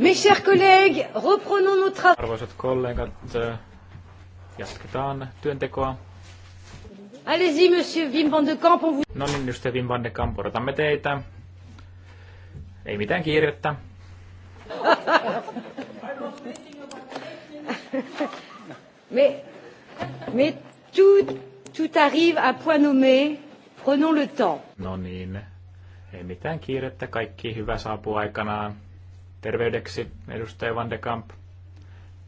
Mes chers collègues, reprenons nos travaux. Arvoisat kollegat, jatketaan työntekoa. Allez-y, monsieur Wim van de Kamp, on vous... No niin, just Wim van de Kamp, odotamme teitä. Ei mitään kiirettä. mais, mais tout, tout arrive à point nommé. Prenons le temps. No niin, ei mitään kiirettä, kaikki hyvä saapuu aikanaan terveydeksi, edustaja Van de Kamp.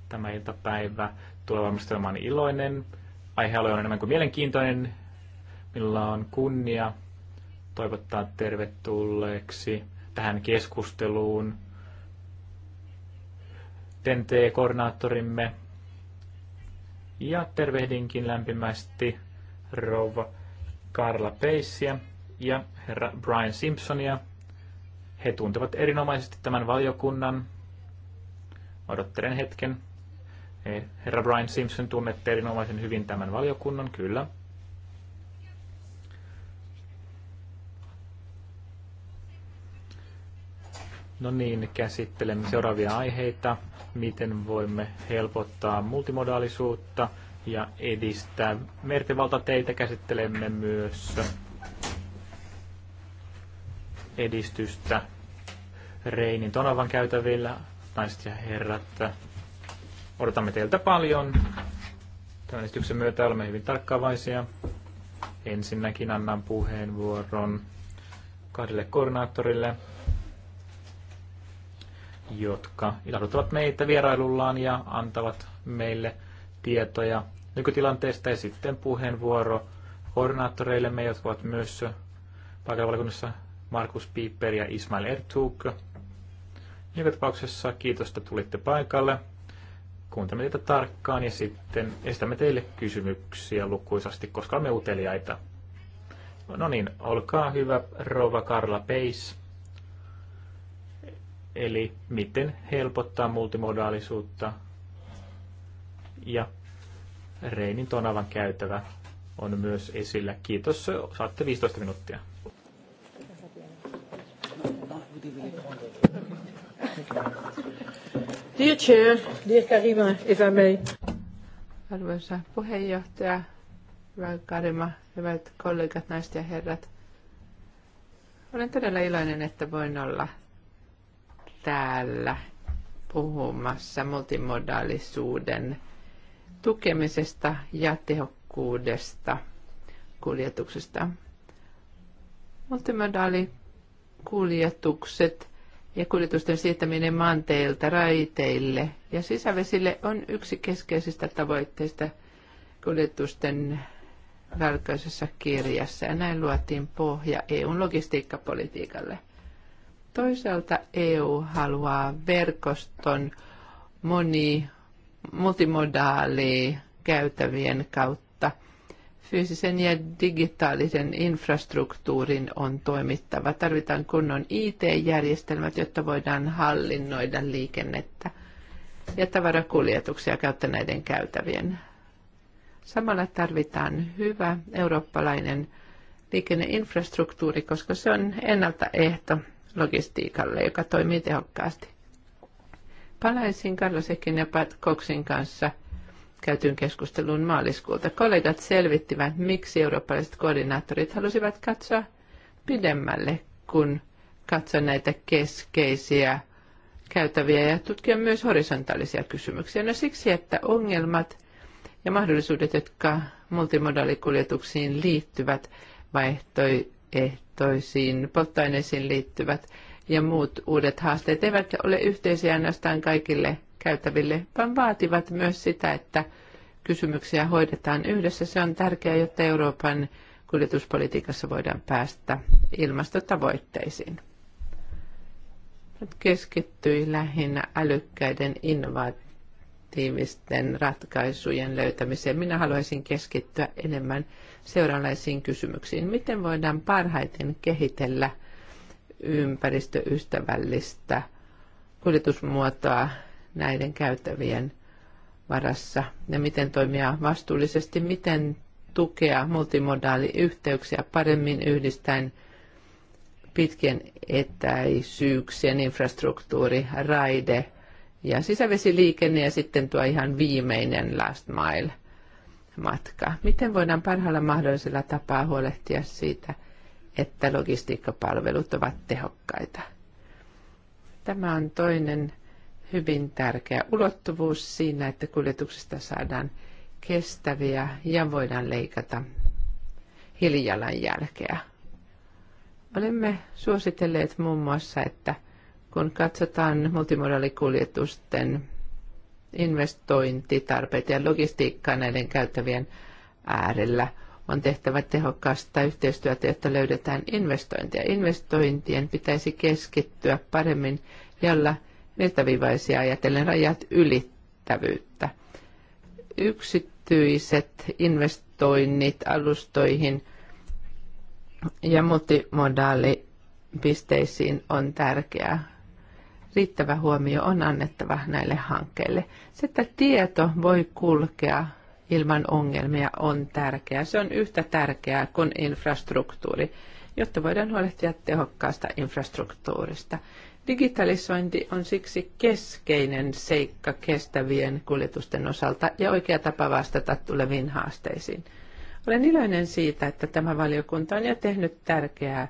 Tämä iltapäivä tulee varmasti olemaan iloinen. Aihealue on enemmän kuin mielenkiintoinen. Minulla on kunnia toivottaa tervetulleeksi tähän keskusteluun TNT-koordinaattorimme. Ja tervehdinkin lämpimästi rouva Karla Peissiä ja herra Brian Simpsonia – he tuntevat erinomaisesti tämän valiokunnan. Odottelen hetken. Herra Brian Simpson tunnette erinomaisen hyvin tämän valiokunnan, kyllä. No niin, käsittelemme seuraavia aiheita. Miten voimme helpottaa multimodaalisuutta ja edistää teitä Käsittelemme myös edistystä Reinin Tonavan käytävillä. Naiset ja herrat, odotamme teiltä paljon. Tämän esityksen myötä olemme hyvin tarkkaavaisia. Ensinnäkin annan puheenvuoron kahdelle koordinaattorille, jotka ilahduttavat meitä vierailullaan ja antavat meille tietoja nykytilanteesta ja sitten puheenvuoro koordinaattoreillemme, jotka ovat myös paikallavalikunnassa Markus Piper ja Ismail Ertug. Joka tapauksessa kiitos, että tulitte paikalle. Kuuntelemme teitä tarkkaan ja sitten estämme teille kysymyksiä lukuisasti, koska olemme uteliaita. No niin, olkaa hyvä, Rova Karla Peis. Eli miten helpottaa multimodaalisuutta ja Reinin tonavan käytävä on myös esillä. Kiitos, saatte 15 minuuttia. Dear Chair, dear Karima, if I may. Arvoisa puheenjohtaja, hyvä Karima, hyvät kollegat, naiset ja herrat. Olen todella iloinen, että voin olla täällä puhumassa multimodaalisuuden tukemisesta ja tehokkuudesta kuljetuksesta. Multimodaalikuljetukset ja kuljetusten siirtäminen maanteilta raiteille ja sisävesille on yksi keskeisistä tavoitteista kuljetusten välkäisessä kirjassa ja näin luotiin pohja EUn logistiikkapolitiikalle. Toisaalta EU haluaa verkoston moni multimodaali käytävien kautta fyysisen ja digitaalisen infrastruktuurin on toimittava. Tarvitaan kunnon IT-järjestelmät, jotta voidaan hallinnoida liikennettä ja tavarakuljetuksia kautta näiden käytävien. Samalla tarvitaan hyvä eurooppalainen liikenneinfrastruktuuri, koska se on ennaltaehto logistiikalle, joka toimii tehokkaasti. Palaisin Karlosekin ja Pat Coxin kanssa – käytyyn keskusteluun maaliskuulta. Kollegat selvittivät, miksi eurooppalaiset koordinaattorit halusivat katsoa pidemmälle, kun katsoa näitä keskeisiä käytäviä ja tutkia myös horisontaalisia kysymyksiä. No siksi, että ongelmat ja mahdollisuudet, jotka multimodaalikuljetuksiin liittyvät, vaihtoehtoisiin polttoaineisiin liittyvät ja muut uudet haasteet eivät ole yhteisiä ainoastaan kaikille – käytäville, vaan vaativat myös sitä, että kysymyksiä hoidetaan yhdessä. Se on tärkeää, jotta Euroopan kuljetuspolitiikassa voidaan päästä ilmastotavoitteisiin. keskittyi lähinnä älykkäiden innovatiivisten ratkaisujen löytämiseen. Minä haluaisin keskittyä enemmän seuraavaisiin kysymyksiin. Miten voidaan parhaiten kehitellä ympäristöystävällistä kuljetusmuotoa näiden käytävien varassa ja miten toimia vastuullisesti, miten tukea multimodaaliyhteyksiä paremmin yhdistäen pitkien etäisyyksien infrastruktuuri, raide ja sisävesiliikenne ja sitten tuo ihan viimeinen last mile matka. Miten voidaan parhaalla mahdollisella tapaa huolehtia siitä, että logistiikkapalvelut ovat tehokkaita? Tämä on toinen hyvin tärkeä ulottuvuus siinä, että kuljetuksista saadaan kestäviä ja voidaan leikata hiilijalanjälkeä. Olemme suositelleet muun muassa, että kun katsotaan multimodaalikuljetusten investointitarpeita ja logistiikkaa näiden käyttävien äärellä, on tehtävä tehokasta yhteistyötä, jotta löydetään investointia. Investointien pitäisi keskittyä paremmin, jolla – virtaviivaisia ajatellen rajat ylittävyyttä. Yksityiset investoinnit alustoihin ja multimodaalipisteisiin on tärkeää. Riittävä huomio on annettava näille hankkeille. Se, että tieto voi kulkea ilman ongelmia on tärkeää. Se on yhtä tärkeää kuin infrastruktuuri, jotta voidaan huolehtia tehokkaasta infrastruktuurista. Digitalisointi on siksi keskeinen seikka kestävien kuljetusten osalta ja oikea tapa vastata tuleviin haasteisiin. Olen iloinen siitä, että tämä valiokunta on jo tehnyt tärkeää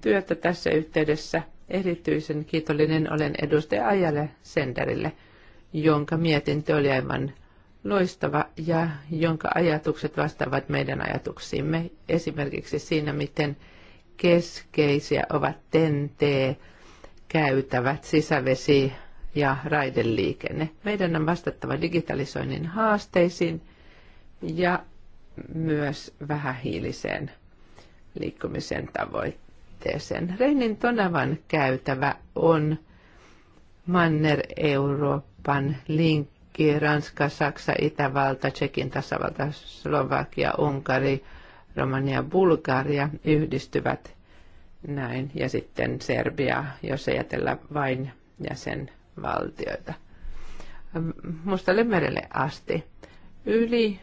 työtä tässä yhteydessä. Erityisen kiitollinen olen edustaja Ajalle Senderille, jonka mietintö oli aivan loistava ja jonka ajatukset vastaavat meidän ajatuksiimme. Esimerkiksi siinä, miten keskeisiä ovat TEN-T, käytävät, sisävesi ja raideliikenne. Meidän on vastattava digitalisoinnin haasteisiin ja myös vähähiiliseen liikkumisen tavoitteeseen. Reinin Tonavan käytävä on Manner-Euroopan linkki Ranska, Saksa, Itävalta, Tsekin tasavalta, Slovakia, Unkari, Romania, Bulgaria yhdistyvät näin. Ja sitten Serbia, jos ajatella vain jäsenvaltioita. Mustalle merelle asti. Yli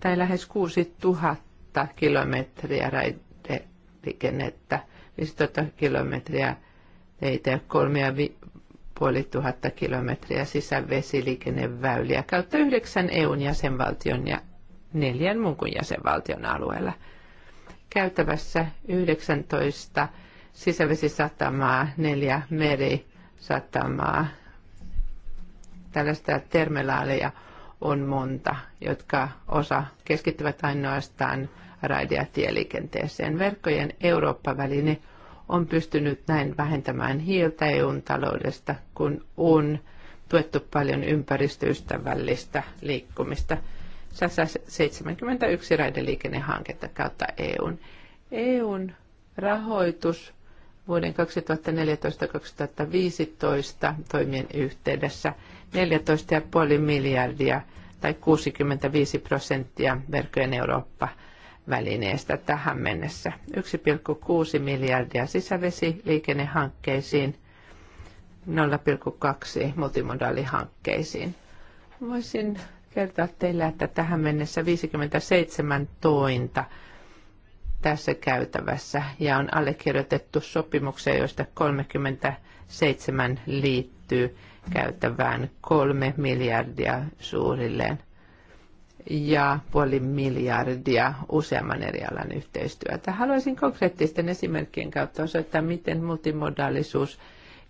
tai lähes 6000 kilometriä raideliikennettä, 15 kilometriä teitä, 3500 kilometriä sisävesiliikenneväyliä kautta yhdeksän EUn jäsenvaltion ja neljän muun kuin jäsenvaltion alueella – käytävässä 19 sisävesisatamaa, neljä merisatamaa. Tällaista termelaaleja on monta, jotka osa keskittyvät ainoastaan raide- ja tieliikenteeseen. Verkkojen Eurooppa-väline on pystynyt näin vähentämään hiiltä EUn taloudesta, kun on tuettu paljon ympäristöystävällistä liikkumista – 171 raideliikennehanketta kautta EUn. EUn rahoitus vuoden 2014-2015 toimien yhteydessä 14,5 miljardia tai 65 prosenttia verkkojen Eurooppa välineestä tähän mennessä. 1,6 miljardia sisävesiliikennehankkeisiin, 0,2 multimodaalihankkeisiin. Voisin kertoa teille, että tähän mennessä 57 tointa tässä käytävässä ja on allekirjoitettu sopimuksia, joista 37 liittyy käytävään kolme miljardia suurilleen ja puoli miljardia useamman eri alan yhteistyötä. Haluaisin konkreettisten esimerkkien kautta osoittaa, miten multimodaalisuus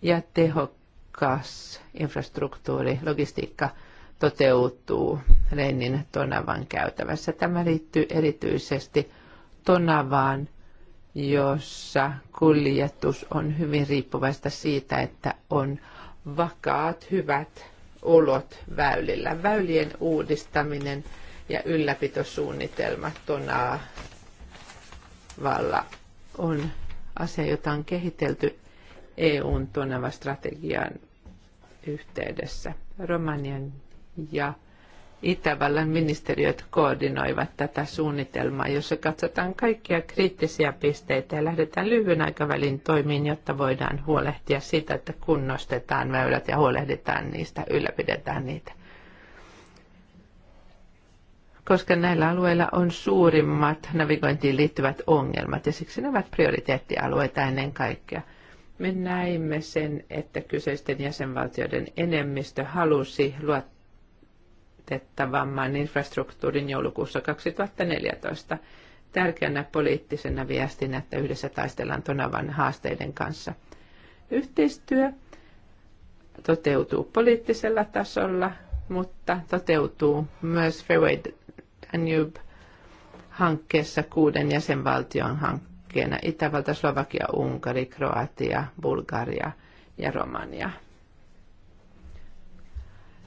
ja tehokas infrastruktuuri, logistiikka – toteutuu Rennin Tonavan käytävässä. Tämä liittyy erityisesti Tonavaan, jossa kuljetus on hyvin riippuvaista siitä, että on vakaat, hyvät olot väylillä. Väylien uudistaminen ja ylläpitosuunnitelma Tonavalla on asia, jota on kehitelty EUn Tonava-strategian yhteydessä. Romanian ja Itävallan ministeriöt koordinoivat tätä suunnitelmaa, jossa katsotaan kaikkia kriittisiä pisteitä ja lähdetään lyhyen aikavälin toimiin, jotta voidaan huolehtia siitä, että kunnostetaan väylät ja huolehditaan niistä, ylläpidetään niitä. Koska näillä alueilla on suurimmat navigointiin liittyvät ongelmat ja siksi ne ovat prioriteettialueita ennen kaikkea. Me näimme sen, että kyseisten jäsenvaltioiden enemmistö halusi luottaa vamman infrastruktuurin joulukuussa 2014 tärkeänä poliittisena viestinä, että yhdessä taistellaan Tonavan haasteiden kanssa. Yhteistyö toteutuu poliittisella tasolla, mutta toteutuu myös Fairway Danube-hankkeessa kuuden jäsenvaltion hankkeena Itävalta, Slovakia, Unkari, Kroatia, Bulgaria ja Romania.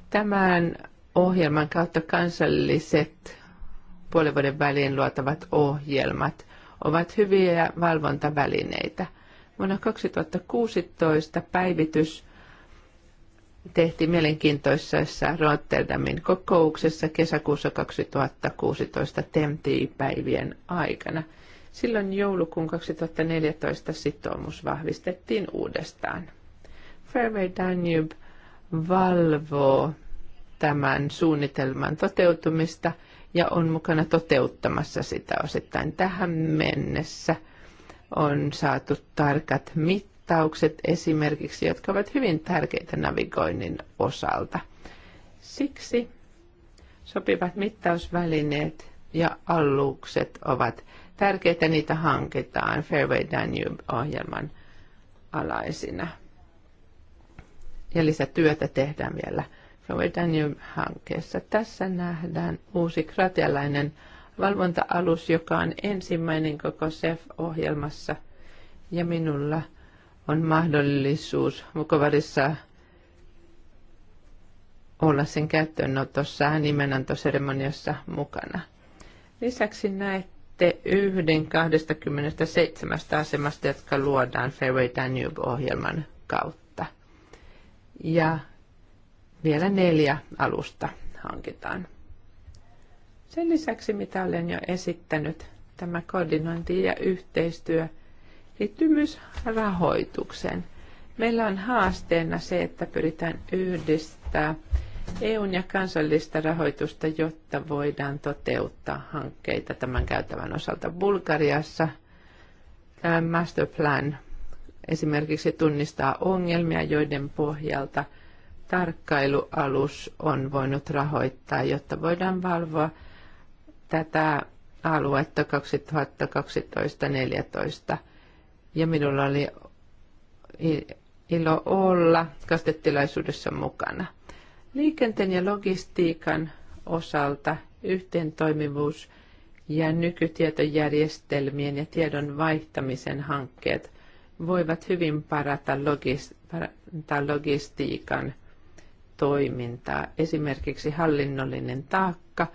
Tämän ohjelman kautta kansalliset puolen vuoden väliin luotavat ohjelmat ovat hyviä valvontavälineitä. Vuonna 2016 päivitys tehtiin mielenkiintoisessa Rotterdamin kokouksessa kesäkuussa 2016 TEMTI-päivien aikana. Silloin joulukuun 2014 sitoumus vahvistettiin uudestaan. Fairway Danube valvoo tämän suunnitelman toteutumista ja on mukana toteuttamassa sitä osittain. Tähän mennessä on saatu tarkat mittaukset esimerkiksi, jotka ovat hyvin tärkeitä navigoinnin osalta. Siksi sopivat mittausvälineet ja allukset ovat tärkeitä, niitä hankitaan Fairway Danube-ohjelman alaisina. Ja lisätyötä tehdään vielä Railway hankkeessa Tässä nähdään uusi kratialainen valvonta-alus, joka on ensimmäinen koko SEF-ohjelmassa. Ja minulla on mahdollisuus mukavarissa olla sen käyttöönotossa nimenantoseremoniassa mukana. Lisäksi näette yhden 27 asemasta, jotka luodaan Fairway Danube-ohjelman kautta. Ja vielä neljä alusta hankitaan. Sen lisäksi, mitä olen jo esittänyt, tämä koordinointi ja yhteistyö liittyy myös rahoitukseen. Meillä on haasteena se, että pyritään yhdistää EUn ja kansallista rahoitusta, jotta voidaan toteuttaa hankkeita tämän käytävän osalta. Bulgariassa masterplan esimerkiksi tunnistaa ongelmia, joiden pohjalta – tarkkailualus on voinut rahoittaa, jotta voidaan valvoa tätä aluetta 2012-2014. Ja minulla oli ilo olla kastettilaisuudessa mukana. Liikenteen ja logistiikan osalta toimivuus ja nykytietojärjestelmien ja tiedon vaihtamisen hankkeet voivat hyvin parata, logis- parata logistiikan toimintaa. Esimerkiksi hallinnollinen taakka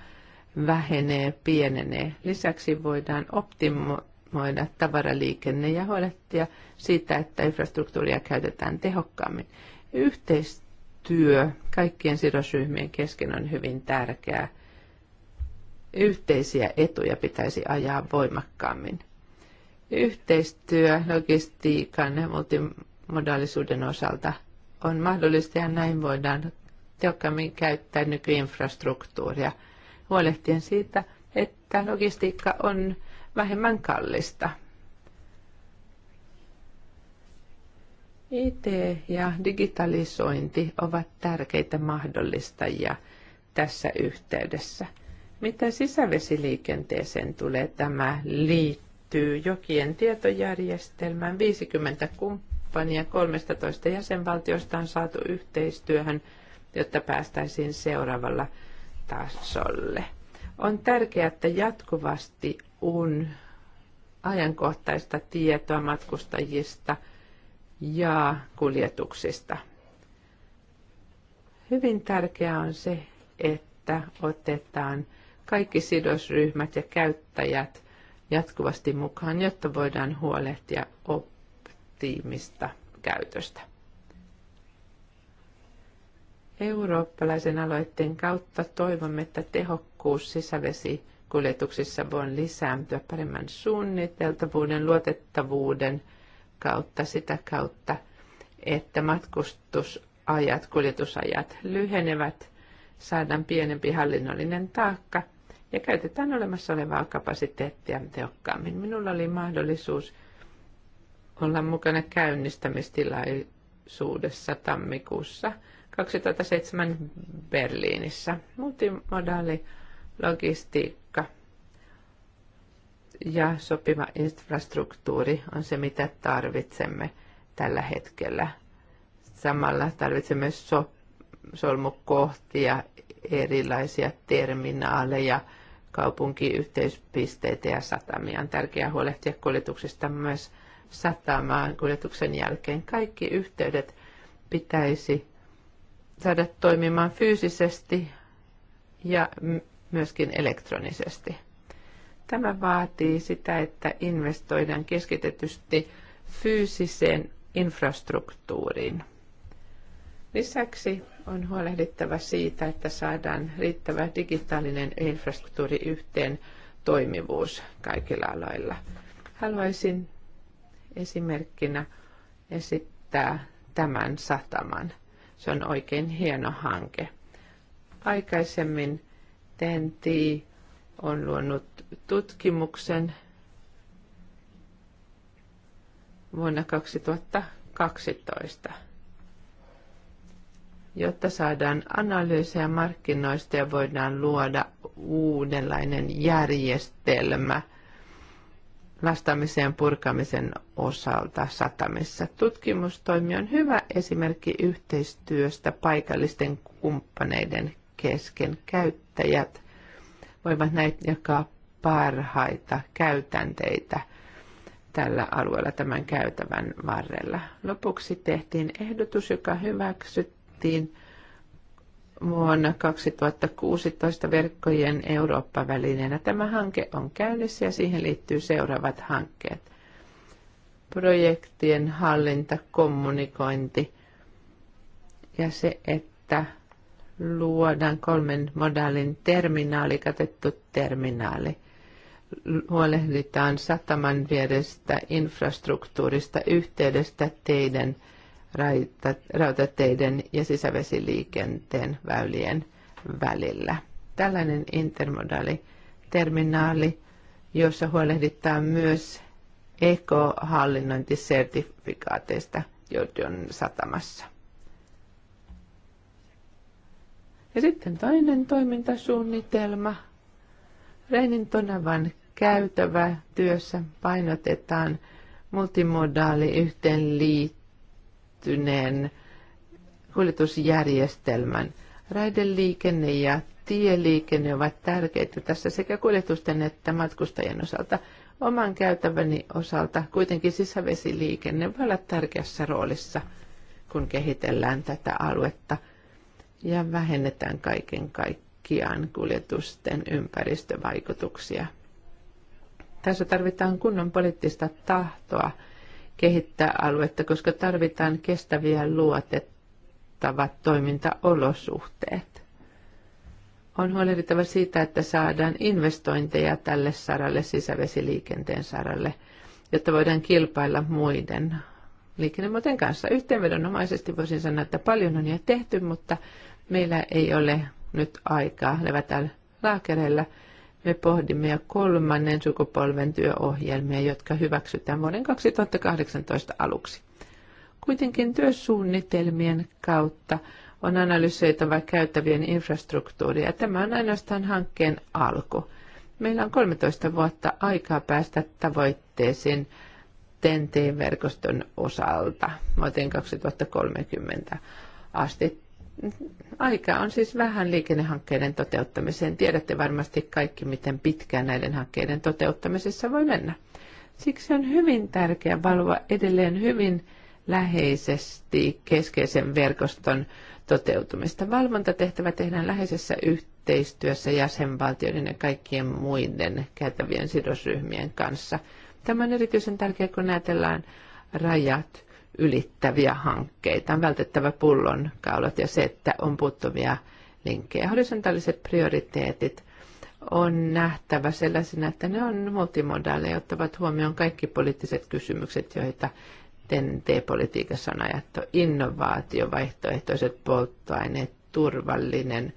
vähenee, pienenee. Lisäksi voidaan optimoida tavaraliikenne ja huolehtia siitä, että infrastruktuuria käytetään tehokkaammin. Yhteistyö kaikkien sidosryhmien kesken on hyvin tärkeää. Yhteisiä etuja pitäisi ajaa voimakkaammin. Yhteistyö logistiikan ja multimodaalisuuden osalta – on mahdollista ja näin voidaan tehokkaammin käyttää nykyinfrastruktuuria, huolehtien siitä, että logistiikka on vähemmän kallista. IT ja digitalisointi ovat tärkeitä mahdollistajia tässä yhteydessä. Mitä sisävesiliikenteeseen tulee, tämä liittyy jokien tietojärjestelmään 50 kumppanuutta Espanja 13 jäsenvaltiosta on saatu yhteistyöhön, jotta päästäisiin seuraavalla tasolle. On tärkeää, että jatkuvasti on ajankohtaista tietoa matkustajista ja kuljetuksista. Hyvin tärkeää on se, että otetaan kaikki sidosryhmät ja käyttäjät jatkuvasti mukaan, jotta voidaan huolehtia oppimista legitiimistä käytöstä. Eurooppalaisen aloitteen kautta toivomme, että tehokkuus kuljetuksissa voi lisääntyä paremman suunniteltavuuden, luotettavuuden kautta sitä kautta, että matkustusajat, kuljetusajat lyhenevät, saadaan pienempi hallinnollinen taakka ja käytetään olemassa olevaa kapasiteettia tehokkaammin. Minulla oli mahdollisuus olla mukana käynnistämistilaisuudessa tammikuussa 2007 Berliinissä. Multimodaali logistiikka ja sopiva infrastruktuuri on se, mitä tarvitsemme tällä hetkellä. Samalla tarvitsemme so- solmukohtia, erilaisia terminaaleja, kaupunkiyhteyspisteitä ja satamia. On tärkeää huolehtia kuljetuksista myös – satamaan kuljetuksen jälkeen. Kaikki yhteydet pitäisi saada toimimaan fyysisesti ja myöskin elektronisesti. Tämä vaatii sitä, että investoidaan keskitetysti fyysiseen infrastruktuuriin. Lisäksi on huolehdittava siitä, että saadaan riittävä digitaalinen infrastruktuuri yhteen toimivuus kaikilla aloilla. Haluaisin esimerkkinä esittää tämän sataman. Se on oikein hieno hanke. Aikaisemmin TNT on luonut tutkimuksen vuonna 2012, jotta saadaan analyysejä markkinoista ja voidaan luoda uudenlainen järjestelmä lastamiseen purkamisen osalta satamissa. Tutkimustoimi on hyvä esimerkki yhteistyöstä paikallisten kumppaneiden kesken. Käyttäjät voivat näitä jakaa parhaita käytänteitä tällä alueella tämän käytävän varrella. Lopuksi tehtiin ehdotus, joka hyväksyttiin – vuonna 2016 verkkojen Eurooppa-välineenä. Tämä hanke on käynnissä ja siihen liittyy seuraavat hankkeet. Projektien hallinta, kommunikointi ja se, että luodaan kolmen modaalin terminaali, katettu terminaali. Huolehditaan sataman vierestä, infrastruktuurista, yhteydestä teidän rautateiden ja sisävesiliikenteen väylien välillä. Tällainen intermodaali terminaali, jossa huolehditaan myös ekohallinnointisertifikaateista Jodion satamassa. Ja sitten toinen toimintasuunnitelma. Reinin tonavan käytävä työssä painotetaan multimodaali yhteenliittymä kehittyneen kuljetusjärjestelmän. Raideliikenne ja tieliikenne ovat tärkeitä tässä sekä kuljetusten että matkustajien osalta. Oman käytäväni osalta kuitenkin sisävesiliikenne voi olla tärkeässä roolissa, kun kehitellään tätä aluetta ja vähennetään kaiken kaikkiaan kuljetusten ympäristövaikutuksia. Tässä tarvitaan kunnon poliittista tahtoa kehittää aluetta, koska tarvitaan kestäviä luotettavat toimintaolosuhteet. On huolehdittava siitä, että saadaan investointeja tälle saralle, sisävesiliikenteen saralle, jotta voidaan kilpailla muiden liikennemuoten kanssa. Yhteenvedonomaisesti voisin sanoa, että paljon on jo tehty, mutta meillä ei ole nyt aikaa levätä laakereilla – me pohdimme jo kolmannen sukupolven työohjelmia, jotka hyväksytään vuoden 2018 aluksi. Kuitenkin työsuunnitelmien kautta on analysoitava käyttävien infrastruktuuria. Tämä on ainoastaan hankkeen alku. Meillä on 13 vuotta aikaa päästä tavoitteisiin TNT-verkoston osalta vuoteen 2030 asti. Aikaa on siis vähän liikennehankkeiden toteuttamiseen. Tiedätte varmasti kaikki, miten pitkään näiden hankkeiden toteuttamisessa voi mennä. Siksi on hyvin tärkeää valvoa edelleen hyvin läheisesti keskeisen verkoston toteutumista. Valvontatehtävä tehdään läheisessä yhteistyössä jäsenvaltioiden ja kaikkien muiden käytävien sidosryhmien kanssa. Tämä on erityisen tärkeää, kun ajatellaan rajat ylittäviä hankkeita. On vältettävä pullonkaulat ja se, että on puuttuvia linkkejä. Horisontaaliset prioriteetit on nähtävä sellaisena, että ne on multimodaaleja, ottavat huomioon kaikki poliittiset kysymykset, joita tnt politiikassa on ajattu. Innovaatio, vaihtoehtoiset polttoaineet, turvallinen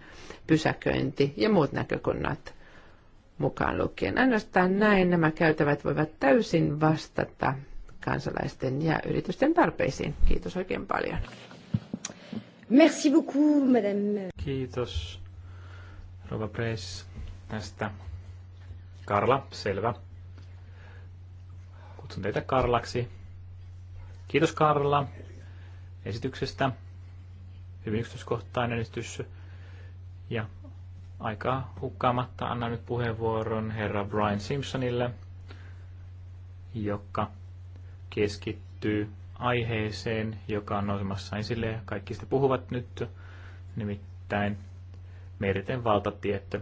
pysäköinti ja muut näkökunnat mukaan lukien. Ainoastaan näin nämä käytävät voivat täysin vastata kansalaisten ja yritysten tarpeisiin. Kiitos oikein paljon. Merci beaucoup, madame. Kiitos, Rova Preis, tästä. Karla, selvä. Kutsun teitä Karlaksi. Kiitos Karla esityksestä. Hyvin yksityiskohtainen esitys. Ja aikaa hukkaamatta annan nyt puheenvuoron herra Brian Simpsonille, joka keskittyy aiheeseen, joka on nousemassa esille ja kaikki sitä puhuvat nyt, nimittäin meriten valtatiettö.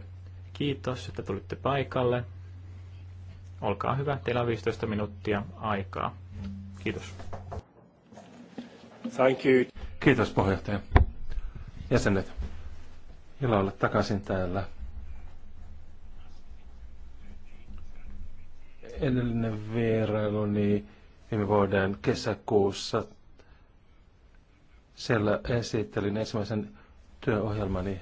Kiitos, että tulitte paikalle. Olkaa hyvä, teillä on 15 minuuttia aikaa. Kiitos. Thank you. Kiitos puheenjohtaja. Jäsenet, ilo olla takaisin täällä. Edellinen vierailu, niin me voidaan kesäkuussa. Siellä esittelin ensimmäisen työohjelmani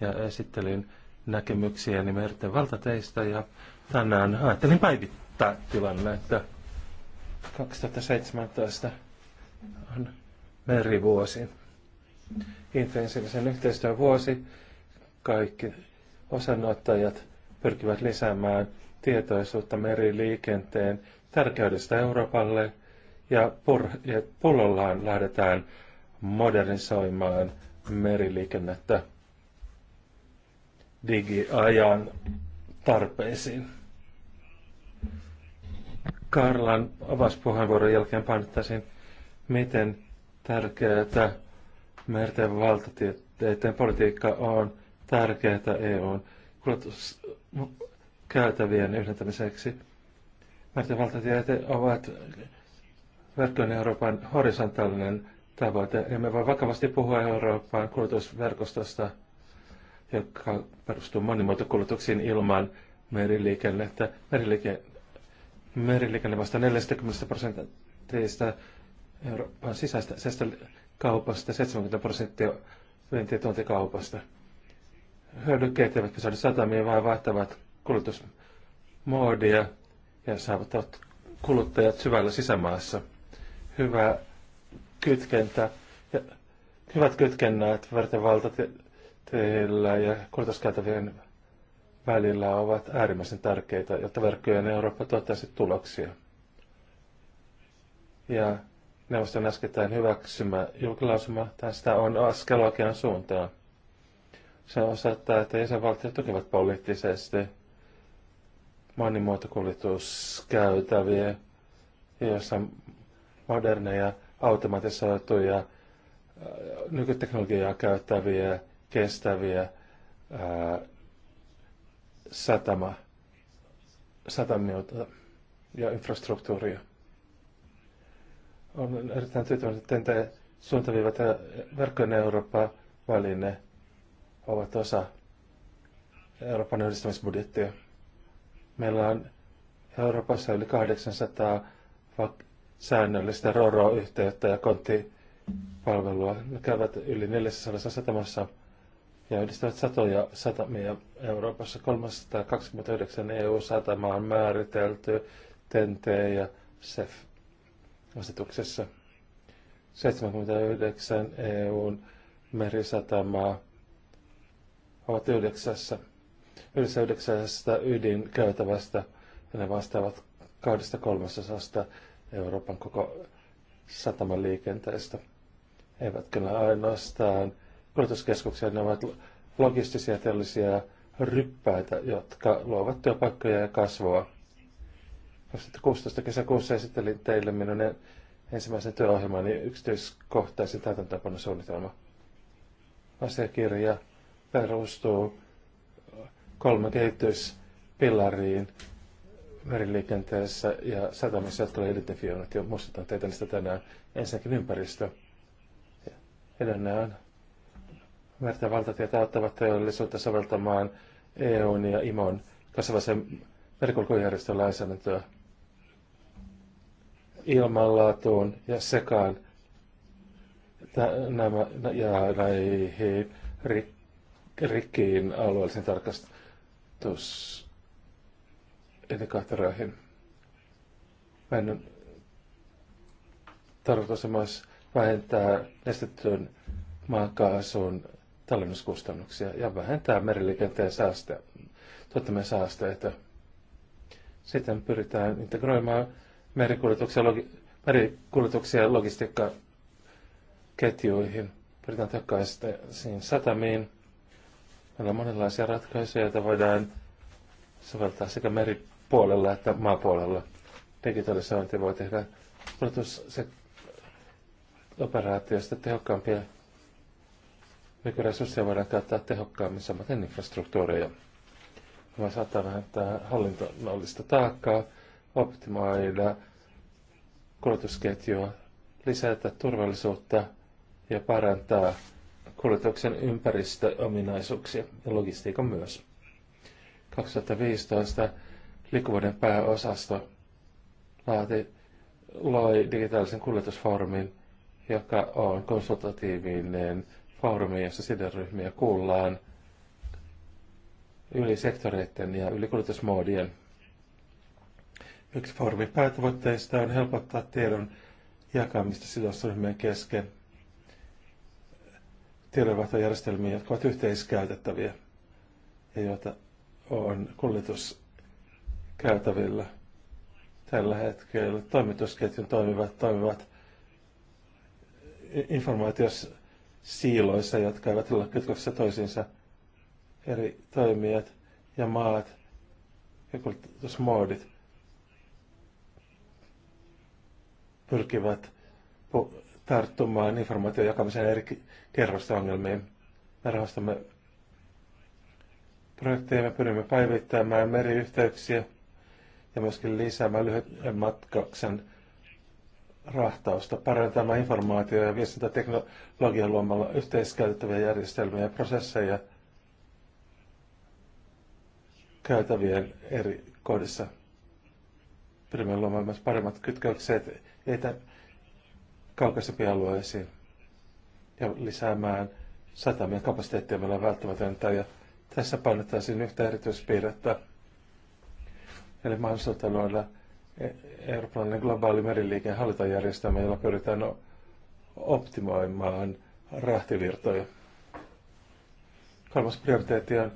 ja esittelin näkemyksiä merten valtateista ja tänään ajattelin päivittää tilannetta. 2017 on merivuosi. Intensiivisen yhteistyön vuosi. Kaikki osanottajat pyrkivät lisäämään tietoisuutta meriliikenteen tärkeydestä Euroopalle ja, pur- ja pullollaan lähdetään modernisoimaan meriliikennettä digiajan tarpeisiin. Karlan avauspuheenvuoron jälkeen painottaisin, miten tärkeää merten valtatieteiden politiikka on tärkeää EUn kulutuskäytävien yhdentämiseksi Martin valtatiet ovat verkkojen Euroopan horisontaalinen tavoite. Emme voi vakavasti puhua Euroopan kulutusverkostosta, joka perustuu monimuotokulutuksiin ilman meriliikennettä. Meriliike, meriliikenne vasta 40 prosentista Euroopan sisäisestä kaupasta, 70 prosenttia vientituontikaupasta. Hyödykkeet eivät pysähdy satamiin, vaan vaihtavat kulutusmoodia ja saavuttavat kuluttajat syvällä sisämaassa. Hyvä kytkentä ja hyvät kytkennät verten valtateillä ja kulutuskäytävien välillä ovat äärimmäisen tärkeitä, jotta verkkojen Eurooppa tuottaisi tuloksia. Ja neuvoston äskettäin hyväksymä julkilausuma tästä on askel oikeaan suuntaan. Se osoittaa, että jäsenvaltiot tukevat poliittisesti monimuotokuljetuskäytäviä, joissa moderneja, automatisoituja, äh, nykyteknologiaa käyttäviä, kestäviä ää, äh, satama, satamiota ja infrastruktuuria. On erittäin tyytyväinen, että suuntaviivat ja verkkojen Eurooppa-väline ovat osa Euroopan yhdistämisbudjettia. Meillä on Euroopassa yli 800 säännöllistä RORO-yhteyttä ja konttipalvelua. Ne käyvät yli 400 satamassa ja yhdistävät satoja satamia Euroopassa. 329 EU-satamaa on määritelty TNT ja SEF-asetuksessa. 79 EUn merisatamaa ovat yhdeksässä yhdessä ydin ydinkäytävästä ja ne vastaavat kahdesta kolmasosasta Euroopan koko liikenteestä. Eivätkä ne ainoastaan kuljetuskeskuksia, ne ovat logistisia teollisia ryppäitä, jotka luovat työpaikkoja ja kasvua. 2016 kesäkuussa esittelin teille minun ensimmäisen työohjelmani yksityiskohtaisen täytäntöönpanosuunnitelma. Asiakirja perustuu kolme kehityspillariin meriliikenteessä ja satamissa, jotka olen identifioinut ja muistutan teitä niistä tänään. Ensinnäkin ympäristö. Edelleen on merten valtatietä auttavat teollisuutta soveltamaan EUn ja IMOn kasvavaisen merikulkujärjestön lainsäädäntöä ilmanlaatuun ja sekaan nämä, ja näihin rikkiin alueellisiin tarkast, vaikutusindikaattoreihin. Meidän tarkoitus on myös vähentää nestettyyn maakaasun tallennuskustannuksia ja vähentää meriliikenteen säästöä, tuottamien säästöitä. Sitten pyritään integroimaan merikuljetuksia, logi, merikuljetuksia logistiikkaketjuihin. Pyritään takaisin satamiin, Meillä on monenlaisia ratkaisuja, joita voidaan soveltaa sekä meripuolella että maapuolella. Digitalisointi voi tehdä se operaatioista tehokkaampia. Nykyresursseja voidaan käyttää tehokkaammin samaten infrastruktuureja. Tämä saattaa vähentää hallinnollista taakkaa, optimoida kulutusketjua, lisätä turvallisuutta ja parantaa kuljetuksen ympäristöominaisuuksia ja logistiikan myös. 2015 liikkuvuuden pääosasto laati, loi digitaalisen kuljetusfoorumin, joka on konsultatiivinen foorumi, jossa sidoryhmiä kuullaan yli sektoreiden ja yli kuljetusmoodien. Yksi foorumin päätavoitteista on helpottaa tiedon jakamista sidosryhmien kesken – tiedonvaihtojärjestelmiä, jotka ovat yhteiskäytettäviä ja joita on kuljetuskäytävillä tällä hetkellä. Toimitusketjun toimivat, toimivat informaatiosiiloissa, jotka eivät ole kytköksissä toisiinsa eri toimijat ja maat ja kuljetusmoodit pyrkivät tarttumaan informaation jakamiseen eri kerrosten ongelmiin. Me rahastamme projekteja, me pyrimme päivittämään meriyhteyksiä ja myöskin lisäämään lyhyen matkaksen rahtausta, parantamaan informaatio- ja viestintäteknologian luomalla yhteiskäytettäviä järjestelmiä ja prosesseja käytävien eri kohdissa. Pyrimme luomaan myös paremmat kytkökset etä- kaukaisempiin alueisiin ja lisäämään satamien kapasiteettia meillä on välttämätöntä. Ja tässä painottaisin yhtä erityispiirrettä, eli mahdollisuutta luoda e- eurooppalainen globaali meriliikenteen hallintajärjestelmä, jolla pyritään optimoimaan rahtivirtoja. Kolmas prioriteetti on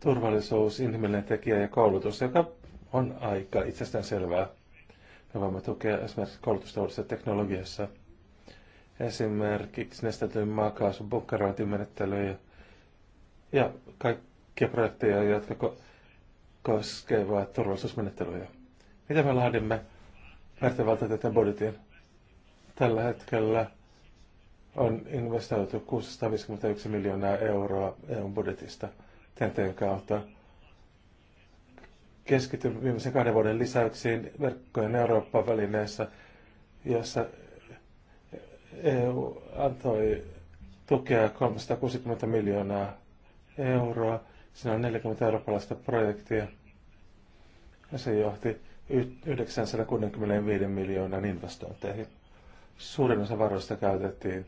turvallisuus, inhimillinen tekijä ja koulutus, joka on aika itsestään selvää. Me voimme tukea esimerkiksi koulutustavallisessa teknologiassa. Esimerkiksi nestetyn maakaasun bukkarointimenettelyjä ja kaikkia projekteja, jotka ko- koskevat turvallisuusmenettelyjä. Mitä me laadimme määrätävaltaiden budjetin? Tällä hetkellä on investoitu 651 miljoonaa euroa eu budjetista TNTn kautta keskityn viimeisen kahden vuoden lisäyksiin verkkojen Euroopan välineessä, jossa EU antoi tukea 360 miljoonaa euroa. Siinä on 40 eurooppalaista projektia. Ja se johti 965 miljoonan investointeihin. Suurin osa varoista käytettiin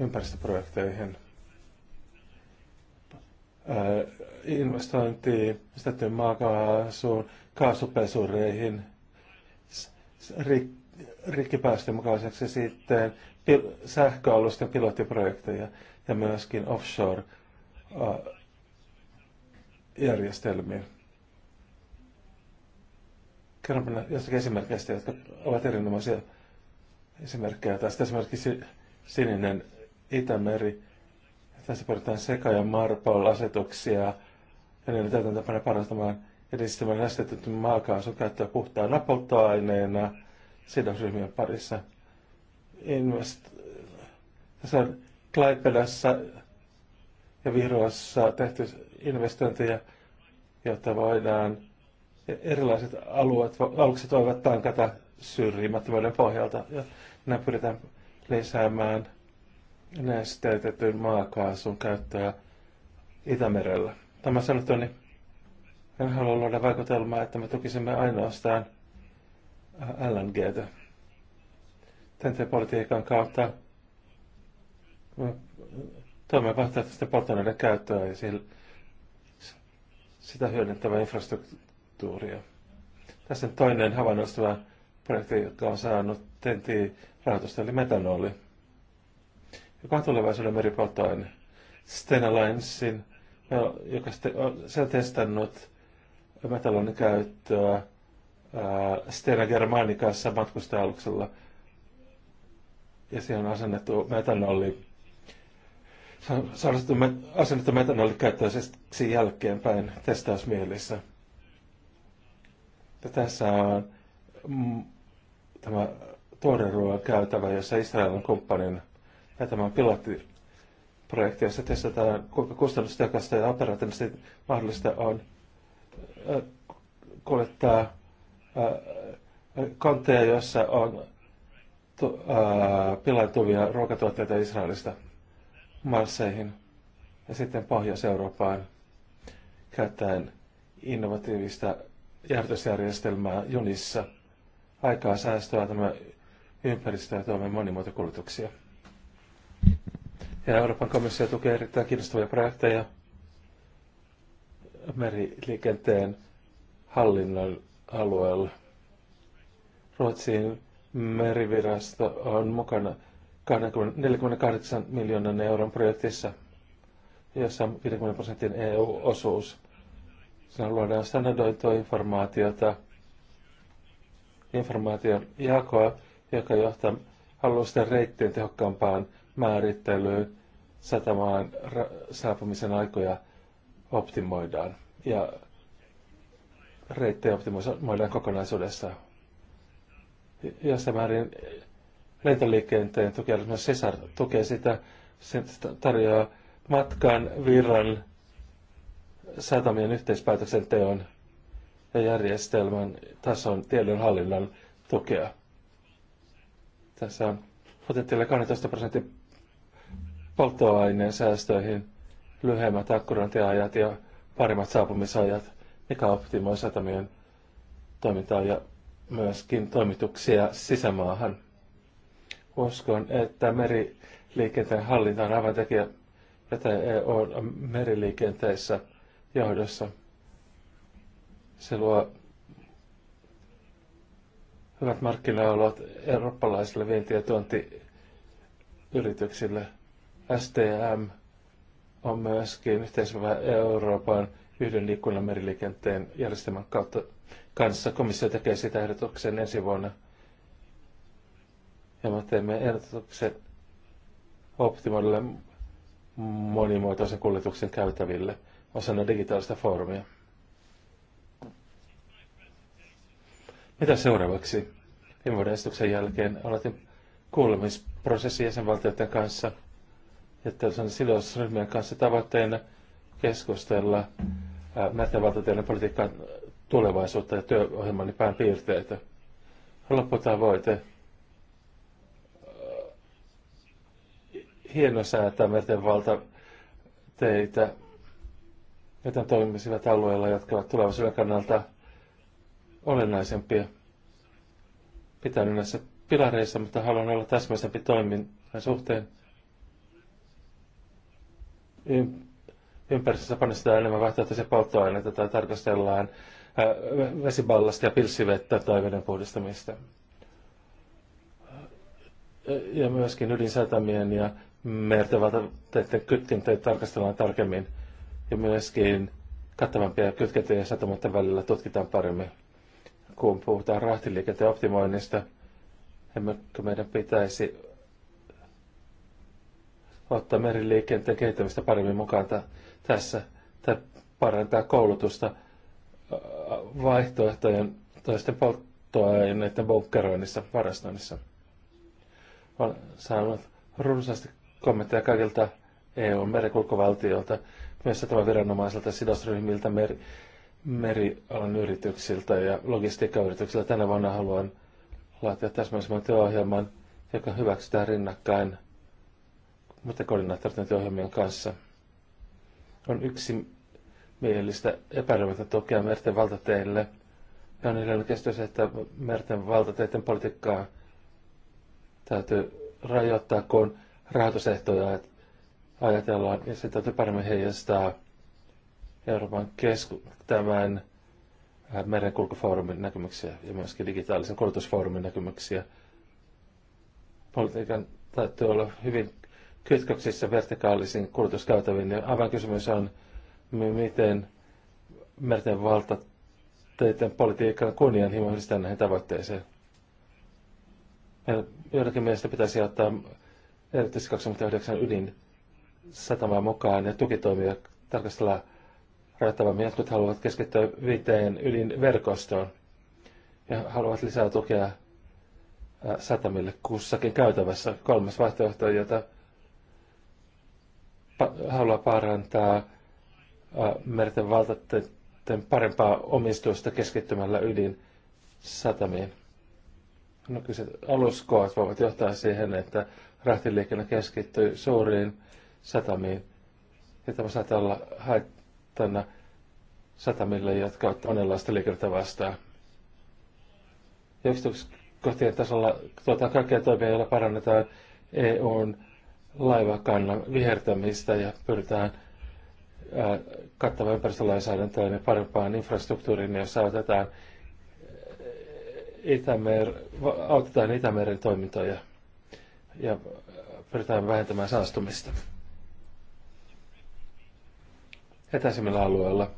ympäristöprojekteihin – ilmastointiin, lisättyyn maakaasuun, kaasupesureihin, rik, rikkipäästön mukaiseksi sitten pil, sähköalusten pilottiprojekteja ja myöskin offshore-järjestelmiä. Kerron jostakin esimerkkeistä, jotka ovat erinomaisia esimerkkejä tästä. Esimerkiksi sininen Itämeri tässä puhutaan seka- ja Marpol-asetuksia ja niiden täytäntöpana parantamaan edistämään estetetty maakaasun käyttöä puhtaana polttoaineena sidosryhmien parissa. Invest... Tässä on Klaipedassa ja Vihroassa tehty investointeja, jotta voidaan erilaiset alueet, alukset voivat tankata syrjimättömyyden pohjalta. Ja nämä pyritään lisäämään nesteytetyn maakaasun käyttöä Itämerellä. Tämä sanottuni en halua luoda vaikutelmaa, että me tukisimme ainoastaan LNGtä. TNT-politiikan kautta toimme vaihtoehtoisten polttoaineiden käyttöä ja sillä, sitä hyödyntävää infrastruktuuria. Tässä on toinen havainnoistava projekti, joka on saanut TNT-rahoitusta, eli metanoli joka on tulevaisuuden meripolttoaine. Sten Alliancein, no, joka on se testannut metallon käyttöä Stena kanssa matkustajaluksella. Ja siihen on asennettu metanoli. Se on asennettu metanoli käyttöiseksi siis jälkeenpäin testausmielissä. Ja tässä on tämä tuoreruoan käytävä, jossa Israel on kumppanina. Ja tämä on pilottiprojekti, jossa testataan, kuinka kustannustehokasta ja operatiivisesti mahdollista on kuljettaa kontteja, jossa on pilaantuvia ruokatuotteita Israelista Marseihin ja sitten Pohjois-Eurooppaan käyttäen innovatiivista järjestelmää junissa. Aikaa säästöä tämä ympäristö ja toimen monimuotokulutuksia. Ja Euroopan komissio tukee erittäin kiinnostavia projekteja meriliikenteen hallinnon alueella. Ruotsin merivirasto on mukana 48 miljoonan euron projektissa, jossa on 50 prosentin EU-osuus. Siinä luodaan standardoitua informaatiota, informaation jakoa, joka johtaa alusten reittien tehokkaampaan määrittely satamaan saapumisen aikoja optimoidaan ja reittejä optimoidaan kokonaisuudessa. Jossain määrin lentoliikenteen tukijärjestelmä Cesar tukee sitä, se tarjoaa matkan, virran, satamien yhteispäätöksenteon ja järjestelmän tason tiedonhallinnan tukea. Tässä on potentiaalinen 12 prosentin polttoaineen säästöihin, lyhyemmät akkurointiajat ja paremmat saapumisajat, mikä optimoi satamien toimintaa ja myöskin toimituksia sisämaahan. Uskon, että meriliikenteen hallinta on aivan tekijä, jota EU on meriliikenteessä johdossa. Se luo hyvät markkinaolot eurooppalaisille vienti- ja tuontiyrityksille – STM on myöskin yhteisövä Euroopan yhden liikkunnan meriliikenteen järjestelmän kautta kanssa. Komissio tekee sitä ehdotuksen ensi vuonna. Ja me teemme ehdotuksen optimoidille monimuotoisen kuljetuksen käytäville osana digitaalista foorumia. Mitä seuraavaksi? Viime vuoden esityksen jälkeen aloitin kuulemisprosessi jäsenvaltioiden kanssa – ja tällaisen sidosryhmien kanssa tavoitteena keskustella näiden valtateiden politiikan tulevaisuutta ja työohjelman pääpiirteitä. Lopputavoite säätää merten valtateitä, joten toimisivat alueilla, jotka ovat tulevaisuuden kannalta olennaisempia. Pitää näissä pilareissa, mutta haluan olla täsmäisempi toiminnan suhteen ympäristössä panostetaan enemmän vaihtoehtoisia polttoaineita tai tarkastellaan vesiballasta ja pilssivettä tai veden puhdistamista. Ja myöskin ydinsatamien ja merten kytkintöjä tarkastellaan tarkemmin. Ja myöskin kattavampia kytkentöjä satamatta välillä tutkitaan paremmin. Kun puhutaan rahtiliikenteen optimoinnista, emmekö meidän pitäisi ottaa meriliikenteen kehittämistä paremmin mukaan tässä tai parantaa koulutusta vaihtoehtojen toisten polttoaineiden bunkkeroinnissa, varastoinnissa. Olen saanut runsaasti kommentteja kaikilta eu merenkulkuvaltiolta, myös tämän viranomaiselta, sidosryhmiltä, meri, merialan yrityksiltä ja logistiikkayrityksiltä. Tänä vuonna haluan laatia täsmällisemmän työohjelman, joka hyväksytään rinnakkain mutta koordinaattorten ohjelmien kanssa. On yksi mielellistä epäröimättä tukea merten valtateille. Ja niillä on kestäisi, että merten valtateiden politiikkaa täytyy rajoittaa, kun rahoitusehtoja ajatellaan, ja se täytyy paremmin heijastaa Euroopan kesku tämän äh, merenkulkufoorumin näkemyksiä ja myöskin digitaalisen koulutusfoorumin näkemyksiä. Politiikan täytyy olla hyvin kytköksissä vertikaalisiin kulutuskäytäviin. Ja kysymys on, miten merten valta teidän politiikan kunnianhimo yhdistää näihin tavoitteisiin. Meillä joidenkin mielestä pitäisi ottaa erityisesti 29 ydin satamaa mukaan ja tukitoimia tarkastella rajoittavammin. Jotkut haluavat keskittyä viiteen ydinverkostoon ja haluavat lisää tukea satamille kussakin käytävässä. Kolmas vaihtoehto, jota haluaa parantaa merten valtateiden parempaa omistusta keskittymällä ydin satamiin. No aluskoot voivat johtaa siihen, että rahtiliikenne keskittyy suuriin satamiin. Ja tämä saattaa olla haittana satamille, jotka ovat monenlaista liikennettä vastaan. Ja yksityiskohtien tasolla tuota kaikkia toimia, joilla parannetaan EUn laivakannan vihertämistä ja pyritään kattava ympäristölainsäädäntöön ja parempaan infrastruktuuriin, niin jossa autetaan, Itämer, autetaan Itämeren toimintoja ja pyritään vähentämään saastumista. Etäisimmillä alueilla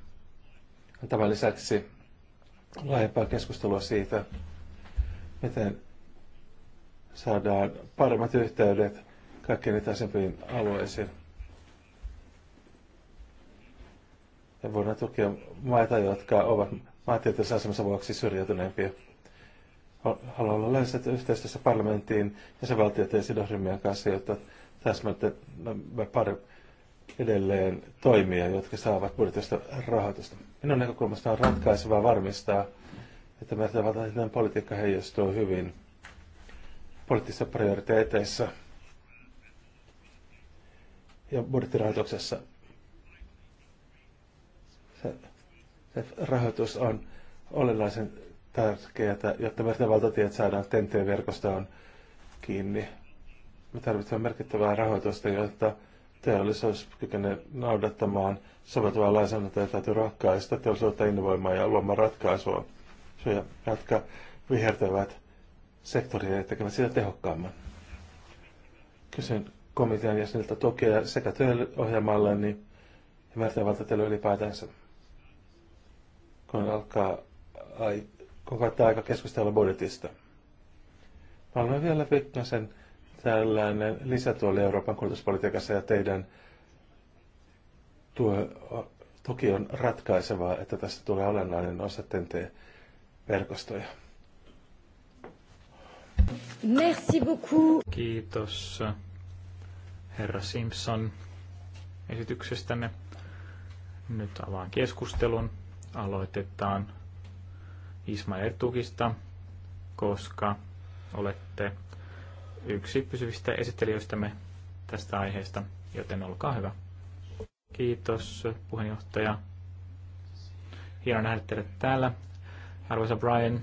on tämän lisäksi laajempaa keskustelua siitä, miten saadaan paremmat yhteydet kaikkein etäisempiin alueisiin. Ja voidaan tukea maita, jotka ovat maantieteellisessä asemassa vuoksi syrjäytyneempiä. Haluan olla läheiset yhteistyössä parlamenttiin ja sen valtioiden sidosryhmien kanssa, jotta täsmälleen pari edelleen toimia, jotka saavat budjetista rahoitusta. Minun näkökulmasta on ratkaisevaa varmistaa, että merkittävä politiikka heijastuu hyvin poliittisissa prioriteeteissa – ja budjettirahoituksessa se, se rahoitus on olennaisen tärkeää, jotta merten valtatiet saadaan TNT-verkostoon kiinni. Me tarvitsemme merkittävää rahoitusta, jotta teollisuus kykenee noudattamaan soveltuvaa lainsäädäntöä ja täytyy rohkaista teollisuutta innovoimaan ja luomaan ratkaisua, jotka vihertävät sektoria ja tekevät sitä tehokkaamman. Kysyn komitean jäseniltä tukea sekä työohjelmalle niin ja mertavaltatyölle ylipäätänsä. Kun alkaa ai, kun koittaa aika keskustella budjetista. Mä olen vielä pikkasen tällainen lisätuoli Euroopan kulutuspolitiikassa ja teidän tuo, toki on ratkaisevaa, että tästä tulee olennainen osa TNT-verkostoja. Merci beaucoup. Kiitos herra Simpson esityksestänne. Nyt avaan keskustelun. Aloitetaan Ismail Ertukista, koska olette yksi pysyvistä esittelijöistämme tästä aiheesta, joten olkaa hyvä. Kiitos puheenjohtaja. Hienoa nähdä teidät täällä. Arvoisa Brian,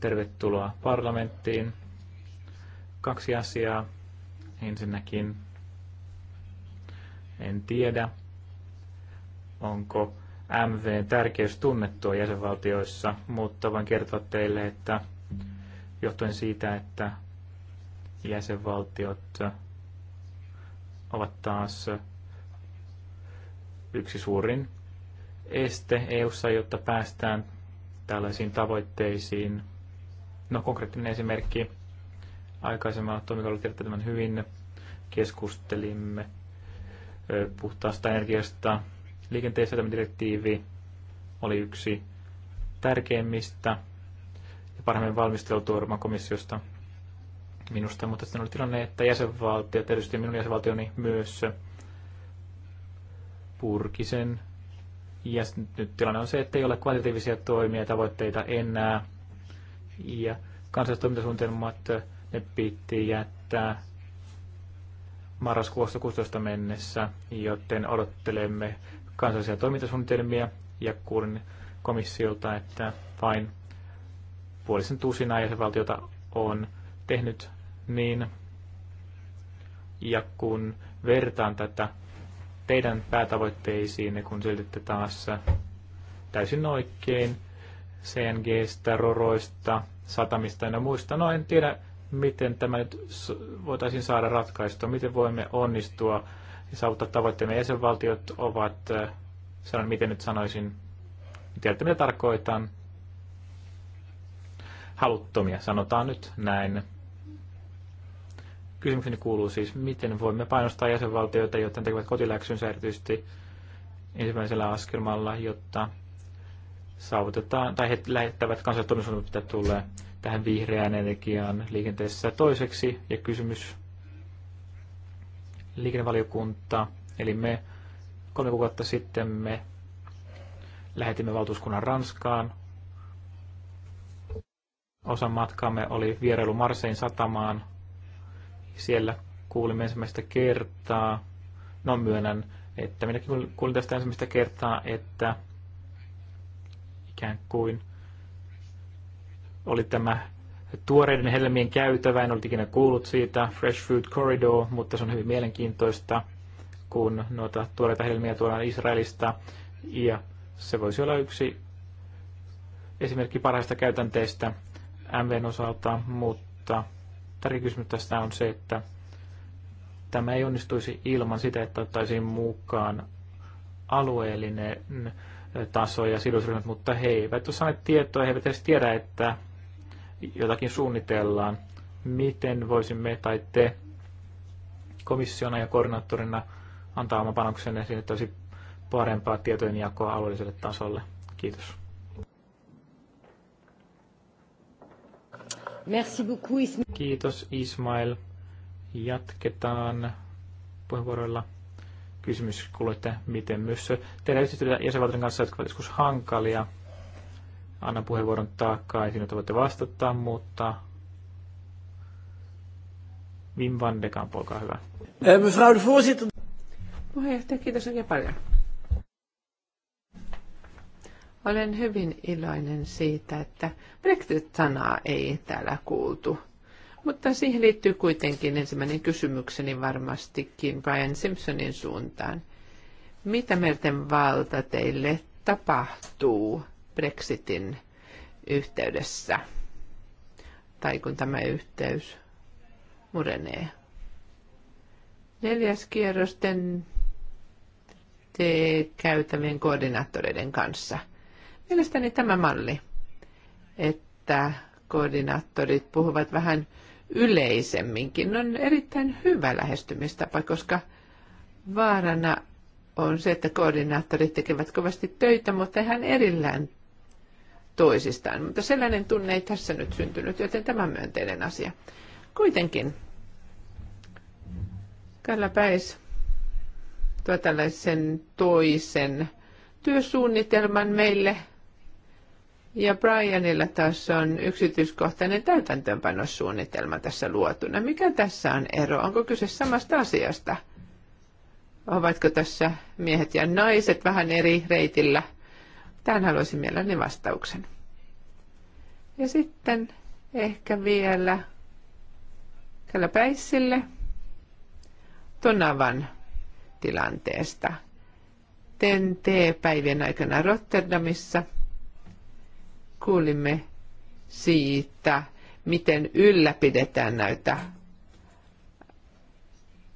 tervetuloa parlamenttiin. Kaksi asiaa. Ensinnäkin en tiedä, onko MVn tärkeys tunnettua jäsenvaltioissa, mutta voin kertoa teille, että johtuen siitä, että jäsenvaltiot ovat taas yksi suurin este EU:ssa, jotta päästään tällaisiin tavoitteisiin. No konkreettinen esimerkki aikaisemmalla toimikaudella tiedätte tämän hyvin. Keskustelimme puhtaasta energiasta. Liikenteessä tämä direktiivi oli yksi tärkeimmistä ja parhaimmin valmisteltu Euroopan komissiosta minusta, mutta sitten oli tilanne, että jäsenvaltiot, erityisesti minun jäsenvaltioni myös purkisen. Ja nyt tilanne on se, että ei ole kvalitatiivisia toimia ja tavoitteita enää. Ja kansalliset toimintasuunnitelmat, ne piti jättää marraskuussa 16 mennessä, joten odottelemme kansallisia toimintasuunnitelmia ja kuulin komissiolta, että vain puolisen tusinaa jäsenvaltiota on tehnyt niin. Ja kun vertaan tätä teidän päätavoitteisiin, kun selitätte taas täysin oikein CNGstä, roroista, satamista ja muista, no en tiedä miten tämä nyt voitaisiin saada ratkaistua, miten voimme onnistua ja saavuttaa tavoitteemme. Jäsenvaltiot ovat, äh, sanon miten nyt sanoisin, tiedätte mitä tarkoitan, haluttomia, sanotaan nyt näin. Kysymykseni kuuluu siis, miten voimme painostaa jäsenvaltioita, jotta ne tekevät kotiläksynsä erityisesti ensimmäisellä askelmalla, jotta saavutetaan, tai he lähettävät kansalliset mitä tulee tähän vihreään energiaan liikenteessä toiseksi. Ja kysymys liikennevaliokunta, eli me kolme kuukautta sitten me lähetimme valtuuskunnan Ranskaan. Osa matkamme oli vierailu Marsein satamaan. Siellä kuulimme ensimmäistä kertaa, no myönnän, että minäkin kuulin tästä ensimmäistä kertaa, että ikään kuin – oli tämä tuoreiden helmien käytävä, en ollut ikinä kuullut siitä, Fresh Food Corridor, mutta se on hyvin mielenkiintoista, kun noita tuoreita helmiä tuodaan Israelista, ja se voisi olla yksi esimerkki parhaista käytänteistä MVn osalta, mutta tärkeä kysymys tästä on se, että tämä ei onnistuisi ilman sitä, että ottaisiin mukaan alueellinen taso ja sidosryhmät, mutta he eivät ole saaneet tietoa, he eivät edes tiedä, että jotakin suunnitellaan. Miten voisimme tai te komissiona ja koordinaattorina antaa oman panoksenne siihen, että olisi parempaa jakoa alueelliselle tasolle? Kiitos. Merci beaucoup, Ismail. Kiitos Ismail. Jatketaan puheenvuoroilla kysymys kuuluu, miten myös teidän yhteistyötä jäsenvaltion kanssa, jotka ovat joskus hankalia annan puheenvuoron takaisin, että voitte vastata, mutta Wim van de Kamp, olkaa hyvä. Eh, mevrouw de voorzitter. Puheenjohtaja, kiitos oikein paljon. Olen hyvin iloinen siitä, että Brexit-sanaa ei täällä kuultu. Mutta siihen liittyy kuitenkin ensimmäinen kysymykseni varmastikin Brian Simpsonin suuntaan. Mitä merten valta teille tapahtuu Brexitin yhteydessä, tai kun tämä yhteys murenee. Neljäs kierrosten käytävien koordinaattoreiden kanssa. Mielestäni tämä malli, että koordinaattorit puhuvat vähän yleisemminkin, on erittäin hyvä lähestymistapa, koska vaarana on se, että koordinaattorit tekevät kovasti töitä, mutta ihan erillään toisistaan, mutta sellainen tunne ei tässä nyt syntynyt, joten tämä myönteinen asia. Kuitenkin Kalla Päis tuo tällaisen toisen työsuunnitelman meille ja Brianilla taas on yksityiskohtainen täytäntöönpanosuunnitelma tässä luotuna. Mikä tässä on ero? Onko kyse samasta asiasta? Ovatko tässä miehet ja naiset vähän eri reitillä – Tähän haluaisin mielelläni vastauksen. Ja sitten ehkä vielä tällä päissille Tonavan tilanteesta. TEN-T-päivien aikana Rotterdamissa kuulimme siitä, miten ylläpidetään näitä,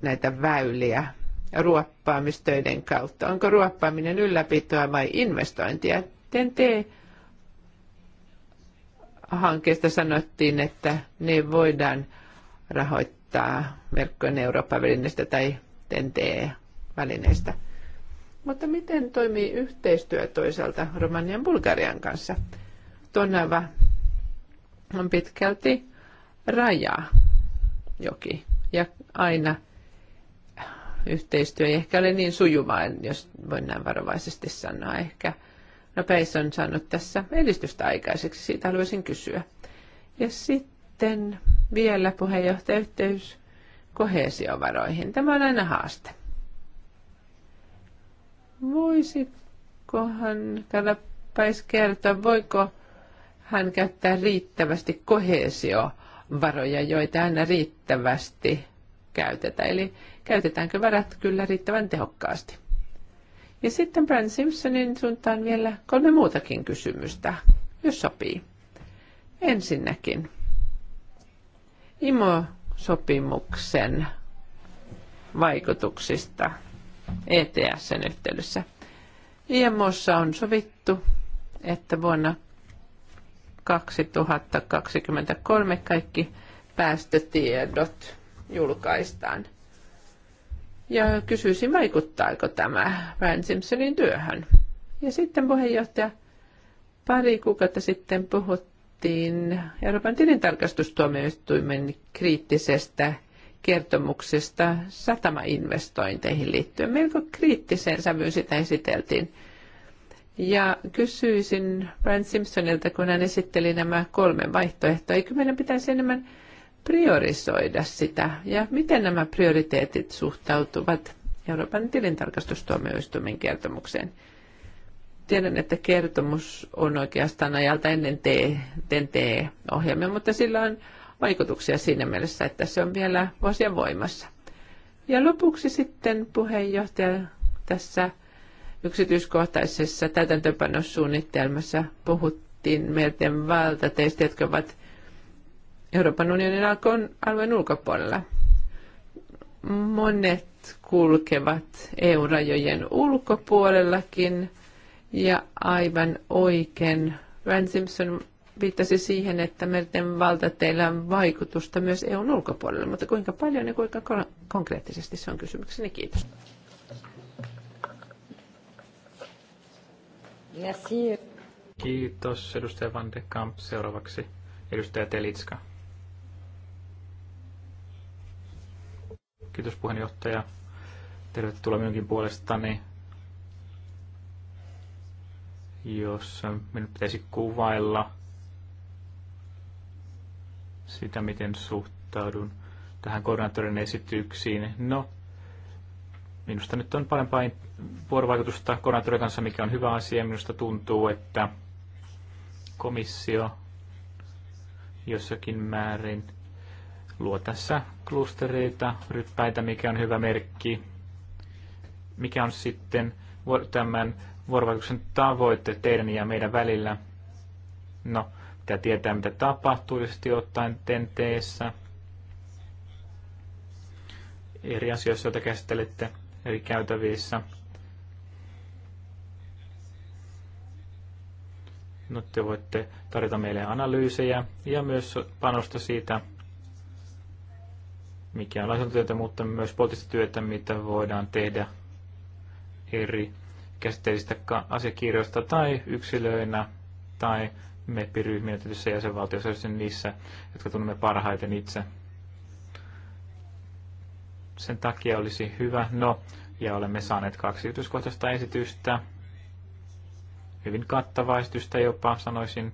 näitä väyliä ruoppaamistöiden kautta? Onko ruoppaaminen ylläpitoa vai investointia? TNT hankkeesta sanottiin, että ne voidaan rahoittaa verkkojen eurooppa välineistä tai tnt välineistä Mutta miten toimii yhteistyö toisaalta Romanian Bulgarian kanssa? Tonava on pitkälti raja joki ja aina yhteistyö ei ehkä ole niin sujuvaa, jos voin näin varovaisesti sanoa. Ehkä No Peis on saanut tässä edistystä aikaiseksi, siitä haluaisin kysyä. Ja sitten vielä puheenjohtajayhteys kohesiovaroihin. Tämä on aina haaste. Voisikohan Kalapais kertoa, voiko hän käyttää riittävästi kohesiovaroja, joita aina riittävästi käytetään, Eli käytetäänkö varat kyllä riittävän tehokkaasti. Ja sitten Brian Simpsonin suuntaan vielä kolme muutakin kysymystä, jos sopii. Ensinnäkin, IMO-sopimuksen vaikutuksista ETSn yhteydessä. IMOssa on sovittu, että vuonna 2023 kaikki päästötiedot julkaistaan. Ja kysyisin, vaikuttaako tämä Van Simpsonin työhön. Ja sitten puheenjohtaja, pari kuukautta sitten puhuttiin Euroopan tilintarkastustuomioistuimen kriittisestä kertomuksesta satamainvestointeihin liittyen. Melko kriittiseen sävyyn sitä esiteltiin. Ja kysyisin Brian Simpsonilta, kun hän esitteli nämä kolme vaihtoehtoa, eikö meidän pitäisi enemmän priorisoida sitä ja miten nämä prioriteetit suhtautuvat Euroopan tilintarkastustuomioistuimen kertomukseen. Tiedän, että kertomus on oikeastaan ajalta ennen TNT-ohjelmia, mutta sillä on vaikutuksia siinä mielessä, että se on vielä vuosia voimassa. Ja lopuksi sitten puheenjohtaja tässä yksityiskohtaisessa täytäntöpanosuunnitelmassa puhuttiin merten valtateistä, jotka ovat Euroopan unionin alueen ulkopuolella. Monet kulkevat EU-rajojen ulkopuolellakin ja aivan oikein. Van Simpson viittasi siihen, että merten valtateillä on vaikutusta myös EUn ulkopuolella, mutta kuinka paljon ja kuinka konkreettisesti se on kysymykseni. Kiitos. Merci. Kiitos edustaja Van de Kamp. Seuraavaksi edustaja Telitska. Kiitos puheenjohtaja. Tervetuloa minunkin puolestani. Jos minun pitäisi kuvailla sitä, miten suhtaudun tähän koordinaattorin esityksiin. No, minusta nyt on parempaa vuorovaikutusta koordinaattorin kanssa, mikä on hyvä asia. Minusta tuntuu, että komissio jossakin määrin – luo tässä klustereita, ryppäitä, mikä on hyvä merkki, mikä on sitten tämän vuorovaikutuksen tavoite teidän ja meidän välillä. No, pitää tietää, mitä tapahtuu tietysti ottaen tenteessä. Eri asioissa, joita käsittelette eri käytävissä. No, te voitte tarjota meille analyysejä ja myös panosta siitä, mikä on lainsäädäntötyötä, mutta myös poliittista työtä, mitä voidaan tehdä eri käsitteellisistä asiakirjoista tai yksilöinä tai meppiryhmiä tietyissä jäsenvaltioissa, siis niissä, jotka tunnemme parhaiten itse. Sen takia olisi hyvä, no, ja olemme saaneet kaksi yrityskohtaista esitystä, hyvin kattavaa esitystä jopa, sanoisin,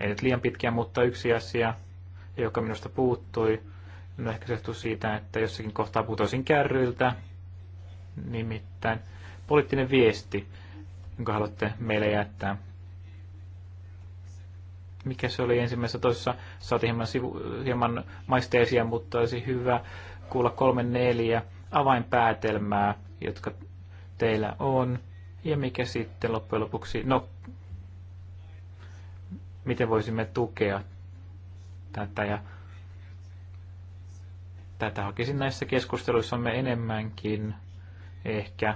ei nyt liian pitkiä, mutta yksi asia, joka minusta puuttui, No ehkä se johtuu siitä, että jossakin kohtaa putoisin kärryiltä, nimittäin poliittinen viesti, jonka haluatte meille jättää. Mikä se oli ensimmäisessä toisessa? Saatiin hieman, sivu, hieman maisteisia, mutta olisi hyvä kuulla kolme neljä avainpäätelmää, jotka teillä on. Ja mikä sitten loppujen lopuksi, no, miten voisimme tukea tätä ja Tätä hakisin näissä keskusteluissamme enemmänkin ehkä.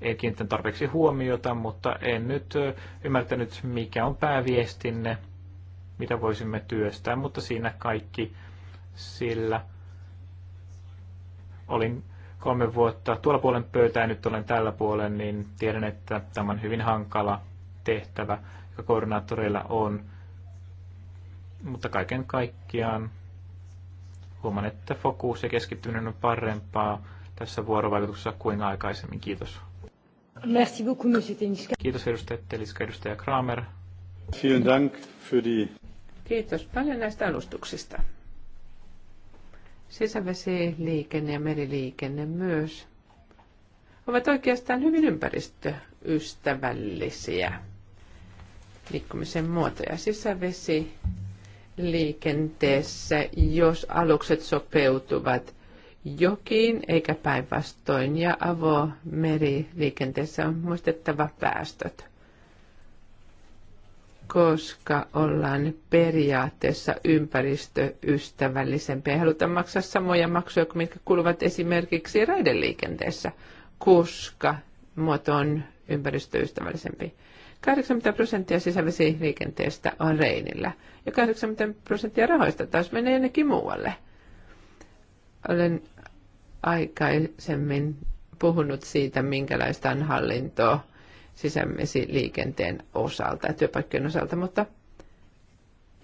En kiinnittänyt tarpeeksi huomiota, mutta en nyt ymmärtänyt, mikä on pääviestinne, mitä voisimme työstää, mutta siinä kaikki sillä olin kolme vuotta tuolla puolen pöytää nyt olen tällä puolen, niin tiedän, että tämä on hyvin hankala tehtävä, joka koordinaattoreilla on. Mutta kaiken kaikkiaan huomaan, että fokus ja keskittyminen on parempaa tässä vuorovaikutuksessa kuin aikaisemmin. Kiitos. Merci beaucoup, monsieur Teniska. Kiitos edustaja Teliska, edustaja Kramer. Vielen Dank für die... Kiitos paljon näistä alustuksista. liikenne ja meriliikenne myös ovat oikeastaan hyvin ympäristöystävällisiä liikkumisen muotoja. Sisävesi liikenteessä, jos alukset sopeutuvat jokiin eikä päinvastoin. Ja avo meriliikenteessä on muistettava päästöt, koska ollaan periaatteessa ympäristöystävällisempiä. Ei haluta maksaa samoja maksuja kuin mitkä kuluvat esimerkiksi raideliikenteessä, koska muoto on ympäristöystävällisempi. 80 prosenttia sisävesiliikenteestä on reinillä ja 80 prosenttia rahoista taas menee jonnekin muualle. Olen aikaisemmin puhunut siitä, minkälaista on hallintoa liikenteen osalta ja työpaikkojen osalta, mutta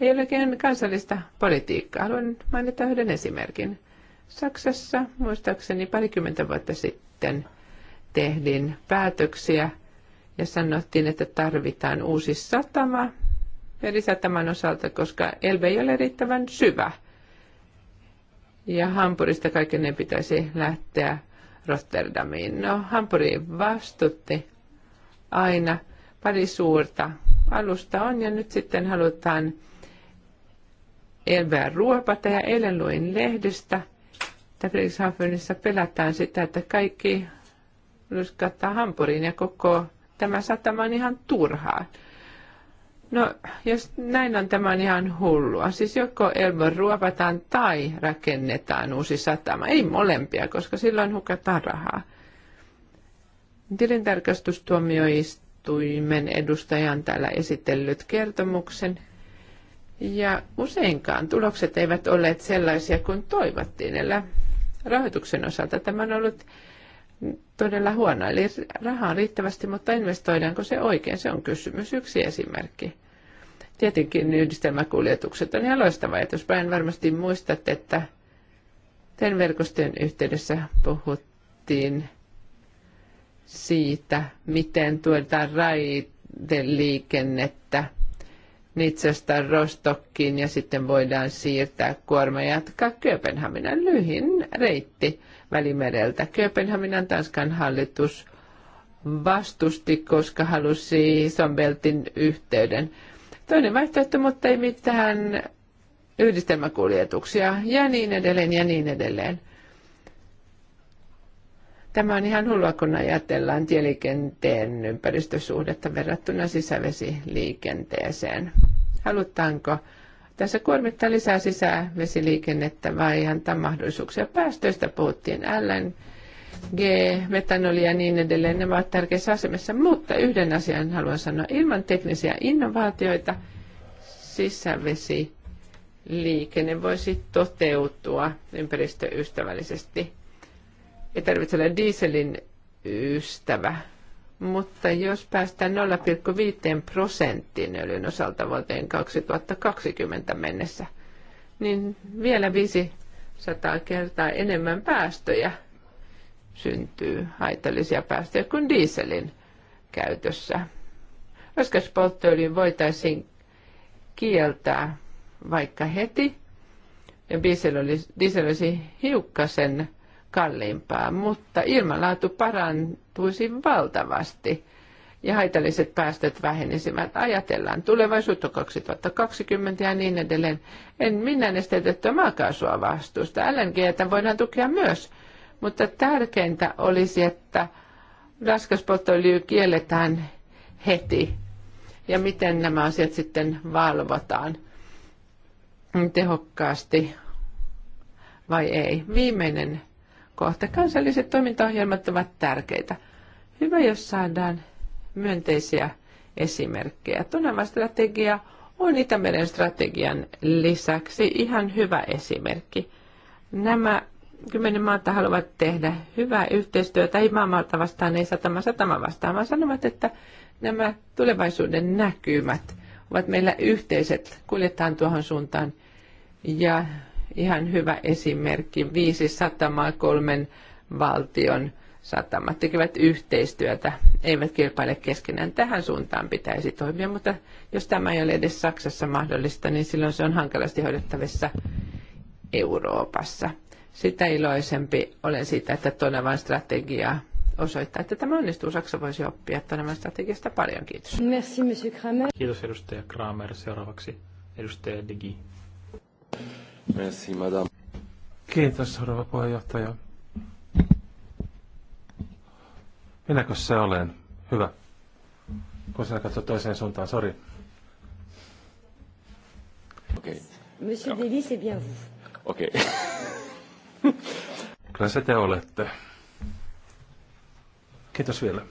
ei olekin kansallista politiikkaa. Haluan mainita yhden esimerkin. Saksassa muistaakseni parikymmentä vuotta sitten tehdin päätöksiä ja sanottiin, että tarvitaan uusi satama lisää tämän osalta, koska elve ei ole riittävän syvä. Ja Hampurista kaiken ne pitäisi lähteä Rotterdamiin. No, Hampuri vastutti aina pari suurta alusta on ja nyt sitten halutaan elveä ruopata. Ja eilen luin lehdestä, että pelätään sitä, että kaikki lyskataan Hampuriin ja koko tämä satama on ihan turhaa. No, jos näin on, tämä on ihan hullua. Siis joko Elbor ruopataan tai rakennetaan uusi satama. Ei molempia, koska silloin hukataan rahaa. Tilintarkastustuomioistuimen edustajan täällä esitellyt kertomuksen. Ja useinkaan tulokset eivät olleet sellaisia kuin toivottiin. Eli rahoituksen osalta tämä on ollut todella huono. Eli rahaa on riittävästi, mutta investoidaanko se oikein? Se on kysymys. Yksi esimerkki. Tietenkin yhdistelmäkuljetukset on ihan loistava ajatus. Päin varmasti muistat, että tämän verkostojen yhteydessä puhuttiin siitä, miten tuetaan raideliikennettä Nitsasta Rostokkiin ja sitten voidaan siirtää kuorma jatkaa Kööpenhaminan lyhin reitti Välimereltä. Kööpenhaminan Tanskan hallitus vastusti, koska halusi Sombeltin yhteyden. Toinen vaihtoehto, mutta ei mitään yhdistelmäkuljetuksia ja niin edelleen ja niin edelleen. Tämä on ihan hullua, kun ajatellaan tieliikenteen ympäristösuhdetta verrattuna sisävesiliikenteeseen. Halutaanko tässä kuormittaa lisää sisää vesiliikennettä vai antaa mahdollisuuksia. Päästöistä puhuttiin LNG, metanoli ja niin edelleen. ne ovat tärkeässä asemassa, mutta yhden asian haluan sanoa. Ilman teknisiä innovaatioita sisävesiliikenne voisi toteutua ympäristöystävällisesti. Ei tarvitse olla dieselin ystävä mutta jos päästään 0,5 prosenttiin öljyn osalta vuoteen 2020 mennessä, niin vielä 500 kertaa enemmän päästöjä syntyy, haitallisia päästöjä kuin dieselin käytössä. Raskaspolttoöljyn voitaisiin kieltää vaikka heti, ja diesel olisi, diesel olisi hiukkasen kalliimpaa, mutta ilmanlaatu parantuisi valtavasti ja haitalliset päästöt vähenisivät. Ajatellaan tulevaisuutta 2020 ja niin edelleen. En minä estetettyä maakaasua vastusta. LNGtä voidaan tukea myös, mutta tärkeintä olisi, että polttoöljy kielletään heti ja miten nämä asiat sitten valvotaan tehokkaasti vai ei. Viimeinen kohta. Kansalliset toimintaohjelmat ovat tärkeitä. Hyvä, jos saadaan myönteisiä esimerkkejä. Tonava strategia on Itämeren strategian lisäksi ihan hyvä esimerkki. Nämä kymmenen maata haluavat tehdä hyvää yhteistyötä, ei maamaalta vastaan, ei satama satama vastaan, vaan sanovat, että nämä tulevaisuuden näkymät ovat meillä yhteiset, kuljetaan tuohon suuntaan. Ja ihan hyvä esimerkki. Viisi satamaa kolmen valtion satamat tekevät yhteistyötä, eivät kilpaile keskenään. Tähän suuntaan pitäisi toimia, mutta jos tämä ei ole edes Saksassa mahdollista, niin silloin se on hankalasti hoidettavissa Euroopassa. Sitä iloisempi olen siitä, että Tonevan strategia osoittaa, että tämä onnistuu. Saksa voisi oppia Tonevan strategiasta paljon. Kiitos. Merci, Monsieur Kramer. Kiitos edustaja Kramer. Seuraavaksi edustaja Digi. Merci, madame. Kiitos, rouva puheenjohtaja. Minäkö se olen? Hyvä. Kun sinä katsot toiseen suuntaan, sori. Okei. Okay. Monsieur Deli, c'est bien vous. Okei. Okay. Kyllä se te olette. Kiitos vielä.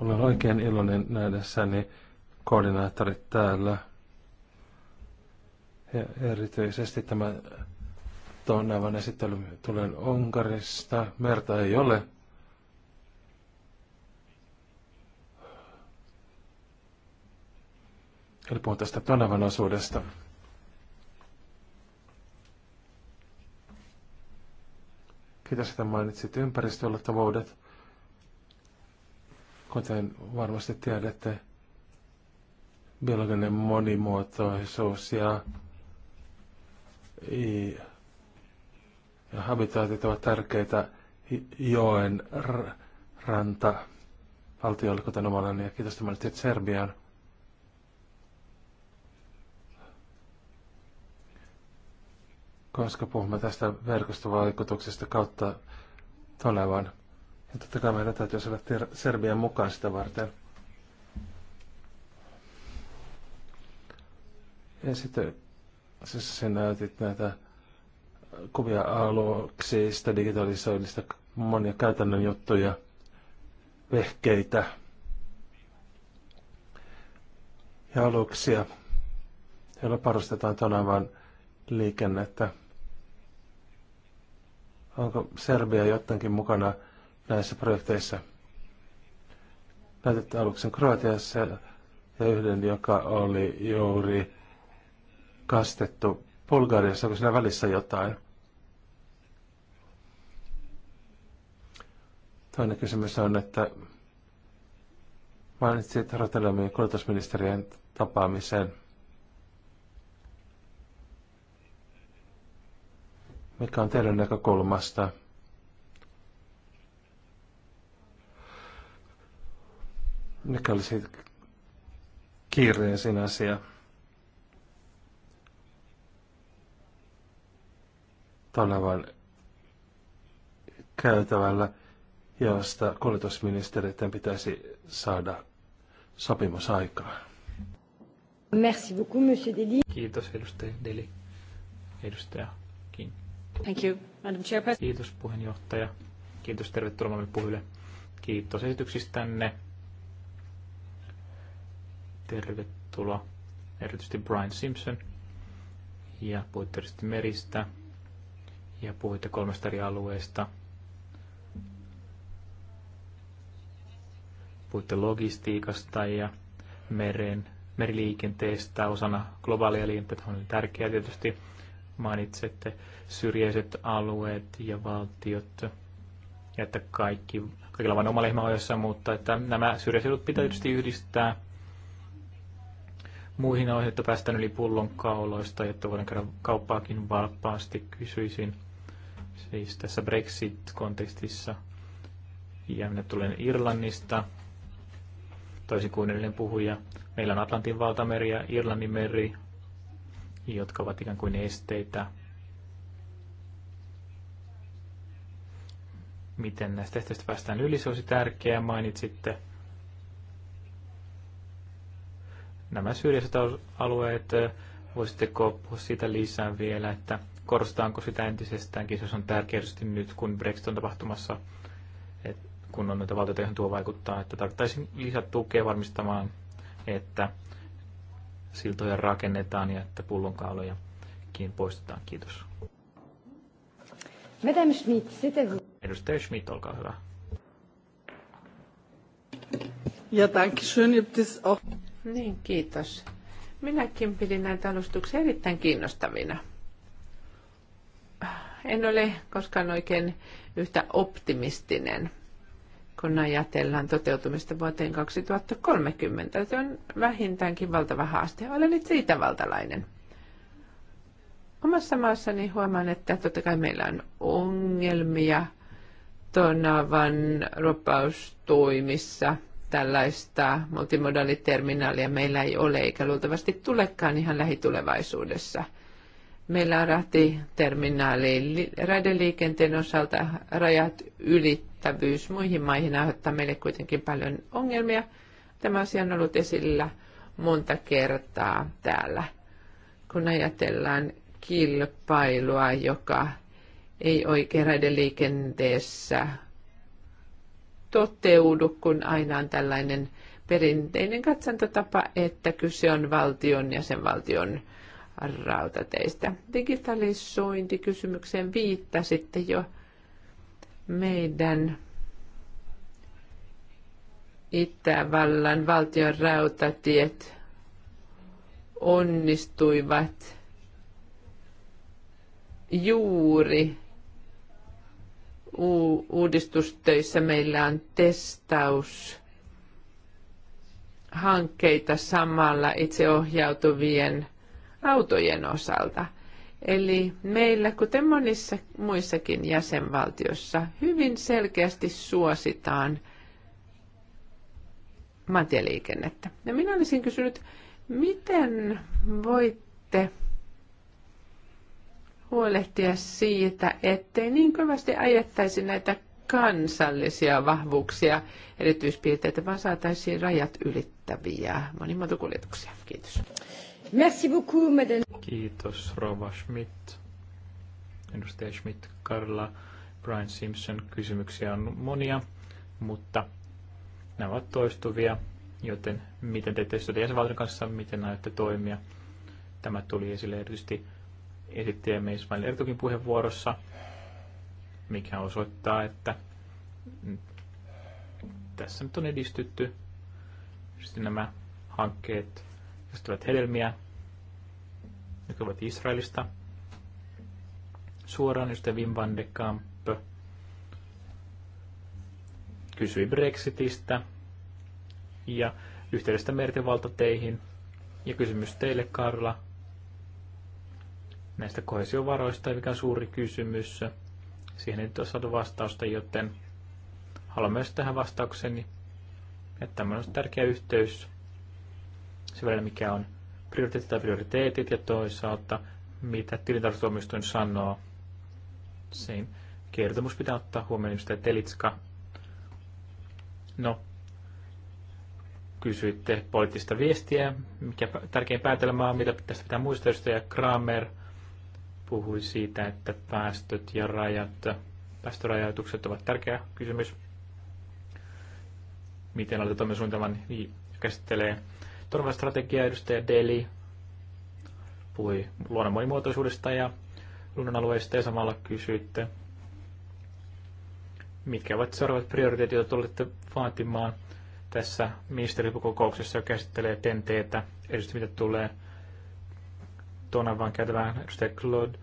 Olen oikein iloinen nähdessäni koordinaattorit täällä. Ja erityisesti tämä tonnevan esittely tulee Unkarista. Merta ei ole. Eli puhun tästä Tonavan osuudesta. Kiitos, että mainitsit ympäristöulottuvuudet. Kuten varmasti tiedätte, biologinen monimuotoisuus ja ja habitaatit ovat tärkeitä joen ranta valtioille, kuten omalle, ja niin kiitos, että mainitsit Serbian. Koska puhumme tästä verkostovaikutuksesta kautta tulevan. Ja niin totta kai meidän täytyy saada Serbian mukaan sitä varten. Ja sitten siis sä näytit näitä kuvia aluksista, digitalisoinnista, monia käytännön juttuja, vehkeitä ja aluksia, joilla parustetaan tonavan liikennettä. Onko Serbia jotenkin mukana näissä projekteissa? Näytit aluksen Kroatiassa ja yhden, joka oli juuri kastettu Bulgariassa, onko siinä välissä jotain? Toinen kysymys on, että mainitsit Rotterdamin kulutusministeriön tapaamisen. Mikä on teidän näkökulmasta? Mikä olisi kiireellisin asia? Tanavan käytävällä, josta kuljetusministeriöiden pitäisi saada sopimus aikaan. Merci beaucoup, monsieur Deli. Kiitos, edustaja Deli. Edustaja King. Thank you, Madam Chairperson. Kiitos, puheenjohtaja. Kiitos, tervetuloa molemmille puhujille. Kiitos esityksistänne. Tervetuloa erityisesti Brian Simpson ja puhuitte meristä ja puhuitte kolmesta eri alueesta. Puhuitte logistiikasta ja meren, meriliikenteestä osana globaalia liikennettä. on tärkeää tietysti. Mainitsette syrjäiset alueet ja valtiot ja että kaikki, kaikilla vain oma lehmä ojassa, mutta että nämä syrjäseudut pitää tietysti yhdistää muihin on, että päästään yli pullonkauloista, jotta voidaan käydä kauppaakin valppaasti, kysyisin siis tässä Brexit-kontekstissa. Ja minä tulen Irlannista, toisin kuin edellinen puhuja. Meillä on Atlantin valtameri ja Irlannin meri, jotka ovat ikään kuin esteitä. Miten näistä tehtävistä päästään yli, se olisi tärkeää. Mainitsitte nämä syrjäiset alueet. Voisitteko puhua siitä lisää vielä, että korostetaanko sitä entisestäänkin, se on tärkeästi nyt, kun Brexit on tapahtumassa, et kun on noita valtioita, joihin tuo vaikuttaa, että tarvittaisiin lisätukea varmistamaan, että siltoja rakennetaan ja että pullonkaulojakin poistetaan. Kiitos. Madame Schmidt, c'est vous. Edustaja Schmidt, olkaa hyvä. Ja danke schön, auch... Niin, kiitos. Minäkin pidin näitä alustuksia erittäin kiinnostavina en ole koskaan oikein yhtä optimistinen, kun ajatellaan toteutumista vuoteen 2030. Se on vähintäänkin valtava haaste. Olen nyt siitä valtalainen. Omassa maassani huomaan, että totta kai meillä on ongelmia tonavan ropaustoimissa. Tällaista multimodaaliterminaalia meillä ei ole eikä luultavasti tulekaan ihan lähitulevaisuudessa – Meillä on rahtiterminaali raideliikenteen osalta rajat ylittävyys muihin maihin aiheuttaa meille kuitenkin paljon ongelmia. Tämä asia on ollut esillä monta kertaa täällä, kun ajatellaan kilpailua, joka ei oikein raideliikenteessä toteudu, kun aina on tällainen perinteinen katsantotapa, että kyse on valtion ja sen valtion rautateistä. Digitalisointikysymykseen viittasitte jo meidän Itävallan valtion rautatiet onnistuivat juuri u- uudistustöissä meillä on testaus hankkeita samalla itseohjautuvien autojen osalta. Eli meillä, kuten monissa muissakin jäsenvaltiossa, hyvin selkeästi suositaan maantieliikennettä. Ja minä olisin kysynyt, miten voitte huolehtia siitä, ettei niin kovasti ajettaisi näitä kansallisia vahvuuksia, erityispiirteitä, vaan saataisiin rajat ylittäviä monimuotokuljetuksia. Kiitos. Merci beaucoup, madame. Kiitos, Rova Schmidt. Edustaja Schmidt, Karla, Brian Simpson. Kysymyksiä on monia, mutta nämä ovat toistuvia, joten miten te teette jäsenvaltion kanssa, miten aiotte toimia? Tämä tuli esille erityisesti esittäjämme Ismail Ertukin puheenvuorossa, mikä osoittaa, että tässä nyt on edistytty. Sitten nämä hankkeet tulee hedelmiä, jotka ovat Israelista. Suoraan just Wim van de Kamp kysyi Brexitistä ja yhteydestä mertenvaltateihin. Ja kysymys teille, Karla, näistä kohesiovaroista, mikä on suuri kysymys. Siihen ei ole saatu vastausta, joten haluan myös tähän vastaukseni. Että tämmöinen on tärkeä yhteys se välillä, mikä on prioriteetit tai prioriteetit, ja toisaalta mitä tilintarkastustuomioistuin sanoo. Siinä kertomus pitää ottaa huomioon, edustaja niin Telitska. No, kysyitte poliittista viestiä, mikä tärkein päätelmä on, mitä tästä pitää muistaa, ja Kramer puhui siitä, että päästöt ja rajat, päästörajoitukset ovat tärkeä kysymys. Miten aloitetaan suunnitelman niin käsittelee Turvallisuusstrategia edustaja Deli puhui luonnon monimuotoisuudesta ja alueista ja samalla kysyitte, mitkä ovat seuraavat prioriteetit, joita tulette vaatimaan tässä ministeripukokouksessa, joka käsittelee tenteitä, erityisesti mitä tulee vaan käytävään edustaja Claude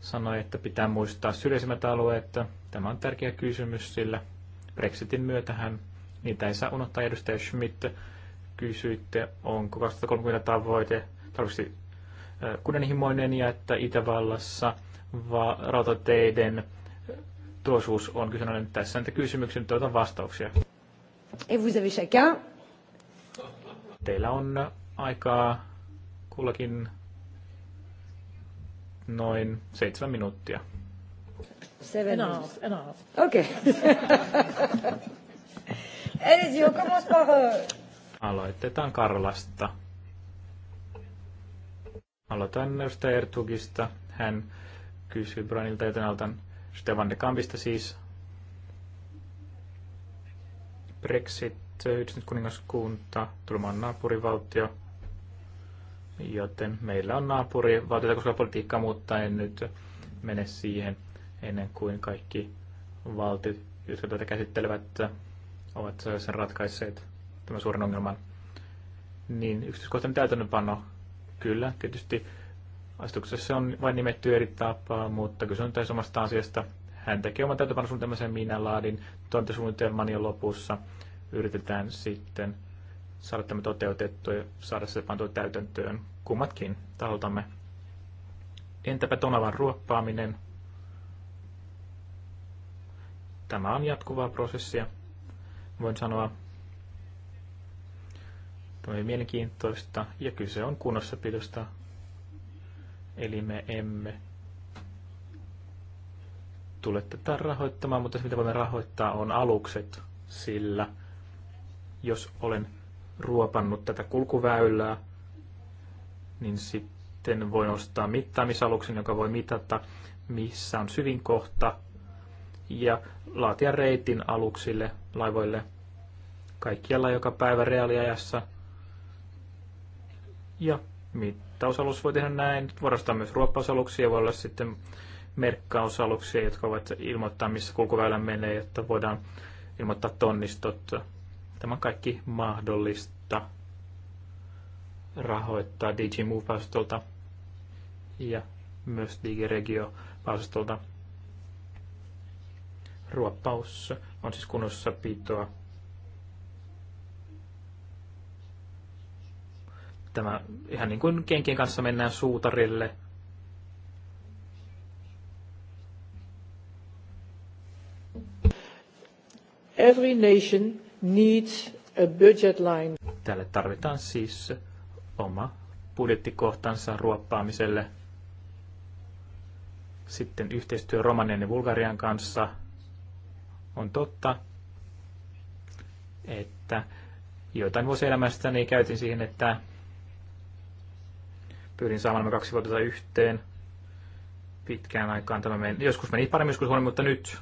sanoi, että pitää muistaa syrjäisimmät alueet. Tämä on tärkeä kysymys, sillä Brexitin myötähän niitä ei saa unohtaa. Edustaja Schmidt kysyitte, onko 2030 tavoite tarvitsisi kunnianhimoinen ja että Itävallassa va- rautateiden tuosuus on kyseenalainen tässä. Näitä kysymyksiä nyt otan vastauksia. Et vous avez chacun. Teillä on aikaa kullakin noin seitsemän minuuttia. Seven and half, Okay. Allez-y, on commence par... Euh... Aloitetaan Karlasta. Aloitan edustaja Ertugista. Hän kysyi Branilta, joten aloitan Stefan de Kampista siis. Brexit, yhdistynyt kuningaskunta, tulemaan naapurivaltio. Joten meillä on naapurivaltio, koska politiikka muuttaa en nyt mene siihen ennen kuin kaikki valtiot, jotka tätä käsittelevät, ovat sen ratkaisseet tämän suuren ongelman. Niin yksityiskohtainen täytännönpano, kyllä, tietysti asetuksessa on vain nimetty eri tapaa, mutta kyse on täysin samasta asiasta. Hän tekee oman täytäntöpanosuunnitelmansa, minä laadin toimintasuunnitelman ja lopussa. Yritetään sitten saada tämä toteutettu ja saada se pantua täytäntöön kummatkin taholtamme. Entäpä Tonavan ruoppaaminen? Tämä on jatkuvaa prosessia. Voin sanoa Tämä no oli mielenkiintoista ja kyse on kunnossapidosta. Eli me emme tule tätä rahoittamaan, mutta se mitä voimme rahoittaa on alukset, sillä jos olen ruopannut tätä kulkuväylää, niin sitten voin ostaa mittaamisaluksen, joka voi mitata, missä on syvin kohta, ja laatia reitin aluksille, laivoille, kaikkialla joka päivä reaaliajassa – ja mittausalus voi tehdä näin. Varastaa myös ruoppausaluksia, voi olla sitten merkkausaluksia, jotka voivat ilmoittaa, missä kulkuväylä menee, jotta voidaan ilmoittaa tonnistot. Tämä on kaikki mahdollista rahoittaa digimove pausastolta ja myös digiregio pausastolta Ruoppaus on siis pitoa. Tämä ihan niin kuin kenkien kanssa mennään suutarille. Every nation needs a budget line. Tälle tarvitaan siis oma budjettikohtansa ruoppaamiselle. Sitten yhteistyö Romanian ja Bulgarian kanssa on totta, että joitain vuosia elämästäni käytin siihen, että Pyrin saamaan nämä kaksi vuotta yhteen. Pitkään aikaan tämä meni. Joskus meni paremmin, joskus huonommin, mutta nyt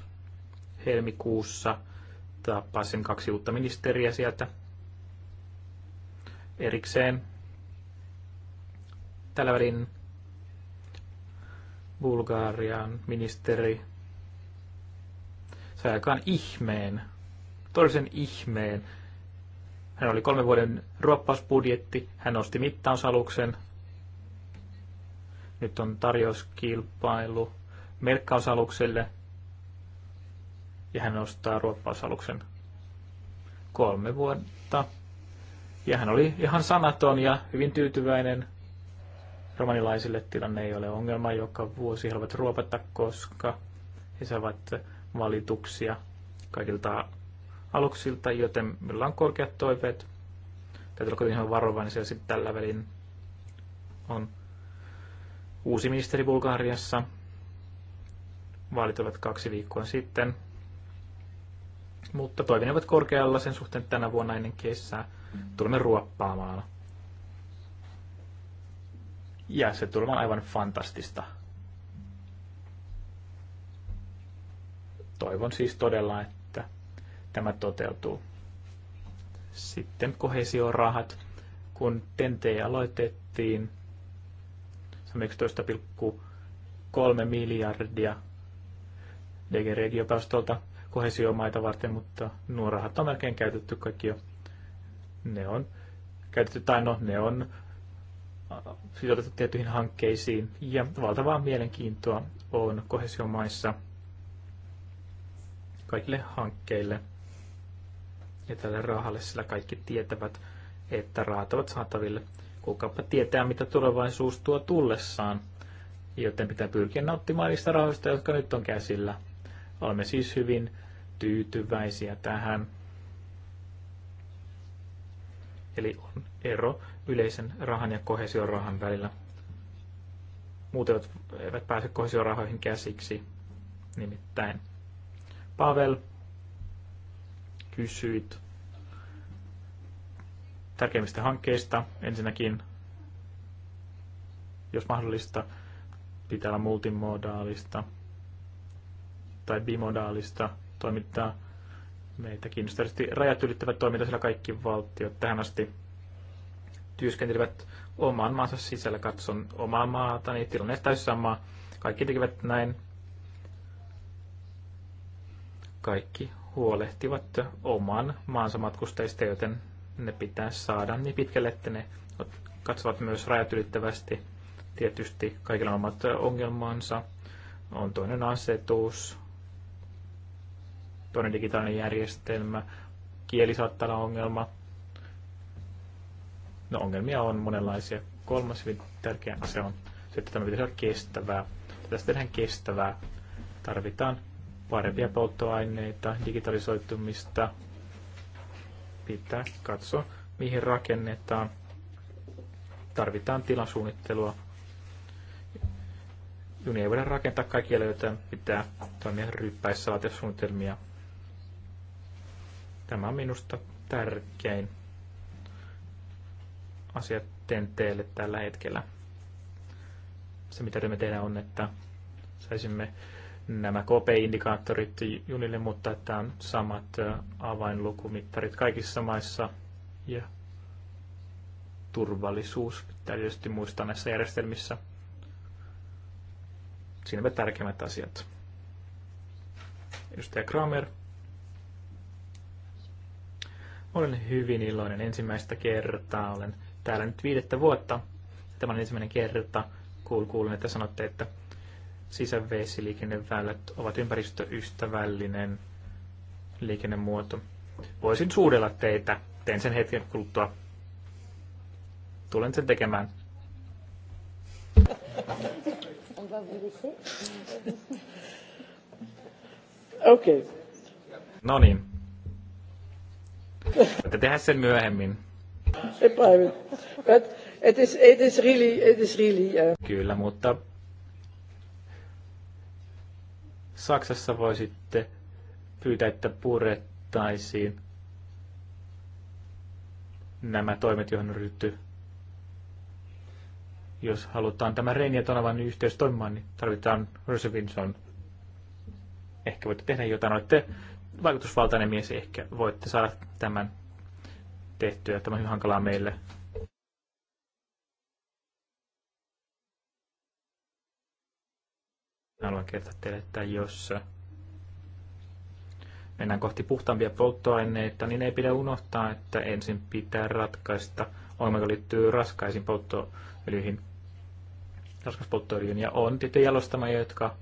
helmikuussa tapasin kaksi uutta ministeriä sieltä erikseen. Tällä välin Bulgarian ministeri sai aikaan ihmeen, toisen ihmeen. Hän oli kolmen vuoden ruoppausbudjetti, hän osti mittausaluksen, nyt on tarjouskilpailu merkkausalukselle ja hän ostaa ruoppausaluksen kolme vuotta. Ja hän oli ihan sanaton ja hyvin tyytyväinen. Romanilaisille tilanne ei ole ongelma, joka vuosi haluavat ruopata, koska he saavat valituksia kaikilta aluksilta, joten meillä on korkeat toiveet. Täytyy olla kuitenkin varovainen, niin sitten tällä välin on uusi ministeri Bulgariassa. Vaalit ovat kaksi viikkoa sitten. Mutta toiminevat korkealla sen suhteen tänä vuonna ennen kesää. Tulemme ruoppaamaan. Ja se tulee aivan fantastista. Toivon siis todella, että tämä toteutuu. Sitten kohesiorahat. Kun TNT aloitettiin, 11,3 miljardia DG Regiopäästöltä kohesiomaita varten, mutta nuo rahat on melkein käytetty kaikki jo. Ne on käytetty, tai no, ne on sitoutettu tiettyihin hankkeisiin, ja valtavaa mielenkiintoa on kohesiomaissa kaikille hankkeille ja tälle rahalle, sillä kaikki tietävät, että rahat ovat saataville Kukapa tietää, mitä tulevaisuus tuo tullessaan, joten pitää pyrkiä nauttimaan niistä rahoista, jotka nyt on käsillä. Olemme siis hyvin tyytyväisiä tähän. Eli on ero yleisen rahan ja kohesiorahan välillä. Muut eivät pääse kohesiorahoihin käsiksi. Nimittäin Pavel, kysyit tärkeimmistä hankkeista. Ensinnäkin, jos mahdollista, pitää olla multimodaalista tai bimodaalista toimintaa. Meitä kiinnostaa rajat ylittävät toiminta, sillä kaikki valtiot tähän asti työskentelivät oman maansa sisällä. Katson omaa maata, niin tilanne täysin sama. Kaikki tekevät näin. Kaikki huolehtivat oman maansa matkustajista, joten ne pitää saada niin pitkälle, että ne katsovat myös rajat ylittävästi. Tietysti kaikilla on omat ongelmansa. On toinen asetus, toinen digitaalinen järjestelmä, kieli saattaa olla ongelma. No ongelmia on monenlaisia. Kolmas hyvin tärkeä asia on se, että tämä pitäisi olla kestävää. Tästä tehdään kestävää. Tarvitaan parempia polttoaineita, digitalisoitumista, pitää katsoa, mihin rakennetaan. Tarvitaan tilasuunnittelua. Juni ei voida rakentaa kaikille, joten pitää toimia ryppäissä laatia Tämä on minusta tärkein asia tenteelle tällä hetkellä. Se mitä me tehdään on, että saisimme nämä KP-indikaattorit junille, mutta että on samat avainlukumittarit kaikissa maissa ja turvallisuus pitää tietysti muistaa näissä järjestelmissä. Siinäpä tärkeimmät asiat. Edustaja Kramer. Olen hyvin iloinen ensimmäistä kertaa. Olen täällä nyt viidettä vuotta. Tämä on ensimmäinen kerta. Kuul, kuulin, että sanotte, että sisävesiliikenneväylät ovat ympäristöystävällinen liikennemuoto. Voisin suudella teitä. Teen sen hetken kuluttua. Tulen sen tekemään. Okei. Okay. No niin. Voitte tehdä sen myöhemmin. ei. it is, it is really, it is really, uh... Kyllä, mutta Saksassa voi sitten pyytää, että purettaisiin nämä toimet, joihin on ryhty. Jos halutaan tämä Reini ja Tonavan yhteys toimimaan, niin tarvitaan Rosevinson. Ehkä voitte tehdä jotain, olette vaikutusvaltainen mies, ehkä voitte saada tämän tehtyä. Tämä on hankalaa meille. haluan kertoa teille, että jos mennään kohti puhtaampia polttoaineita, niin ei pidä unohtaa, että ensin pitää ratkaista ongelma, joka liittyy raskaisiin polttoöljyihin, polttoöljyyn, ja on tiettyjä jalostamia, jotka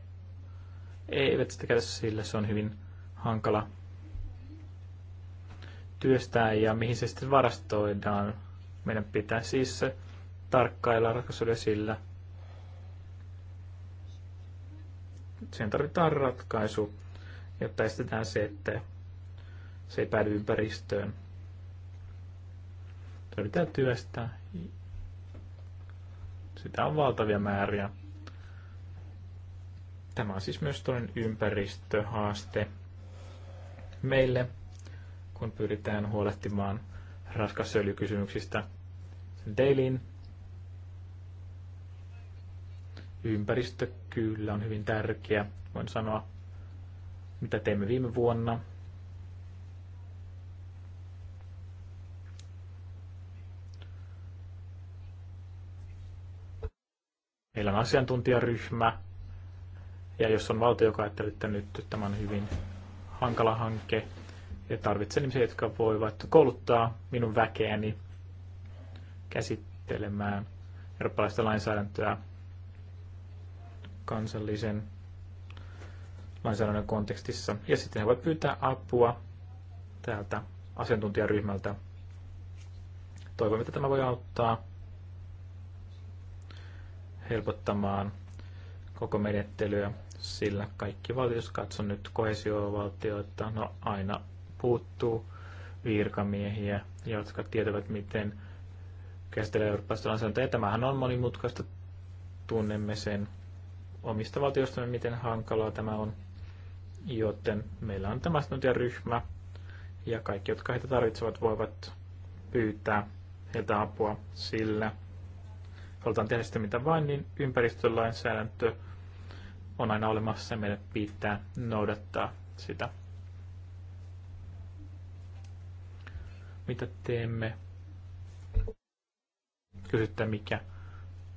eivät sitä käytä sillä, se on hyvin hankala työstää ja mihin se sitten varastoidaan. Meidän pitää siis tarkkailla ratkaisuja sillä, siihen tarvitaan ratkaisu, jotta estetään se, että se ei päädy ympäristöön. Tarvitaan yritetään työstää. Sitä on valtavia määriä. Tämä on siis myös toinen ympäristöhaaste meille, kun pyritään huolehtimaan raskasöljykysymyksistä Dailyin ympäristö kyllä on hyvin tärkeä. Voin sanoa, mitä teimme viime vuonna. Meillä on asiantuntijaryhmä, ja jos on valtio, joka ajattelee, että nyt tämä on hyvin hankala hanke, ja tarvitsen ihmisiä, jotka voivat kouluttaa minun väkeäni käsittelemään eurooppalaista lainsäädäntöä kansallisen lainsäädännön kontekstissa. Ja sitten he voivat pyytää apua täältä asiantuntijaryhmältä. Toivomme, että tämä voi auttaa helpottamaan koko menettelyä, sillä kaikki valtiot, katson nyt kohesiovaltioita, no aina puuttuu virkamiehiä, jotka tietävät, miten käsitellä eurooppalaista lainsäädäntöä. Ja tämähän on monimutkaista, tunnemme sen omista valtioistamme, miten hankalaa tämä on. Joten meillä on tämä ryhmä ja kaikki, jotka heitä tarvitsevat, voivat pyytää heiltä apua sillä. Halutaan tehdä sitä mitä vain, niin ympäristölainsäädäntö on aina olemassa ja meidän pitää noudattaa sitä. Mitä teemme? Kysyttää mikä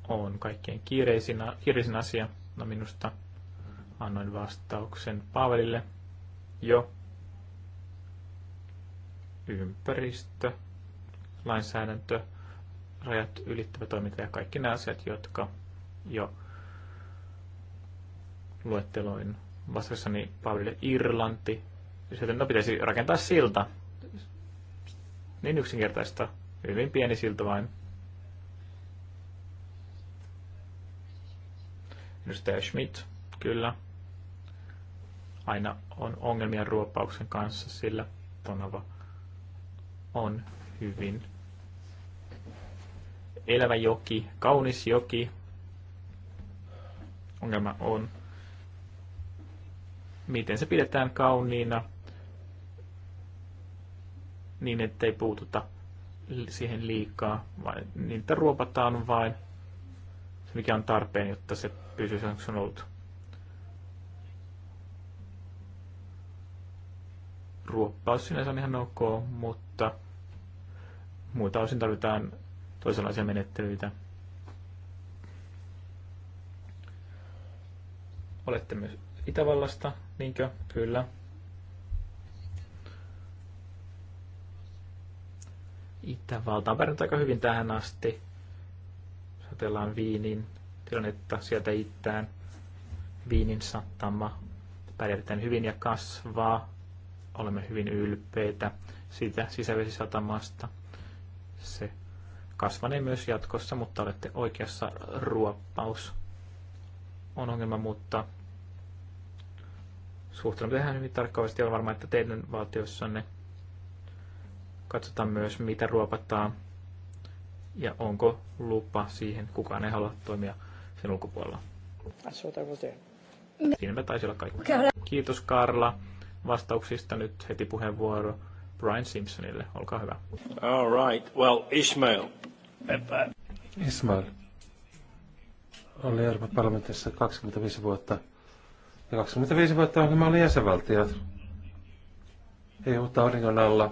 on kaikkein kiireisin, kiireisin asia. No minusta annoin vastauksen Pavelille. Jo. Ympäristö, lainsäädäntö, rajat ylittävä toiminta ja kaikki nämä asiat, jotka jo luetteloin vastauksessani Pavelille Irlanti. Joten no pitäisi rakentaa silta. Niin yksinkertaista. Hyvin pieni silta vain. Edustaja Schmidt, kyllä. Aina on ongelmia ruoppauksen kanssa, sillä Tonava on hyvin elävä joki, kaunis joki. Ongelma on, miten se pidetään kauniina niin, ettei puututa siihen liikaa, vaan niitä ruopataan vain se, mikä on tarpeen, jotta se kysymys on ollut ruoppaus sinänsä on ihan ok, mutta muuta osin tarvitaan toisenlaisia menettelyitä. Olette myös Itävallasta, niinkö? Kyllä. Itävalta on pärjännyt aika hyvin tähän asti. Satellaan Viinin tilannetta sieltä itään. Viinin sattama pärjätään hyvin ja kasvaa. Olemme hyvin ylpeitä siitä sisävesisatamasta. Se kasvanee myös jatkossa, mutta olette oikeassa ruoppaus on ongelma, mutta suhtaudumme tähän hyvin tarkkaavasti. Olen varma, että teidän valtiossanne katsotaan myös, mitä ruopataan ja onko lupa siihen. Kukaan ei halua toimia sen ulkopuolella. me taisi olla kaikki. Kiitos Karla vastauksista. Nyt heti puheenvuoro Brian Simpsonille. Olkaa hyvä. All right. Well, Ismail. Ismail. Oli Euroopan parlamentissa 25 vuotta. Ja 25 vuotta ohjelma oli jäsenvaltiot. Ei taudingon alla.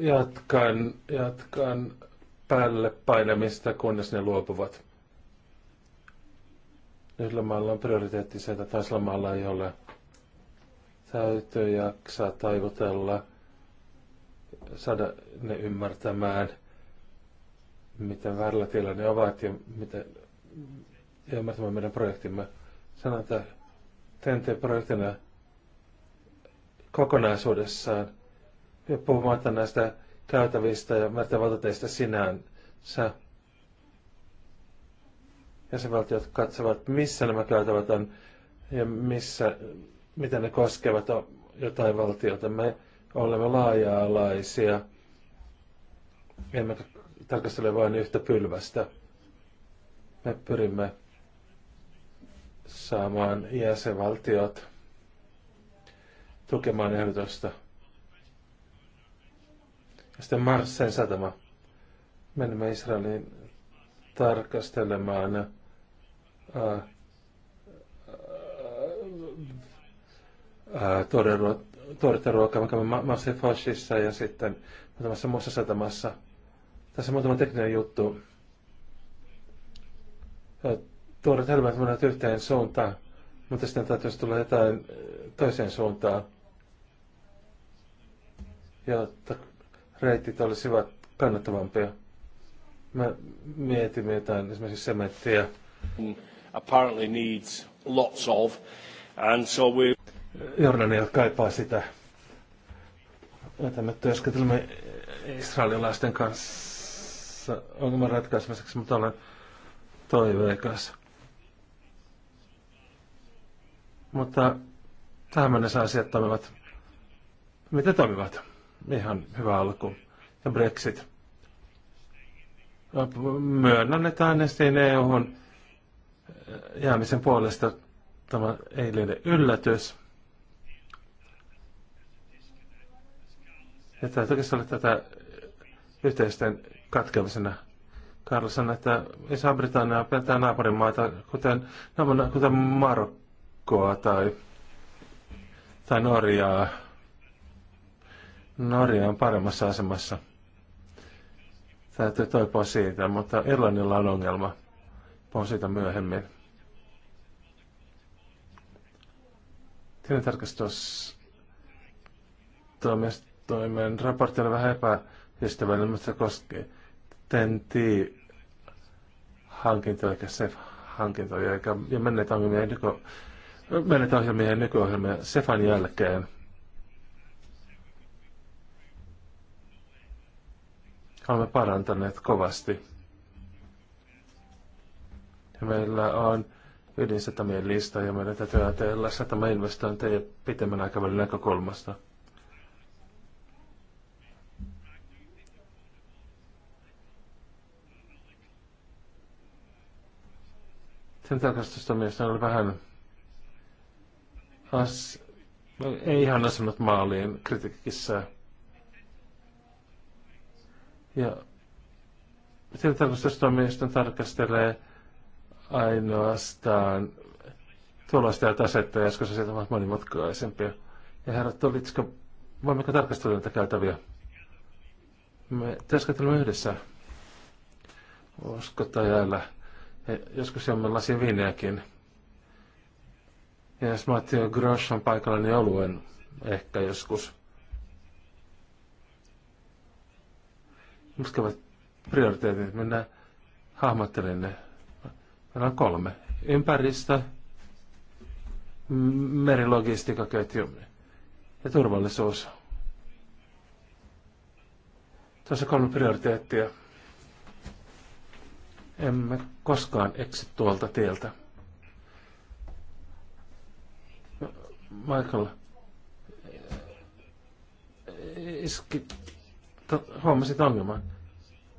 jatkan, jatkan päälle painamista, kunnes ne luopuvat. Yhdellä maalla on prioriteetti se, että toisella maalla ei ole. Täytyy jaksaa taivutella, saada ne ymmärtämään, miten väärällä tiellä ne ovat ja miten ja ymmärtämään meidän projektimme. Sanotaan, että TNT-projektina kokonaisuudessaan – puhumatta näistä käytävistä ja määrätä valtateista sinänsä. Jäsenvaltiot katsovat, missä nämä käytävät on ja missä, miten ne koskevat jotain valtiota. Me olemme laaja-alaisia, emme tarkastele vain yhtä pylvästä. Me pyrimme saamaan jäsenvaltiot tukemaan ehdotusta – ja sitten Marsein satama. Menimme Israeliin tarkastelemaan ää, äh, äh, äh, tuoretta ruokaa, mikä on Massifoshissa ja sitten muutamassa muussa satamassa. Tässä on muutama tekninen juttu. Tuoret helmet menevät yhteen suuntaan, mutta sitten täytyisi tulla jotain toiseen suuntaan. Ja reitit olisivat kannattavampia. Mä mietin jotain esimerkiksi sementtiä. Apparently needs lots of, and so we... Jordania kaipaa sitä. Jätämme me työskentelemme israelilaisten kanssa ongelman ratkaisemiseksi, mutta olen toiveikas. Mutta tähän mennessä asiat toimivat. Miten toimivat? ihan hyvä alku. Ja Brexit. Myönnän, että äänestin EUhun äh, jäämisen puolesta. Tämä ei yllätys. Ja tämä toki oli tätä yhteisten katkeamisena. Karlsson, että Iso-Britannia pelätään naapurimaata, kuten, kuten Marokkoa tai, tai Norjaa. Norja on paremmassa asemassa. Täytyy toipua siitä, mutta Irlannilla on ongelma. Puhun siitä myöhemmin. Tilintarkastus toimen raportti on vähän epäystävällinen, mutta se koskee TENTI hankintoja eikä SEF-hankintoja eikä, menneitä ohjelmia ja nykyohjelmia SEFan jälkeen olemme parantaneet kovasti. Ja meillä on ydinsatamien lista ja meidän täytyy ajatella investointeja pitemmän aikavälin näkökulmasta. Sen tarkastusta mielestäni oli vähän as, ei ihan asunut maaliin kritiikissä. Ja tilintarkastustuomioistuin tarkastelee ainoastaan tuollaista ja tasetta, ja joskus asiat ovat monimutkaisempia. Ja herra Tolitska, voimmeko tarkastella näitä käytäviä? Me työskentelemme yhdessä. Usko tai älä. Ja joskus jomme lasin viineäkin. Ja jos Matteo Grosh on paikalla, niin oluen ehkä joskus. Mitkä ovat prioriteetit? Minä hahmottelen ne. Meillä on kolme. Ympäristö, merilogistiikkaketju ja turvallisuus. Tuossa kolme prioriteettia. Emme koskaan eksy tuolta tieltä. Michael, iski huomasit ongelman.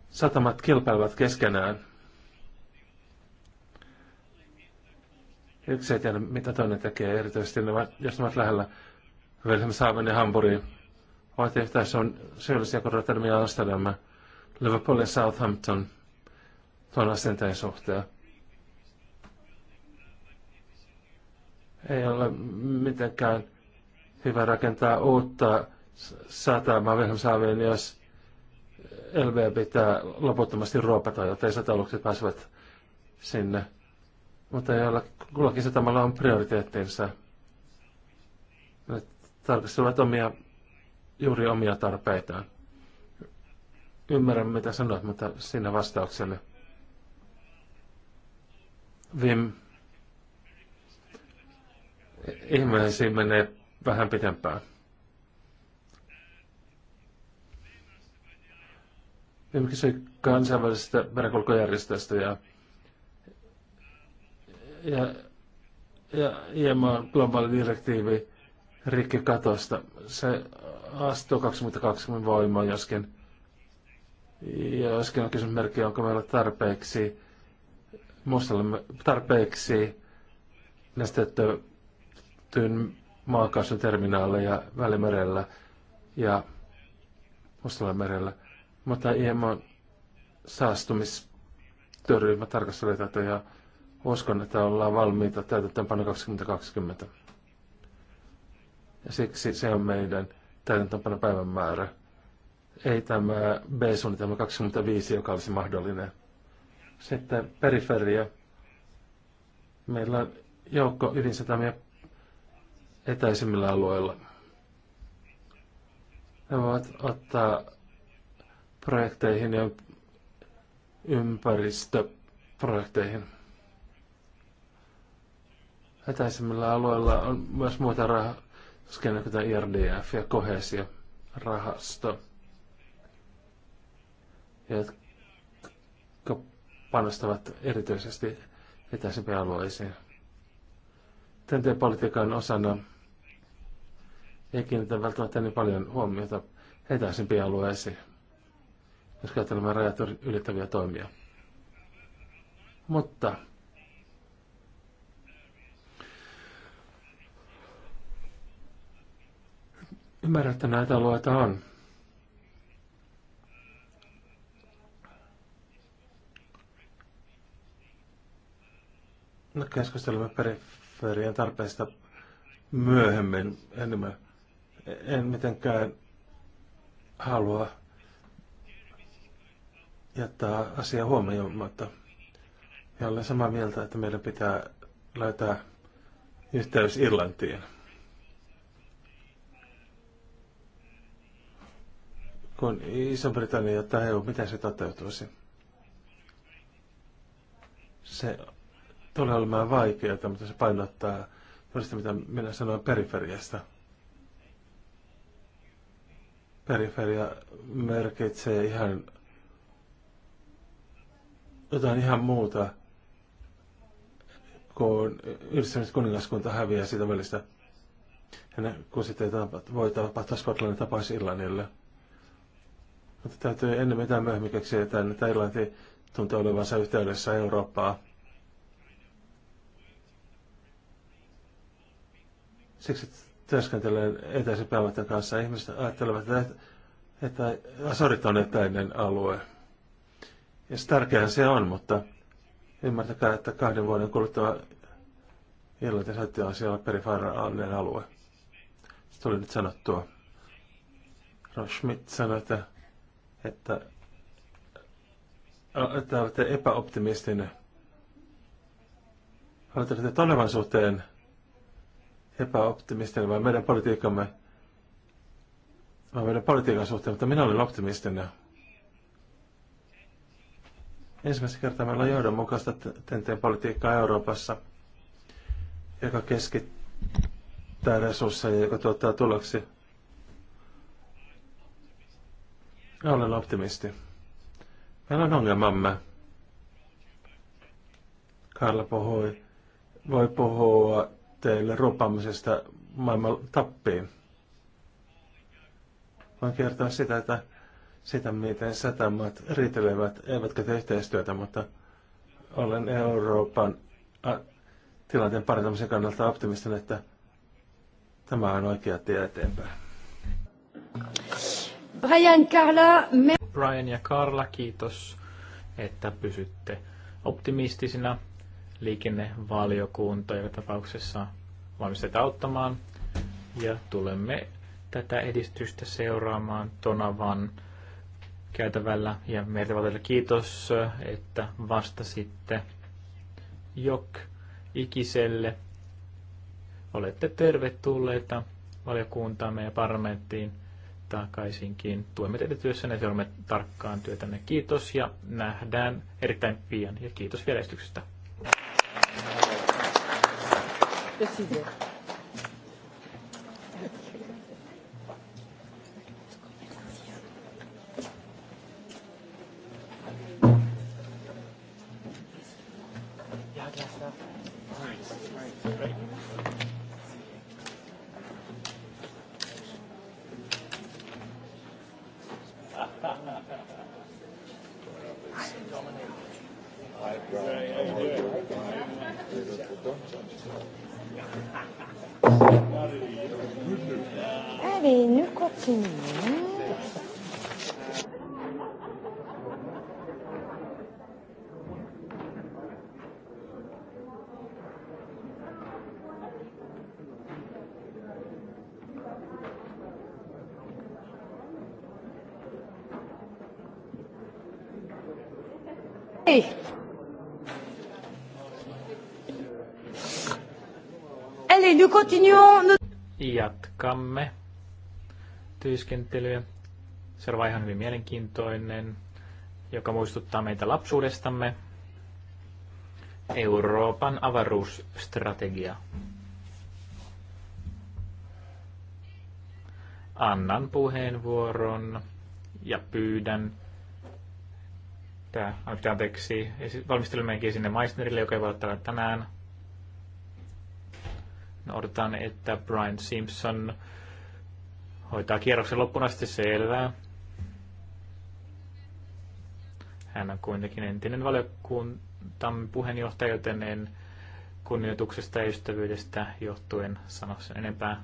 Satamat kilpailevat keskenään. Yksi ei tiedä, mitä toinen tekee, erityisesti ne, jos ne ovat lähellä Wilhelmshaven ja Hamburgin. Ovat yhtään on syyllisiä kuin Rotterdam ja Amsterdam, Liverpool ja Southampton tuon asenteen suhteen. Ei ole mitenkään hyvä rakentaa uutta satamaan Venäjän jos LV pitää loputtomasti ruopata, jotta sotalukset pääsevät sinne. Mutta jolla kullakin satamalla on prioriteettinsa. Ne tarkastelevat omia, juuri omia tarpeitaan. Ymmärrän mitä sanoit, mutta siinä vastaukselle. Vim, ihmeisiin menee vähän pitempään. Emme kysy kansainvälisestä merenkulkujärjestöstä ja, ja, ja IMO globaali direktiivi katosta. Se astuu 2020 voimaan, joskin, joskin on kysymysmerkki, onko meillä tarpeeksi muistamme tarpeeksi nestettyyn maakaasun terminaaleja Välimerellä ja Mustalla merellä. Mutta IMO mä tarkastelen tätä ja uskon, että ollaan valmiita täytäntöönpano 2020. Ja siksi se on meidän täytäntöönpano päivän määrä. Ei tämä B-suunnitelma 25, joka olisi mahdollinen. Sitten periferia. Meillä on joukko ydinsatamia etäisimmillä alueilla. Ne voivat ottaa projekteihin ja ympäristöprojekteihin. Etäisimmillä alueilla on myös muita rahaskenä, kuten IRDF ja kohesio rahasto, jotka panostavat erityisesti etäisimpiin alueisiin. TNT-politiikan osana ei kiinnitä välttämättä niin paljon huomiota etäisimpiin alueisiin jos ajattelemme rajat ylittäviä toimia. Mutta ymmärrän, että näitä alueita on. No, keskustelemme periferian tarpeesta myöhemmin. En, en mitenkään halua jättää asia huomioimatta. Ja olen samaa mieltä, että meidän pitää löytää yhteys Irlantiin. Kun Iso-Britannia tai EU, miten se toteutuisi? Se tulee olemaan vaikeaa, mutta se painottaa sitä, mitä minä sanoin periferiasta. Periferia merkitsee ihan jotain ihan muuta, kun kuningaskunta häviää siitä välistä. Ja kun sitten voi tapahtua Skotlannin tapaisi Irlannille. Mutta täytyy ennen mitään myöhemmin keksiä, että Irlanti tuntuu olevansa yhteydessä Eurooppaa. Siksi työskentelen etäisen päämätän kanssa. Ihmiset ajattelevat, että, että Asorit on etäinen alue. Ja tärkeää se on, mutta ymmärtäkää, että kahden vuoden kuluttua illalla te saitte siellä perifairaalinen alue. Se tuli nyt sanottua. Schmidt sanoi, että, että, että olette epäoptimistinen. Oletteko te suhteen epäoptimistinen vai meidän politiikkamme vai meidän politiikan suhteen, mutta minä olin optimistinen. Ensimmäistä kertaa meillä on johdonmukaista tenteen politiikkaa Euroopassa, joka keskittää resursseja, joka tuottaa tuloksi. Minä olen optimisti. Meillä on ongelmamme. Karla puhui, voi puhua teille rupaamisesta maailman tappiin. Voin kertoa sitä, että sitä, miten satamat riitelevät, eivätkä tee yhteistyötä, mutta olen Euroopan tilanteen parantamisen kannalta optimistinen, että tämä on oikea tie eteenpäin. Brian, Carla, me... Brian ja Karla, kiitos, että pysytte optimistisina. Liikennevaliokunta joka tapauksessa valmistetaan auttamaan ja tulemme tätä edistystä seuraamaan Tonavan käytävällä. Ja Mertivaltaiselle kiitos, että vastasitte jok ikiselle. Olette tervetulleita valiokuntaamme ja parlamenttiin takaisinkin. Tuemme teitä työssänne, seuraamme tarkkaan työtänne. Kiitos ja nähdään erittäin pian. Ja kiitos vielä esityksestä. Allez, nous continuons. Hey. Allez, nous continuons. Jatkamme työskentelyä. Seuraava ihan hyvin mielenkiintoinen, joka muistuttaa meitä lapsuudestamme. Euroopan avaruusstrategia. Annan puheenvuoron ja pyydän tämä anteeksi valmistelemmekin sinne Meissnerille, joka ei voi olla tänään odotan, että Brian Simpson hoitaa kierroksen loppuun asti selvää. Hän on kuitenkin entinen valiokuntamme puheenjohtaja, joten en kunnioituksesta ja ystävyydestä johtuen sano sen enempää.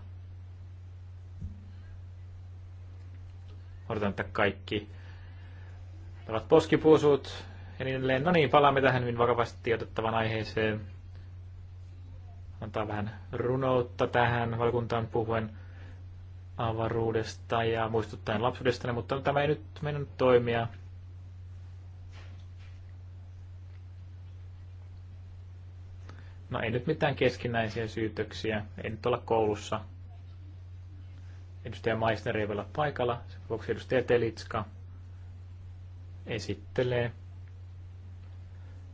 Odotan, että kaikki ovat poskipuusut ja niin edelleen. No niin, palaamme tähän hyvin vakavasti otettavaan aiheeseen antaa vähän runoutta tähän valkuntaan puhuen avaruudesta ja muistuttaen lapsuudesta, mutta tämä ei nyt mennyt toimia. No ei nyt mitään keskinäisiä syytöksiä, ei nyt olla koulussa. Edustaja Maisner ei voi olla paikalla, sen vuoksi edustaja Telitska esittelee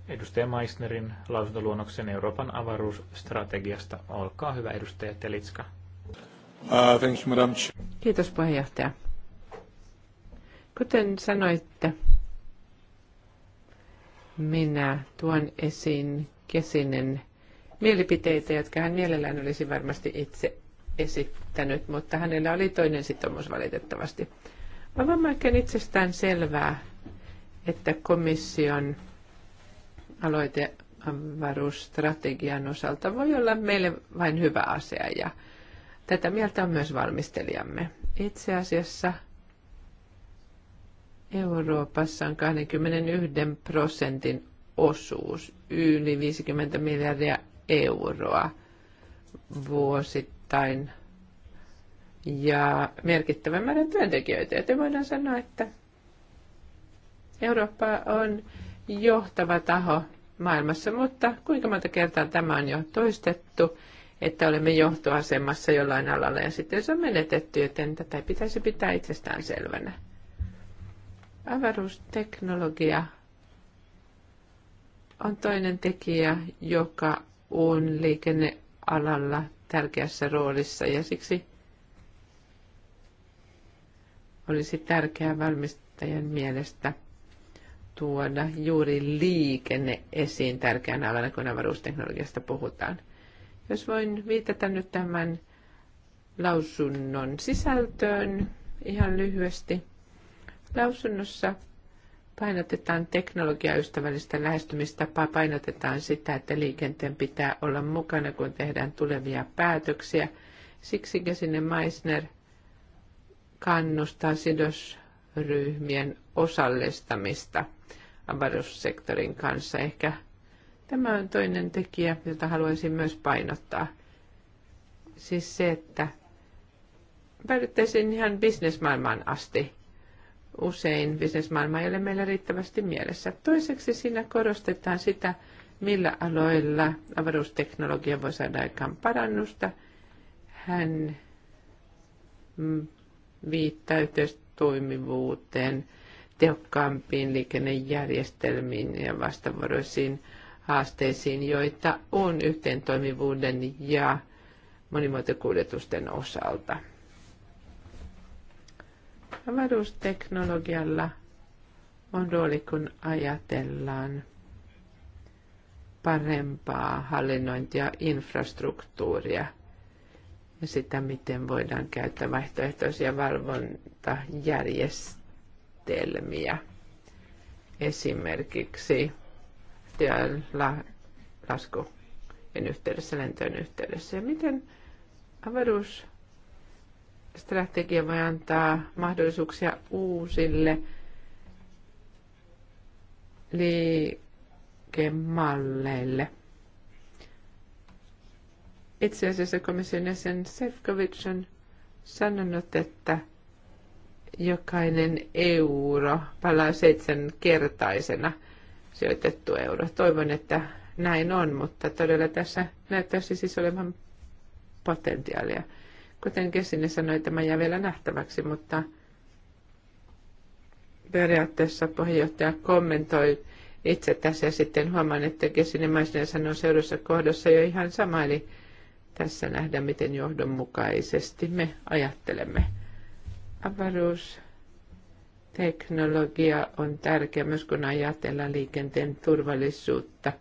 edustaja Meissnerin lausuntoluonnoksen Euroopan avaruusstrategiasta. Olkaa hyvä, edustaja Telitska. Uh, Kiitos puheenjohtaja. Kuten sanoitte, minä tuon esiin Kesinen mielipiteitä, jotka hän mielellään olisi varmasti itse esittänyt, mutta hänellä oli toinen sitoumus valitettavasti. On varmaan itsestään selvää, että komission aloite avaruusstrategian ähm, osalta voi olla meille vain hyvä asia ja tätä mieltä on myös valmistelijamme. Itse asiassa Euroopassa on 21 prosentin osuus, yli 50 miljardia euroa vuosittain ja merkittävän määrän työntekijöitä, joten voidaan sanoa, että Eurooppa on johtava taho maailmassa, mutta kuinka monta kertaa tämä on jo toistettu, että olemme johtoasemassa jollain alalla ja sitten se on menetetty, joten tätä pitäisi pitää itsestään selvänä. Avaruusteknologia on toinen tekijä, joka on liikennealalla tärkeässä roolissa ja siksi olisi tärkeää valmistajien mielestä – tuoda juuri liikenne esiin tärkeänä alana, kun avaruusteknologiasta puhutaan. Jos voin viitata nyt tämän lausunnon sisältöön ihan lyhyesti. Lausunnossa painotetaan teknologiaystävällistä lähestymistapaa, painotetaan sitä, että liikenteen pitää olla mukana, kun tehdään tulevia päätöksiä. Siksi sinne Meissner kannustaa sidos ryhmien osallistamista avaruussektorin kanssa. Ehkä tämä on toinen tekijä, jota haluaisin myös painottaa. Siis se, että päädyttäisiin ihan bisnesmaailmaan asti. Usein bisnesmaailma ei ole meillä riittävästi mielessä. Toiseksi siinä korostetaan sitä, millä aloilla avaruusteknologia voi saada aikaan parannusta. Hän mm, viittaa yhteistyöhön toimivuuteen, tehokkaampiin liikennejärjestelmiin ja vastavuoroisiin haasteisiin, joita on yhteen toimivuuden ja monimuotokuljetusten osalta. Avaruusteknologialla on rooli, kun ajatellaan parempaa hallinnointia infrastruktuuria – sitä, miten voidaan käyttää vaihtoehtoisia valvontajärjestelmiä. Esimerkiksi la, lasku, yhteydessä, lentojen yhteydessä. Ja miten avaruusstrategia voi antaa mahdollisuuksia uusille liikemalleille. Itse asiassa komission jäsen Sefcovic on sanonut, että jokainen euro palaa seitsemänkertaisena sijoitettu euro. Toivon, että näin on, mutta todella tässä näyttäisi siis olevan potentiaalia. Kuten Kessinen sanoi, tämä jää vielä nähtäväksi, mutta periaatteessa puheenjohtaja kommentoi itse tässä ja sitten huomaan, että Kessinen Maisinen sanoo seuraavassa kohdassa jo ihan sama, eli tässä nähdä, miten johdonmukaisesti me ajattelemme. Avaruusteknologia on tärkeä myös, kun ajatellaan liikenteen turvallisuutta,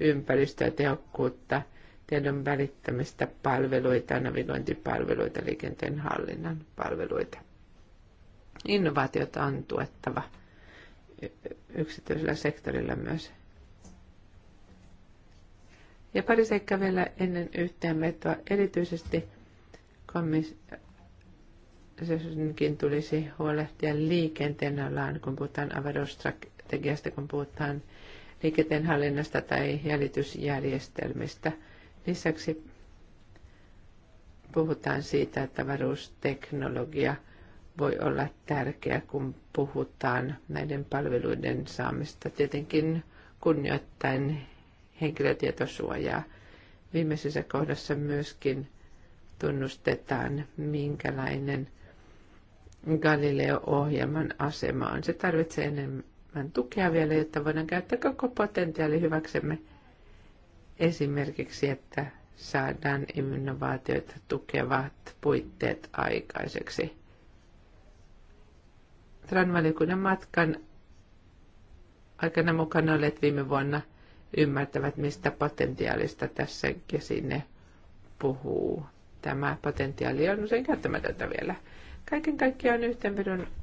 ympäristöä, tehokkuutta, tiedon välittämistä, palveluita, navigointipalveluita, liikenteen hallinnan palveluita. Innovaatiota on tuettava yksityisellä sektorilla myös ja pari seikkaa vielä ennen yhteenvetoa. Erityisesti komissiosinkin tulisi huolehtia liikenteen alaan, kun puhutaan avaruusstrategiasta, kun puhutaan liikenteenhallinnasta hallinnasta tai jäljitysjärjestelmistä. Lisäksi puhutaan siitä, että avaruusteknologia voi olla tärkeä, kun puhutaan näiden palveluiden saamista. Tietenkin kunnioittain henkilötietosuojaa. Viimeisessä kohdassa myöskin tunnustetaan, minkälainen Galileo-ohjelman asema on. Se tarvitsee enemmän tukea vielä, jotta voidaan käyttää koko potentiaali hyväksemme. Esimerkiksi, että saadaan innovaatioita tukevat puitteet aikaiseksi. Tranvaliokunnan matkan aikana mukana olet viime vuonna – ymmärtävät, mistä potentiaalista tässä sinne puhuu. Tämä potentiaali on usein käyttämätöntä vielä. Kaiken kaikkiaan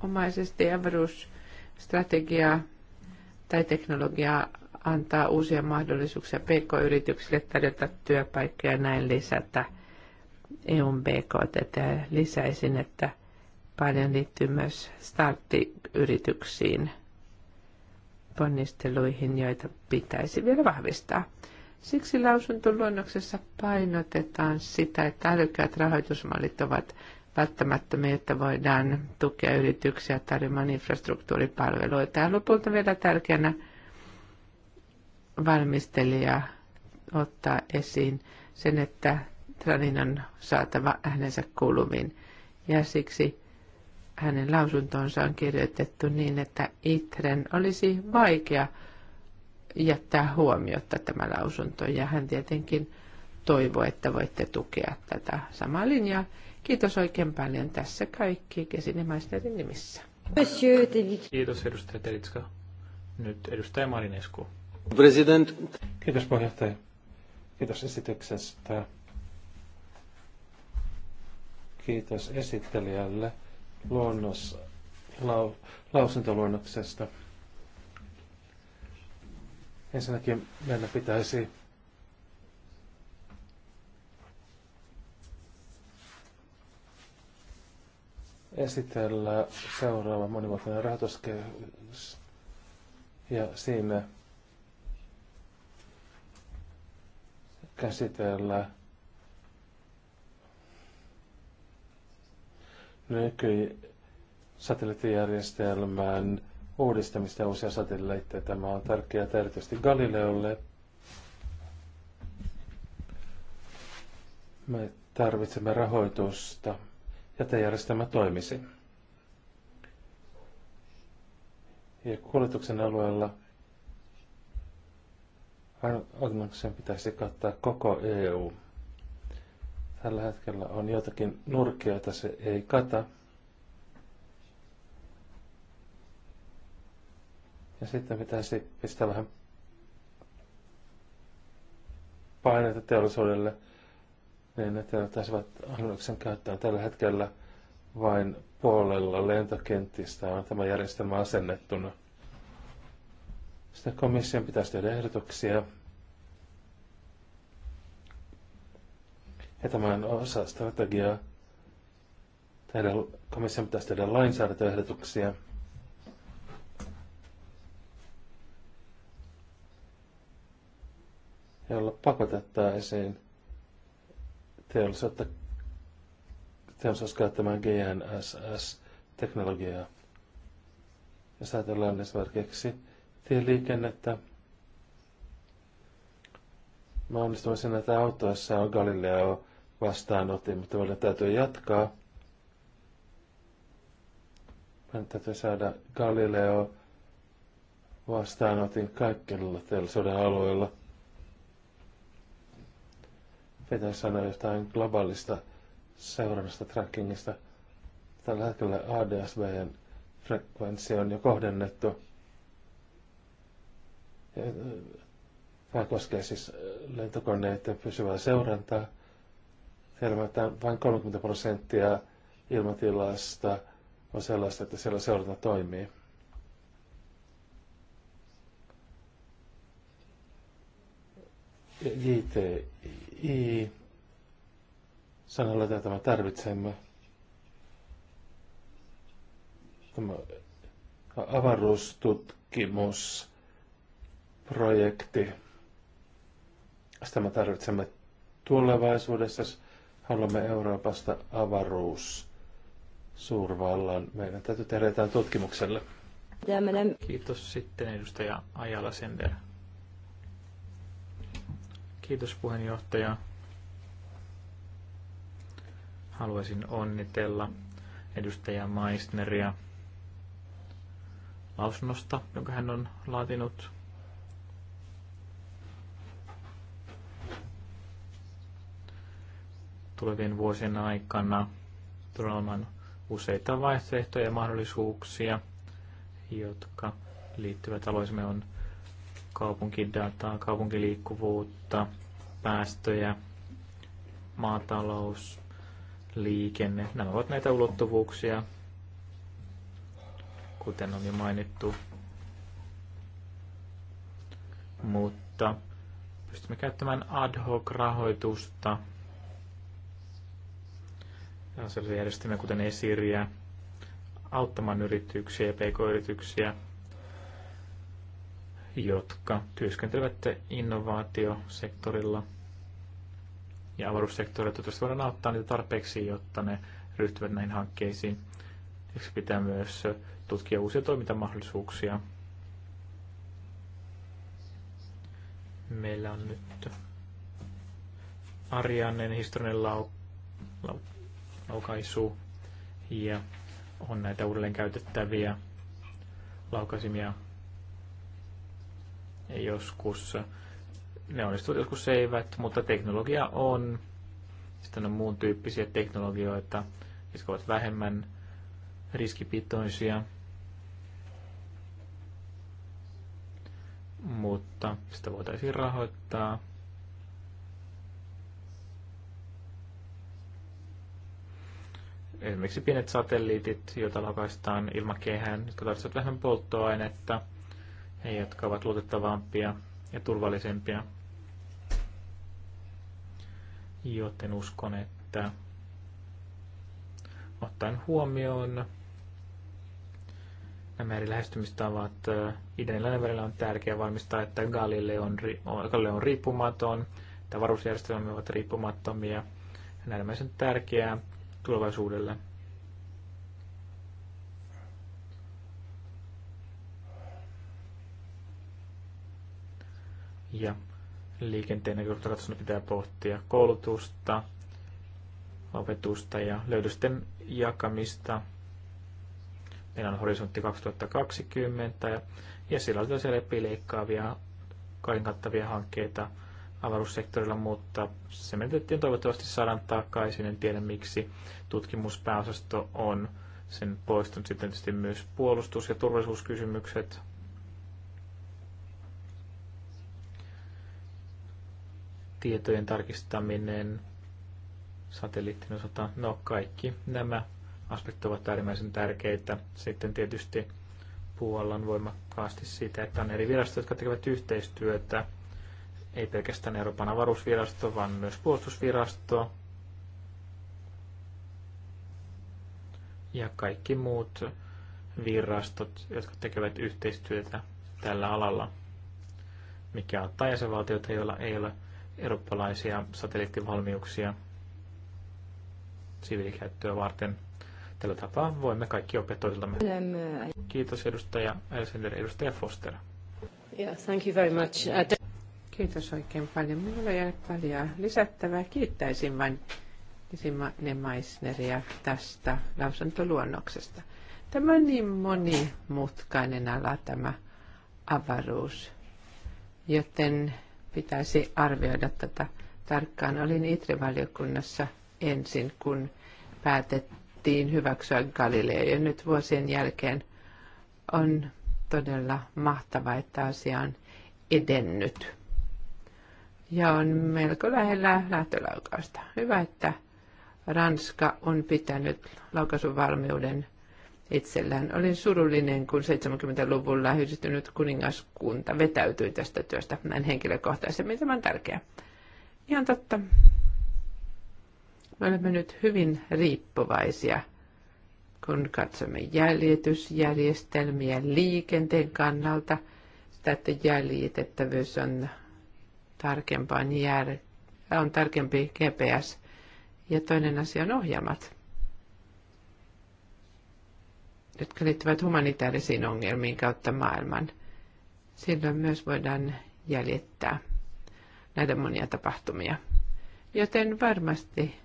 omaisesti avaruusstrategia tai teknologia antaa uusia mahdollisuuksia pk-yrityksille tarjota työpaikkoja ja näin lisätä EUn BKT. Lisäisin, että paljon liittyy myös starttiyrityksiin ponnisteluihin, joita pitäisi vielä vahvistaa. Siksi lausuntoluonnoksessa painotetaan sitä, että älykkäät rahoitusmallit ovat välttämättömiä, että voidaan tukea yrityksiä tarjoamaan infrastruktuuripalveluita. Ja lopulta vielä tärkeänä valmistelija ottaa esiin sen, että Tranin on saatava äänensä kuuluviin. Ja siksi hänen lausuntonsa on kirjoitettu niin, että Itren olisi vaikea jättää huomiota tämä lausunto. Ja hän tietenkin toivoo, että voitte tukea tätä samaa linjaa. Kiitos oikein paljon tässä kaikki kesinemaisterin nimissä. Kiitos edustaja Teritska. Nyt edustaja Marinesku. President. Kiitos puheenjohtaja. Kiitos esityksestä. Kiitos esittelijälle luonnos, lau, lausuntoluonnoksesta. Ensinnäkin meidän pitäisi esitellä seuraava monivuotinen rahoituskehys ja siinä käsitellä nykysatelliittijärjestelmän uudistamista ja uusia satelliitteja. Tämä on tärkeää erityisesti Galileolle. Me tarvitsemme rahoitusta, jotta järjestelmä toimisi. Ja kuljetuksen alueella Agnoksen pitäisi kattaa koko EU. Tällä hetkellä on jotakin nurkia, joita se ei kata. Ja sitten pitäisi pistää vähän paineita teollisuudelle niin, että ne ottaisivat annoksen käyttöön tällä hetkellä vain puolella lentokentistä on tämä järjestelmä asennettuna. Sitten komission pitäisi tehdä ehdotuksia Ja tämä on osa strategiaa. Tehdä, komission pitäisi tehdä lainsäädäntöehdotuksia. jolla pakotettaisiin teollisuutta, teollisuus käyttämään GNSS-teknologiaa. Jos ajatellaan esimerkiksi tieliikennettä, mä onnistuin siinä, että autoissa on Galileo vastaanotin, mutta meidän täytyy jatkaa. Meidän täytyy saada Galileo vastaanotin kaikilla teollisuuden alueilla. Peter sanoa jotain globaalista seurannasta, trackingista. Tällä hetkellä ADSBn frekvenssi on jo kohdennettu. Tämä koskee siis lentokoneiden pysyvää seurantaa – että vain 30 prosenttia ilmatilasta on sellaista, että siellä seuranta toimii. JTI sanalla tätä me tarvitsemme. Tämä avaruustutkimusprojekti. Sitä me tarvitsemme tulevaisuudessa haluamme Euroopasta avaruus suurvallan. Meidän täytyy tehdä jotain tutkimukselle. Kiitos sitten edustaja Ajala Sender. Kiitos puheenjohtaja. Haluaisin onnitella edustaja Meissneria lausunnosta, jonka hän on laatinut tulevien vuosien aikana tulee olemaan useita vaihtoehtoja ja mahdollisuuksia, jotka liittyvät aloisemme on kaupunkidataa, kaupunkiliikkuvuutta, päästöjä, maatalous, liikenne. Nämä ovat näitä ulottuvuuksia, kuten on jo mainittu. Mutta pystymme käyttämään ad hoc rahoitusta on sellaisia järjestelmiä kuten esiriä, auttamaan yrityksiä ja pk-yrityksiä, jotka työskentelevät innovaatiosektorilla ja avaruussektorilla. Toivottavasti voidaan auttaa niitä tarpeeksi, jotta ne ryhtyvät näihin hankkeisiin. Siksi pitää myös tutkia uusia toimintamahdollisuuksia. Meillä on nyt Arianen historiallinen lau, lau, laukaisu ja on näitä uudelleen käytettäviä laukaisimia. joskus ne onnistuvat, joskus seivät, mutta teknologia on. Sitten on muun tyyppisiä teknologioita, jotka ovat vähemmän riskipitoisia. Mutta sitä voitaisiin rahoittaa esimerkiksi pienet satelliitit, joita lakaistaan ilmakehään, jotka tarvitsevat vähän polttoainetta ja jotka ovat luotettavampia ja turvallisempia. Joten uskon, että ottaen huomioon nämä eri lähestymistavat, eh, idän ja välillä on tärkeää varmistaa, että Galileo on, Galileo on riippumaton, että varusjärjestelmämme ovat riippumattomia. Näin on tärkeää tulevaisuudelle. Ja liikenteen näkökulmasta katsottuna pitää pohtia koulutusta, opetusta ja löydösten jakamista. Meillä on horisontti 2020 ja, ja siellä on tällaisia leikkaavia kaiken kattavia hankkeita avaruussektorilla, mutta se menetettiin toivottavasti saadaan takaisin. En tiedä miksi tutkimuspääosasto on sen poistunut. Sitten tietysti myös puolustus- ja turvallisuuskysymykset. Tietojen tarkistaminen satelliittin osalta. No kaikki nämä aspektit ovat äärimmäisen tärkeitä. Sitten tietysti Puolan voimakkaasti siitä, että on eri virastot jotka tekevät yhteistyötä ei pelkästään Euroopan avaruusvirasto, vaan myös puolustusvirasto ja kaikki muut virastot, jotka tekevät yhteistyötä tällä alalla, mikä auttaa jäsenvaltioita, joilla ei ole eurooppalaisia satelliittivalmiuksia siviilikäyttöä varten. Tällä tapaa voimme kaikki oppia toisiltamme. Kiitos edustaja Elsender, edustaja Foster. Yeah, thank you very much. Uh, Kiitos oikein paljon. Minulla ei ole paljon lisättävää. Kiittäisin vain Simone Maisneria tästä lausuntoluonnoksesta. Tämä on niin monimutkainen ala tämä avaruus, joten pitäisi arvioida tätä tarkkaan. Olin ITRE-valiokunnassa ensin, kun päätettiin hyväksyä Galileo. Ja nyt vuosien jälkeen on todella mahtavaa, että asia on edennyt ja on melko lähellä lähtölaukausta. Hyvä, että Ranska on pitänyt laukaisuvalmiuden itsellään. Olin surullinen, kun 70-luvulla yhdistynyt kuningaskunta vetäytyi tästä työstä näin henkilökohtaisemmin. Tämä on tärkeää. Ihan totta. Me olemme nyt hyvin riippuvaisia, kun katsomme jäljitysjärjestelmiä liikenteen kannalta. Sitä, että jäljitettävyys on tarkempaan jär, äh, on tarkempi GPS. Ja toinen asia on ohjelmat, jotka liittyvät humanitaarisiin ongelmiin kautta maailman. Silloin myös voidaan jäljittää näitä monia tapahtumia. Joten varmasti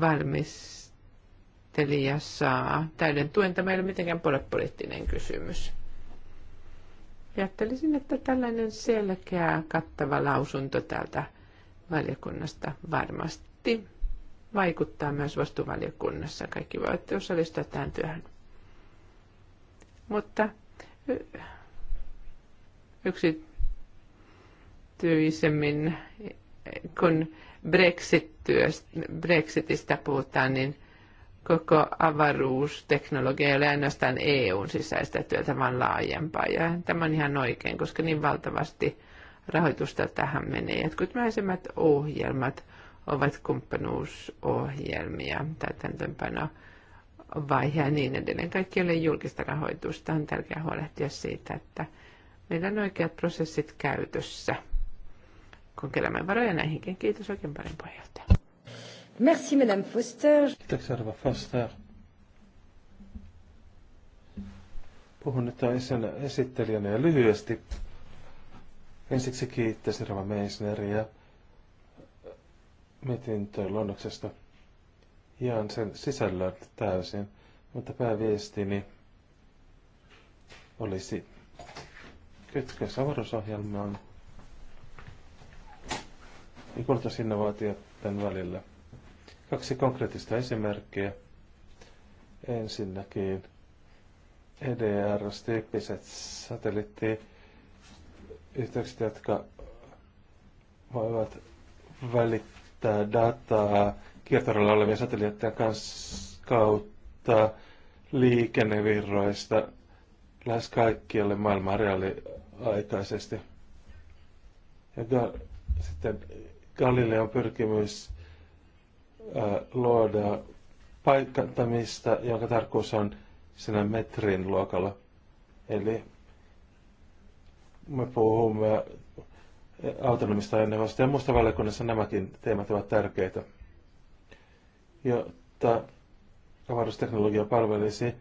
valmistelija saa täyden tuen. Tämä ei ole mitenkään poliittinen kysymys. Ajattelisin, että tällainen selkeä, kattava lausunto täältä valiokunnasta varmasti vaikuttaa myös vastuvaliokunnassa. Kaikki voivat osallistua tähän työhön. Mutta yksityisemmin, kun Brexit-työstä, Brexitistä puhutaan, niin – koko avaruusteknologia ei ole ainoastaan EUn sisäistä työtä, vaan laajempaa. Ja tämä on ihan oikein, koska niin valtavasti rahoitusta tähän menee. Jotkut myöhäisemmät ohjelmat ovat kumppanuusohjelmia, täytäntöönpano vaihe ja niin edelleen. Kaikki ei ole julkista rahoitusta. On tärkeää huolehtia siitä, että meillä on oikeat prosessit käytössä, kun keräämme varoja näihinkin. Kiitos oikein paljon pohjalta. Merci, Madame Foster. Kiitoksia, Foster. Puhun nyt tämän esittelijänä ja lyhyesti. Ensiksi kiittäisin Rava Meisneriä mietintöön luonnoksesta. Jaan sen sisällön täysin, mutta pääviestini olisi kytkös avaruusohjelmaan vaatii tämän välillä – Kaksi konkreettista esimerkkiä. Ensinnäkin EDR-tyyppiset satelliittiyhteykset, jotka voivat välittää dataa kiertoralla olevien satelliittien kautta liikennevirroista lähes kaikkialle maailmaan reaaliaikaisesti. Ja sitten Galileon pyrkimys luoda paikkantamista, jonka tarkkuus on siinä metrin luokalla. Eli me puhumme autonomista ajoneuvosta ja muusta valiokunnassa nämäkin teemat ovat tärkeitä, jotta avaruusteknologia palvelisi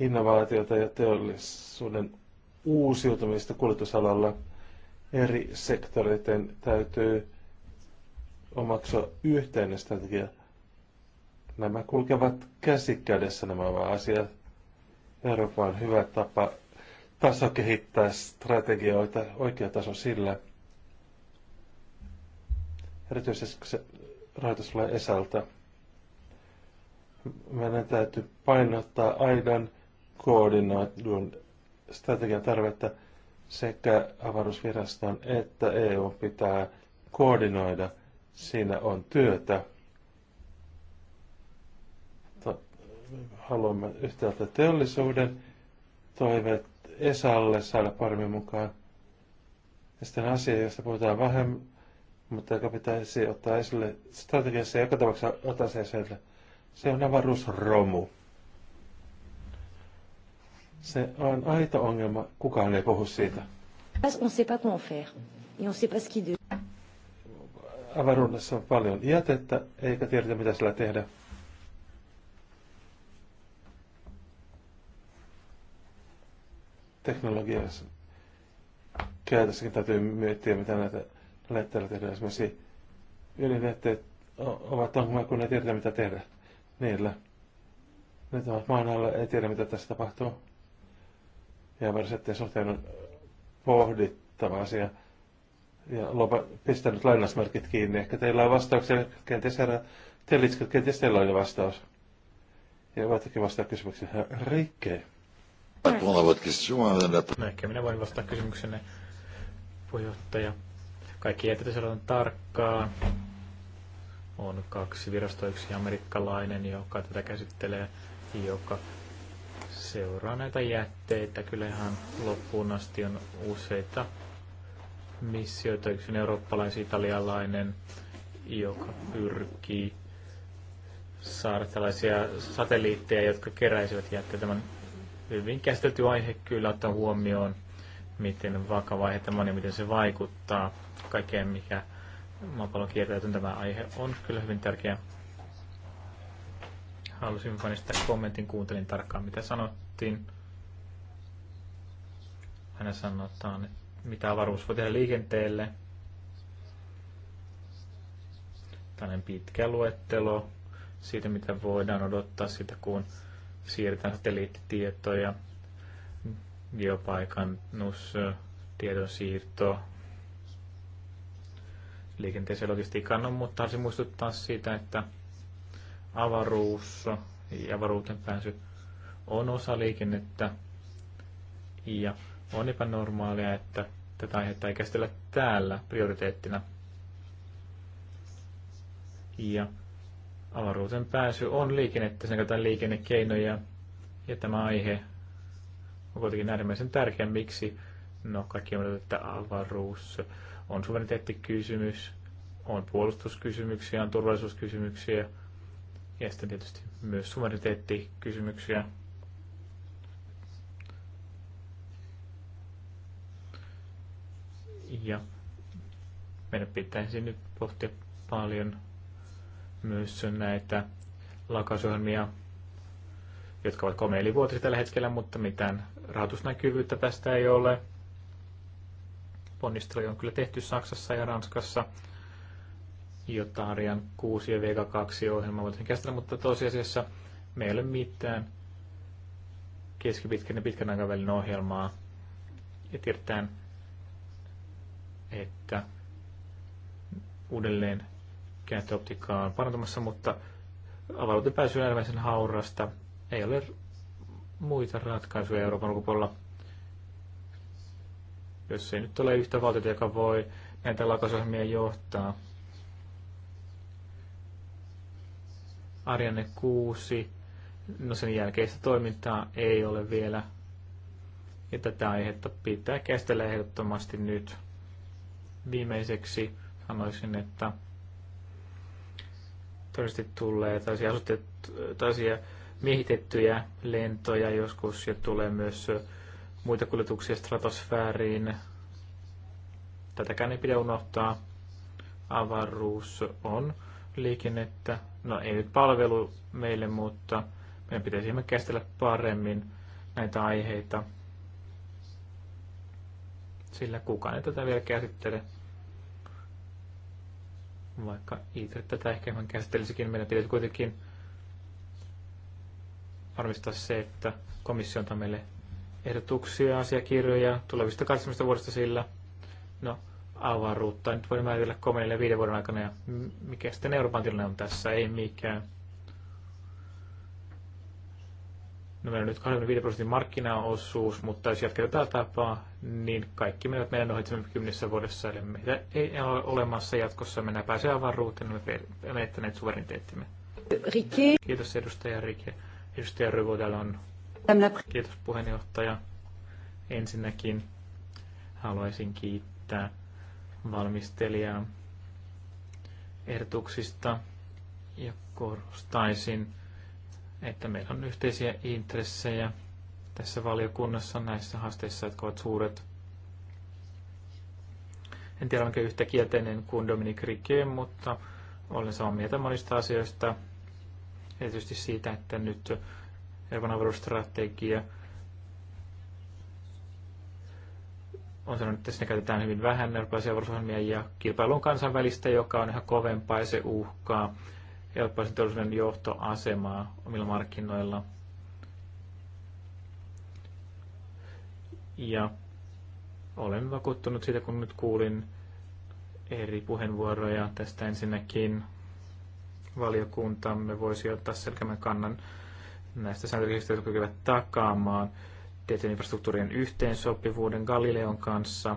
innovaatiota ja teollisuuden uusiutumista kuljetusalalla. Eri sektoreiden täytyy omaksua yhteinen strategia. Nämä kulkevat käsi kädessä nämä asiat. Eurooppa on hyvä tapa taso kehittää strategioita, oikea taso sillä. Erityisesti se rahoitus tulee Esältä. Meidän täytyy painottaa aidan koordinoidun strategian tarvetta sekä avaruusviraston että EU pitää koordinoida Siinä on työtä. Haluamme yhtäältä teollisuuden toiveet Esalle saada paremmin mukaan. Ja sitten asia, josta puhutaan vähemmän, mutta joka pitäisi ottaa esille strategiassa ja joka tapauksessa ottaa se esille. Se on avaruusromu. Se on aito ongelma, kukaan ei puhu siitä. Parce qu'on sait pas comment faire. Et on sait pas ce qui avaruudessa on paljon jätettä, eikä tiedetä mitä sillä tehdä. Teknologiassa käytössäkin täytyy miettiä, mitä näitä laitteilla tehdään. Esimerkiksi ydinjätteet ovat ongelmia kun ei tiedetä mitä tehdä niillä. Nyt ovat maan alla, ei tiedä mitä tässä tapahtuu. Ja varsinkin suhteen on pohdittava asia ja lopa, pistänyt lainausmerkit kiinni. Ehkä teillä on vastauksia, kenties herra Telitska, kenties teillä on jo vastaus. Ja voittekin vastaa kysymykseen. Rikke. No, ehkä minä voin vastata kysymyksenne, puheenjohtaja. Kaikki etätyseudut tarkkaan. On kaksi virastoa, yksi amerikkalainen, joka tätä käsittelee, joka seuraa näitä jätteitä. Kyllä ihan loppuun asti on useita missioita. Yksi eurooppalais-italialainen, joka pyrkii saada tällaisia satelliitteja, jotka keräisivät jätteitä. on hyvin käsitelty aihe kyllä ottaa huomioon, miten vakava aihe tämä on ja miten se vaikuttaa kaikkeen, mikä maapallon kiertäytyy. Tämä aihe on kyllä hyvin tärkeä. Halusin vain sitä kommentin, kuuntelin tarkkaan mitä sanottiin. Hän sanotaan, että mitä avaruus voi tehdä liikenteelle. Tällainen pitkä luettelo siitä, mitä voidaan odottaa siitä, kun siirretään satelliittitietoja, geopaikannus, tiedonsiirto, liikenteeseen logistiikkaan, no, mutta haluaisin muistuttaa siitä, että avaruus ja avaruuteen pääsy on osa liikennettä ja on epänormaalia, että tätä aihetta ei käsitellä täällä prioriteettina. Ja avaruuteen pääsy on liikennettä, sen katsotaan liikennekeinoja. Ja tämä aihe on kuitenkin äärimmäisen tärkeä. Miksi? No, kaikki on että avaruus on suvereniteettikysymys, on puolustuskysymyksiä, on turvallisuuskysymyksiä ja sitten tietysti myös suvereniteettikysymyksiä. kysymyksiä Ja meidän pitäisi nyt pohtia paljon myös näitä lakasohjelmia, jotka ovat kolme nelivuotisia tällä hetkellä, mutta mitään rahoitusnäkyvyyttä tästä ei ole. Ponnistelu on kyllä tehty Saksassa ja Ranskassa, jotta Arjan 6 ja Vega 2 ohjelma voitaisiin käsitellä, mutta tosiasiassa meillä ei ole mitään keskipitkän ja pitkän aikavälin ohjelmaa. Ja tiedetään, että uudelleen kääntöoptiikkaa on parantumassa, mutta avaruuteen pääsy on äärimmäisen haurasta. Ei ole muita ratkaisuja Euroopan ulkopuolella. Jos ei nyt ole yhtä valtiota, joka voi näitä lakasohjelmia johtaa. Arjanne 6, no sen jälkeistä toimintaa ei ole vielä. Ja tätä aihetta pitää käsitellä ehdottomasti nyt viimeiseksi sanoisin, että todennäköisesti tulee tällaisia, tällaisia miehitettyjä lentoja joskus ja tulee myös muita kuljetuksia stratosfääriin. Tätäkään ei pidä unohtaa. Avaruus on liikennettä. No ei nyt palvelu meille, mutta meidän pitäisi me käsitellä paremmin näitä aiheita. Sillä kukaan ei tätä vielä käsittele vaikka itse tätä ehkä hieman käsittelisikin, meidän pitäisi kuitenkin varmistaa se, että komissio antaa meille ehdotuksia, asiakirjoja tulevista 18 vuodesta sillä, no avaruutta nyt voi määritellä viiden vuoden aikana ja mikä sitten Euroopan tilanne on tässä, ei mikään No meillä on nyt 25 prosentin markkinaosuus, mutta jos jatketaan tapaa, niin kaikki menevät meidän noin 70 vuodessa, eli meitä ei ole olemassa jatkossa. Mennään pääsee avaruuteen, me menettäneet suvereniteettimme. Rike. Kiitos edustaja Rike. Edustaja Ryvo täällä on. Kiitos puheenjohtaja. Ensinnäkin haluaisin kiittää valmistelijaa ehdotuksista ja korostaisin että meillä on yhteisiä intressejä tässä valiokunnassa näissä haasteissa, jotka ovat suuret. En tiedä, onko yhtä kielteinen kuin Dominic Riquet, mutta olen samaa mieltä monista asioista. Erityisesti siitä, että nyt Euroopan avaruusstrategia on sanonut, että siinä käytetään hyvin vähän eurooppalaisia avaruusohjelmia ja kilpailu on kansainvälistä, joka on ihan kovempaa ja se uhkaa eurooppalaisen teollisuuden johtoasemaa omilla markkinoilla. Ja olen vakuuttunut siitä, kun nyt kuulin eri puheenvuoroja tästä ensinnäkin. Valiokuntamme voisi ottaa selkeämmän kannan näistä sääntökisistä, jotka kykyvät takaamaan tietyn infrastruktuurien yhteensopivuuden Galileon kanssa.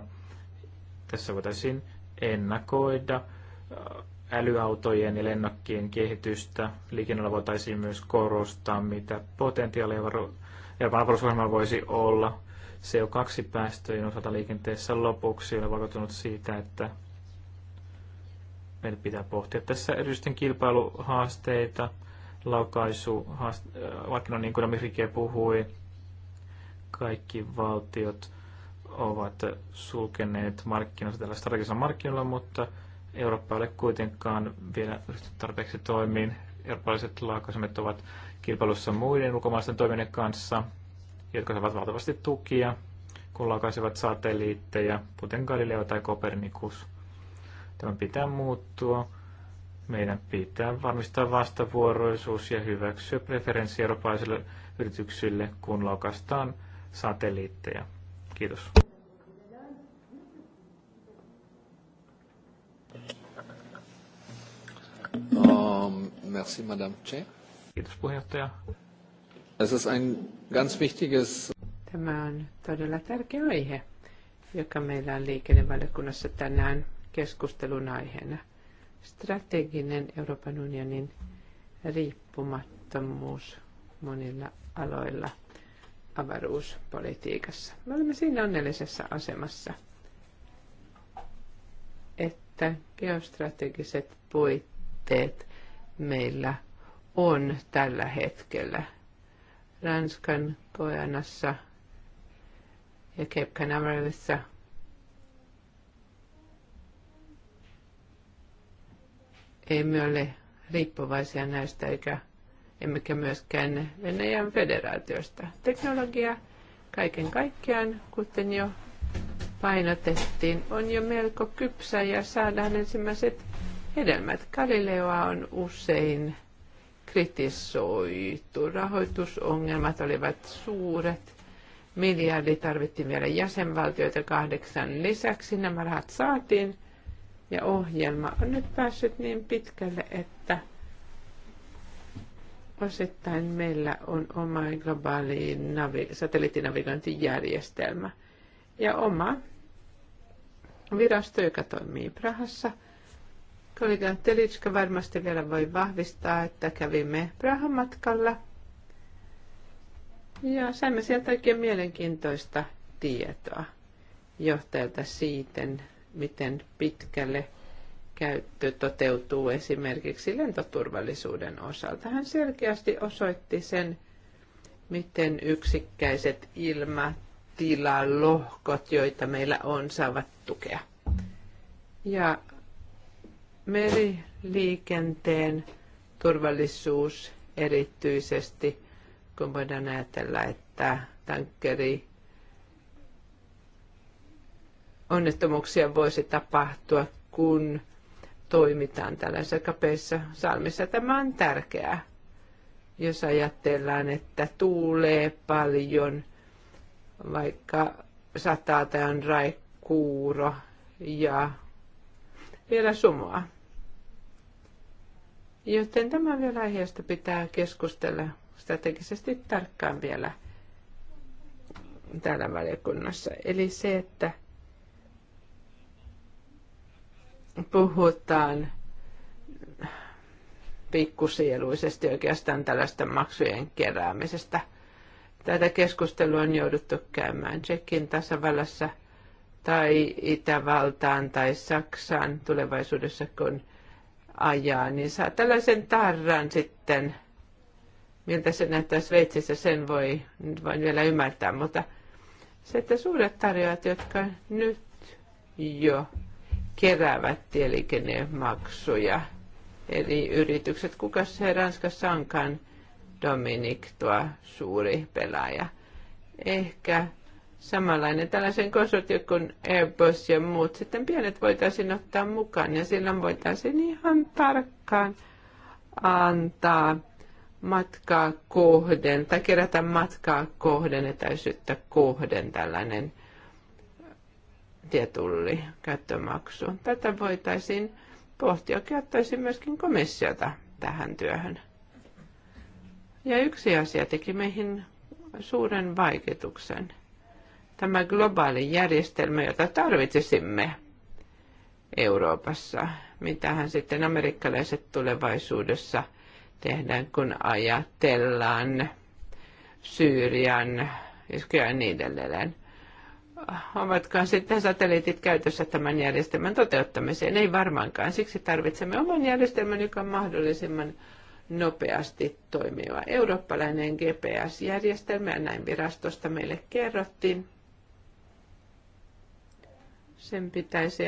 Tässä voitaisiin ennakoida älyautojen ja lennokkien kehitystä. Liikennellä voitaisiin myös korostaa, mitä potentiaalia ja avaruusohjelma voisi olla. CO2-päästöjen osalta liikenteessä lopuksi olen vakuuttunut siitä, että meidän pitää pohtia tässä erityisten kilpailuhaasteita, laukaisu, äh, vaikka no niin kuin Mirike puhui, kaikki valtiot ovat sulkeneet markkinoita tällä strategisella markkinoilla, mutta Eurooppa ole kuitenkaan vielä tarpeeksi toimiin. Eurooppalaiset laakosimet ovat kilpailussa muiden ulkomaisten toimijoiden kanssa, jotka saavat valtavasti tukia, kun laukaisevat satelliitteja, kuten Galileo tai Kopernikus. Tämän pitää muuttua. Meidän pitää varmistaa vastavuoroisuus ja hyväksyä preferenssi eurooppalaisille yrityksille, kun laukaistaan satelliitteja. Kiitos. aufgenommen. Merci, Madame Chair. Kiitos puheenjohtaja. Es ist ein ganz wichtiges... Tämä on todella tärkeä aihe, joka meillä on liikennevaliokunnassa tänään keskustelun aiheena. Strateginen Euroopan unionin riippumattomuus monilla aloilla avaruuspolitiikassa. Me olemme siinä onnellisessa asemassa, että geostrategiset puitteet meillä on tällä hetkellä. Ranskan Kojanassa ja Cape Canaveralissa emme ole riippuvaisia näistä eikä emmekä myöskään Venäjän federaatiosta. Teknologia kaiken kaikkiaan, kuten jo painotettiin, on jo melko kypsä ja saadaan ensimmäiset hedelmät. Galileoa on usein kritisoitu. Rahoitusongelmat olivat suuret. Miljardi tarvittiin vielä jäsenvaltioita kahdeksan lisäksi. Nämä rahat saatiin ja ohjelma on nyt päässyt niin pitkälle, että osittain meillä on oma globaali navi- satelliittinavigointijärjestelmä ja oma virasto, joka toimii Prahassa – Kollega Telitska varmasti vielä voi vahvistaa, että kävimme Prahan matkalla. Ja saimme sieltä oikein mielenkiintoista tietoa johtajalta siitä, miten pitkälle käyttö toteutuu esimerkiksi lentoturvallisuuden osalta. Hän selkeästi osoitti sen, miten yksikkäiset ilmatilalohkot, joita meillä on, saavat tukea. Ja Meriliikenteen turvallisuus erityisesti, kun voidaan ajatella, että tankkeri onnettomuuksia voisi tapahtua, kun toimitaan tällaisessa kapeissa salmissa. Tämä on tärkeää, jos ajatellaan, että tuulee paljon, vaikka sataa tai on raikuuro ja vielä sumoa. Joten tämä vielä aiheesta pitää keskustella strategisesti tarkkaan vielä täällä valiokunnassa. Eli se, että puhutaan pikkusieluisesti oikeastaan tällaista maksujen keräämisestä. Tätä keskustelua on jouduttu käymään Tsekin tasavallassa – tai Itävaltaan tai Saksaan tulevaisuudessa, kun ajaa, niin saa tällaisen tarran sitten, miltä se näyttää Sveitsissä, sen voi vain vielä ymmärtää, mutta se, että suuret tarjoajat, jotka nyt jo keräävät tieliikennemaksuja, eli yritykset, kuka se Ranskassa onkaan, Dominik tuo suuri pelaaja. Ehkä samanlainen tällaisen konsortio kuin Airbus ja muut. Sitten pienet voitaisiin ottaa mukaan ja silloin voitaisiin ihan tarkkaan antaa matkaa kohden tai kerätä matkaa kohden, etäisyyttä kohden tällainen tietulli käyttömaksu. Tätä voitaisiin pohtia, käyttäisiin myöskin komissiota tähän työhön. Ja yksi asia teki meihin suuren vaikutuksen – tämä globaali järjestelmä, jota tarvitsisimme Euroopassa. Mitähän sitten amerikkalaiset tulevaisuudessa tehdään, kun ajatellaan Syyrian ja niin edelleen. Ovatko sitten satelliitit käytössä tämän järjestelmän toteuttamiseen? Ei varmaankaan. Siksi tarvitsemme oman järjestelmän, joka on mahdollisimman nopeasti toimiva eurooppalainen GPS-järjestelmä, ja näin virastosta meille kerrottiin. Sen pitäisi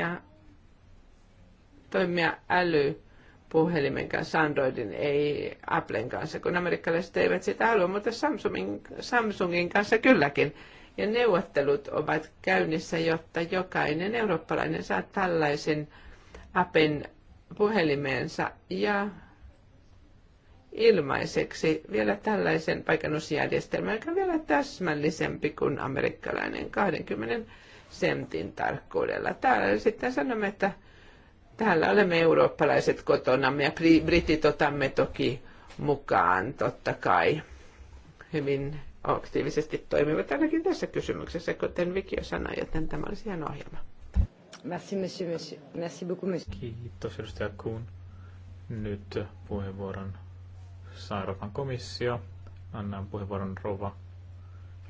toimia äly puhelimen kanssa, Androidin, ei Applen kanssa, kun amerikkalaiset eivät sitä halua, mutta Samsungin, Samsungin kanssa kylläkin. Ja neuvottelut ovat käynnissä, jotta jokainen eurooppalainen saa tällaisen Appen puhelimeensa ja ilmaiseksi vielä tällaisen paikannusjärjestelmän, joka on vielä täsmällisempi kuin amerikkalainen 20 sentin tarkkuudella. Täällä sitten sanomme, että täällä olemme eurooppalaiset kotona ja britit otamme toki mukaan totta kai hyvin aktiivisesti toimivat ainakin tässä kysymyksessä, kuten Viki jo sanoi, joten tämä olisi ihan ohjelma. Merci, monsieur, monsieur. Merci beaucoup, monsieur. Kiitos, edustaja Kuhn. Nyt puheenvuoron saa Euroopan komissio. Annan puheenvuoron rouva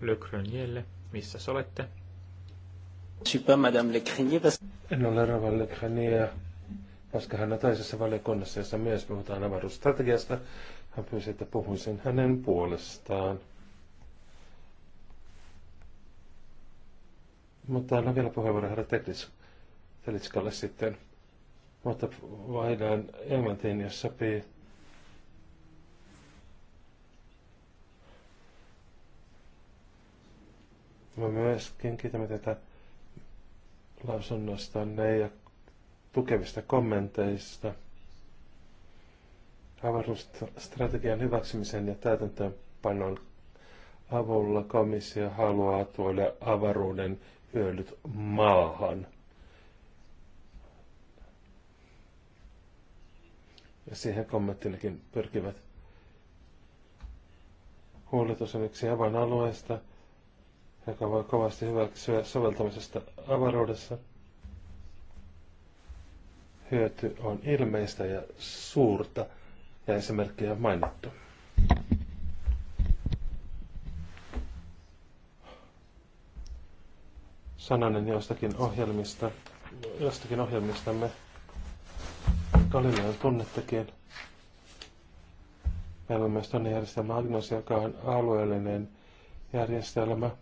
Le Grenielle. Missä olette? En ole Rova Legrenier, koska hän on toisessa valiokunnassa, jossa myös puhutaan avaruusstrategiasta. Hän pyysi, että puhuisin hänen puolestaan. Mutta annan vielä puheenvuoron herra Teklis, Telitskalle sitten. Mutta vaihdan englantiin, jos sopii. Mä myöskin kiitämme tätä lausunnostanne ja tukevista kommenteista avaruusstrategian hyväksymisen ja täytäntöönpanon avulla komissio haluaa tuoda avaruuden hyödyt maahan. Ja siihen kommenttinakin pyrkivät. Huoletus on yksi avainalueesta – joka voi kovasti hyväksyä soveltamisesta avaruudessa. Hyöty on ilmeistä ja suurta, ja esimerkkejä on mainittu. sananen jostakin ohjelmista, jostakin ohjelmistamme Galileon tunnettakin. Meillä on myös tuonne järjestelmä Agnos, joka on alueellinen järjestelmä –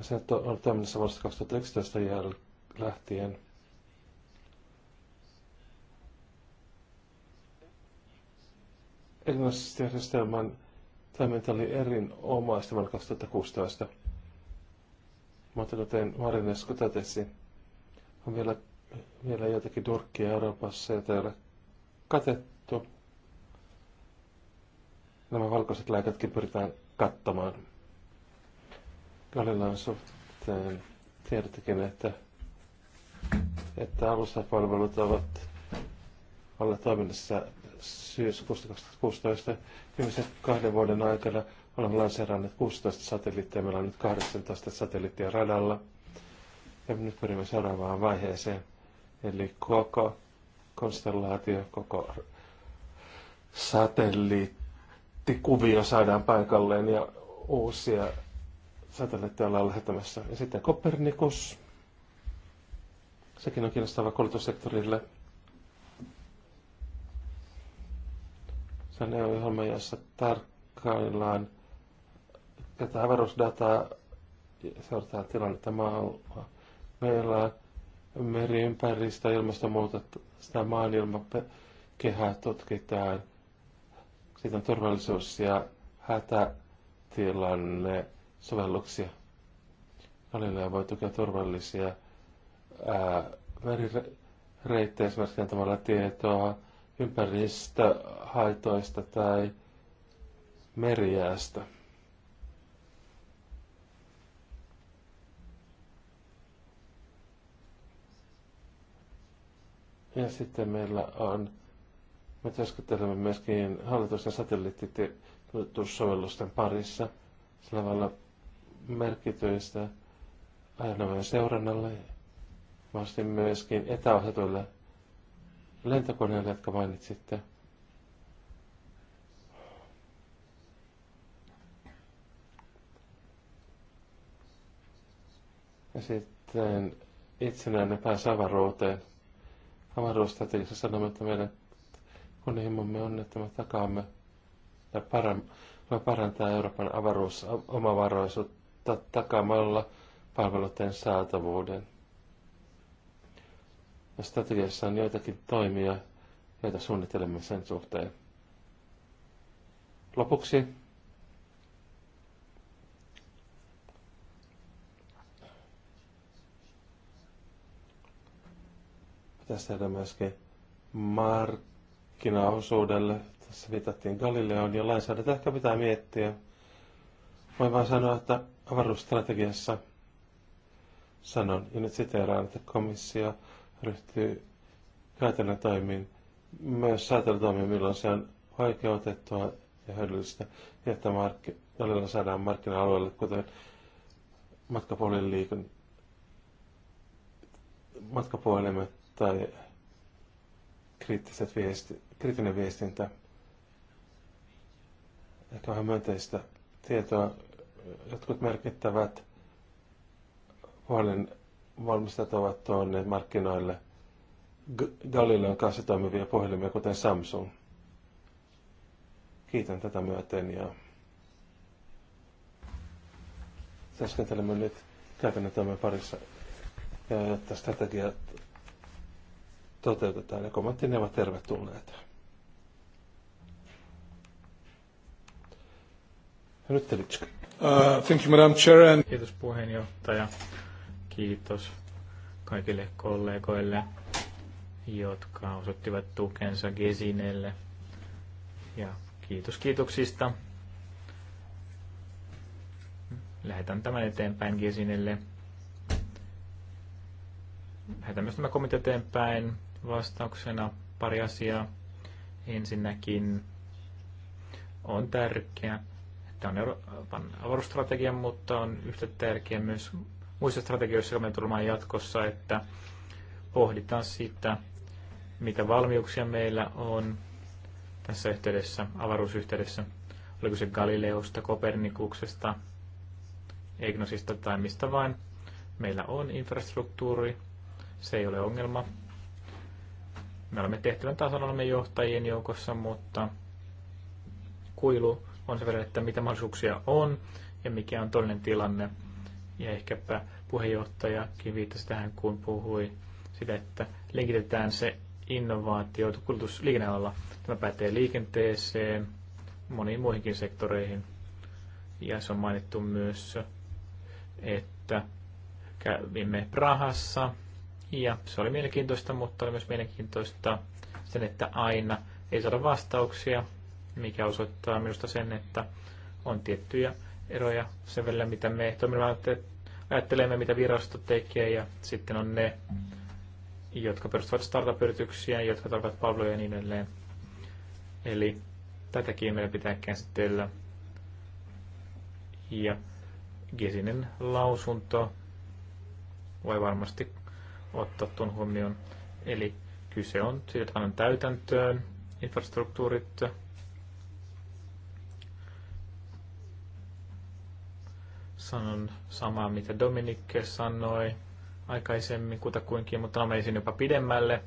ja se on ollut toiminnassa vuodesta 2011 jäl- lähtien. järjestelmän toiminta oli erinomaista vuonna 2016. Mutta kuten Marinesko totesi, on vielä, vielä jotakin nurkkia Euroopassa, joita ei ole katettu. Nämä valkoiset lääkätkin pyritään kattamaan. Galilean suhteen tiedottakin, että, että alustapalvelut ovat olleet toiminnassa syyskuusta 2016. Viimeisen kahden vuoden aikana olemme lanseeranneet 16 satelliittia, meillä on nyt 18 satelliittia radalla. Ja nyt pyrimme seuraavaan vaiheeseen, eli koko konstellaatio, koko satelliittikuvio saadaan paikalleen ja uusia satelliitteja ollaan lähettämässä. Ja sitten Kopernikus. Sekin on kiinnostava koulutussektorille. Sen on e ohjelma, jossa tarkkaillaan tätä avaruusdataa ja seurataan tilannetta maalla. Meillä on meriympäristö, ilmastonmuutosta, maan ilmakehää tutkitaan. Sitten on turvallisuus ja hätätilanne sovelluksia. Galilea voi tukea turvallisia värireittejä, esimerkiksi antamalla tietoa ympäristöhaitoista tai meriäästä. Ja sitten meillä on, me työskentelemme myöskin hallitus- ja satelliittitutussovellusten parissa. Sillä tavalla merkityistä ajoneuvojen seurannalle, mahdollisesti myöskin etäohjatuille lentokoneille, jotka mainitsitte. Ja sitten itsenäinen pääsi avaruuteen. Avaruustrategiassa sanomme, että meidän kunnianhimomme on, että me takaamme ja parantaa Euroopan avaruusomavaraisuutta takamalla palveluiden saatavuuden. Ja strategiassa on joitakin toimia, joita suunnittelemme sen suhteen. Lopuksi pitäisi tehdä myöskin markkinaosuudelle. Tässä viitattiin Galileon ja lainsäädäntö ehkä pitää miettiä. Voin vaan sanoa, että avaruusstrategiassa sanon, ja nyt siteeraan, että komissio ryhtyy käytännön toimiin myös säätelytoimiin, milloin se on oikeutettua ja hyödyllistä, ja että markkinoilla saadaan markkina-alueelle, kuten matkapuolien liikun, matkapuhelimet tai kriittiset viesti, kriittinen viestintä, ehkä vähän myönteistä tietoa jotkut merkittävät puhelin valmistajat ovat tuoneet markkinoille Galileon kanssa toimivia puhelimia, kuten Samsung. Kiitän tätä myöten ja työskentelemme nyt käytännön toimen parissa, jotta strategiat toteutetaan ja ne ovat tervetulleita. Ja nyt te Uh, thank you, Madam Chair. And... Kiitos puheenjohtaja. Kiitos kaikille kollegoille, jotka osoittivat tukensa Gesinelle. Ja kiitos kiitoksista. Lähetän tämän eteenpäin Gesinelle. Lähetän myös tämä komitea eteenpäin vastauksena pari asiaa. Ensinnäkin on tärkeää, Tämä on Euroopan avaruusstrategia, mutta on yhtä tärkeää myös muissa strategioissa, jotka me tulemaan jatkossa, että pohditaan sitä, mitä valmiuksia meillä on tässä yhteydessä, avaruusyhteydessä. Oliko se Galileosta, Kopernikuksesta, Egnosista tai mistä vain. Meillä on infrastruktuuri, se ei ole ongelma. Me olemme tehtävän tasolla, olemme johtajien joukossa, mutta kuilu on se verran, että mitä mahdollisuuksia on ja mikä on todellinen tilanne. Ja ehkäpä puheenjohtajakin viittasi tähän, kun puhui sitä, että linkitetään se innovaatio kulutusliikennealalla. Tämä pätee liikenteeseen, moniin muihinkin sektoreihin. Ja se on mainittu myös, että kävimme Prahassa. Ja se oli mielenkiintoista, mutta oli myös mielenkiintoista sen, että aina ei saada vastauksia mikä osoittaa minusta sen, että on tiettyjä eroja sen välillä, mitä me ajattelemme, mitä virasto tekee, ja sitten on ne, jotka perustavat startup-yrityksiä, jotka tarvitsevat palveluja ja niin edelleen. Eli tätäkin meidän pitää käsitellä. Ja Gesinen lausunto voi varmasti ottaa tuon huomioon. Eli kyse on siitä, että annan täytäntöön infrastruktuurit, sanon samaa, mitä Dominic sanoi aikaisemmin kutakuinkin, mutta no, menisin jopa pidemmälle.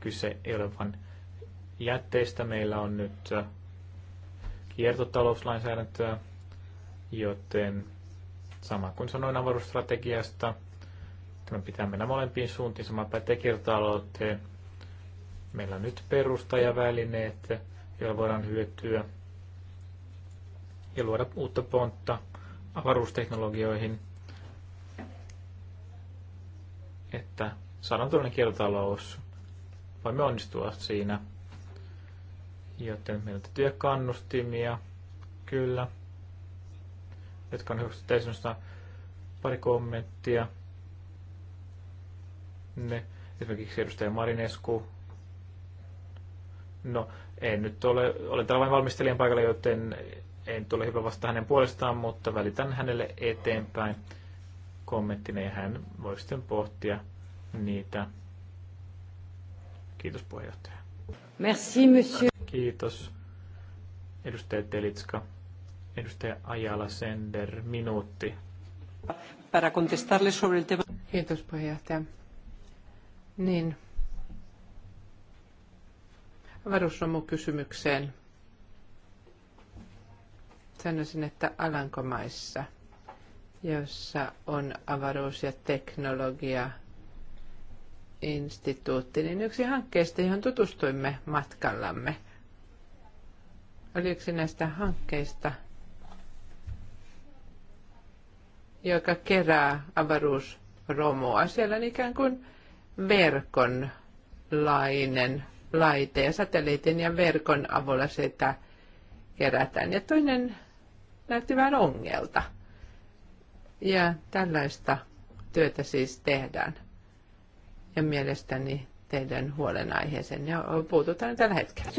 Kyse ei ole vain jätteistä. Meillä on nyt äh, kiertotalouslainsäädäntöä, joten sama kuin sanoin avaruusstrategiasta, tämä pitää mennä molempiin suuntiin, sama pätee kiertotalouteen. Meillä on nyt perusta ja joilla voidaan hyötyä ja luoda uutta pontta avaruusteknologioihin, että saadaan tuollainen kiertotalous. Voimme onnistua siinä. Joten meillä täytyy kannustimia, kyllä, jotka on hyväksytty pari kommenttia. Ne, esimerkiksi edustaja Marinesku. No, en nyt ole, olen täällä vain valmistelijan paikalla, joten en tule hyvä vasta hänen puolestaan, mutta välitän hänelle eteenpäin kommenttina ja hän voi sitten pohtia niitä. Kiitos puheenjohtaja. Merci, monsieur. Kiitos. Edustaja Telitska. Edustaja Ajala Sender, minuutti. Para contestarle sobre el tema. Kiitos puheenjohtaja. Niin. Varusromu kysymykseen sanoisin, että Alankomaissa, jossa on avaruus- ja teknologia instituutti, niin yksi hankkeista, johon tutustuimme matkallamme, oli yksi näistä hankkeista, joka kerää avaruusromua. Siellä on ikään kuin verkonlainen laite ja satelliitin ja verkon avulla sitä kerätään. Ja toinen näyttivän ongelta. Ja tällaista työtä siis tehdään. Ja mielestäni teidän huolenaiheeseen ja puututaan tällä hetkellä.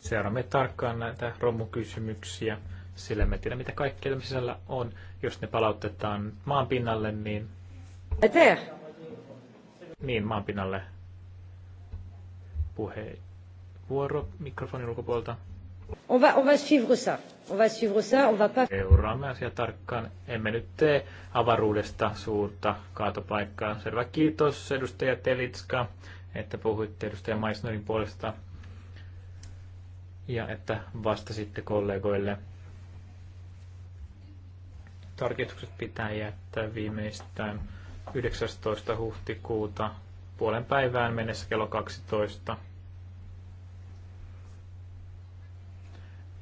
Seuraamme tarkkaan näitä romukysymyksiä, sillä me tiedämme, mitä kaikkea sisällä on. Jos ne palautetaan maan pinnalle, niin... Eteen! Niin, maan pinnalle. Puhe. mikrofonin ulkopuolelta. On va, on va suivre ça. On va suivre ça, on va pas... Seuraamme asia tarkkaan. Emme nyt tee avaruudesta suurta kaatopaikkaa. Selvä kiitos edustaja Telitska, että puhuitte edustaja Maisnerin puolesta ja että vastasitte kollegoille. Tarkistukset pitää jättää viimeistään 19. huhtikuuta puolen päivään mennessä kello 12.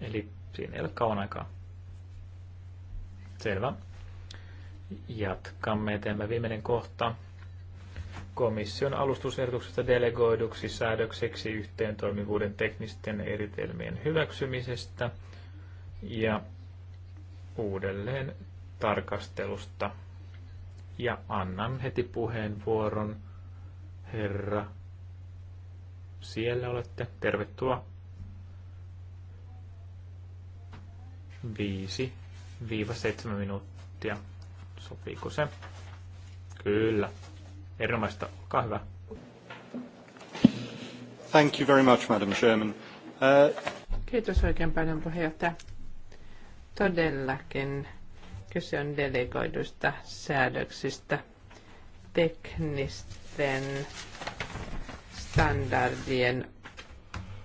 Eli siinä ei ole kauan aikaa. Selvä. Jatkamme eteenpäin. Viimeinen kohta. Komission alustusehdotuksesta delegoiduksi säädökseksi yhteen toimivuuden teknisten eritelmien hyväksymisestä ja uudelleen tarkastelusta. Ja annan heti puheenvuoron, herra. Siellä olette. Tervetuloa 5-7 minuuttia. Sopiiko se? Kyllä. Erinomaista. Olkaa hyvä. Thank you very much, Madam Chairman. Uh... Kiitos oikein paljon puheenjohtaja. Todellakin kyse on delegoiduista säädöksistä teknisten standardien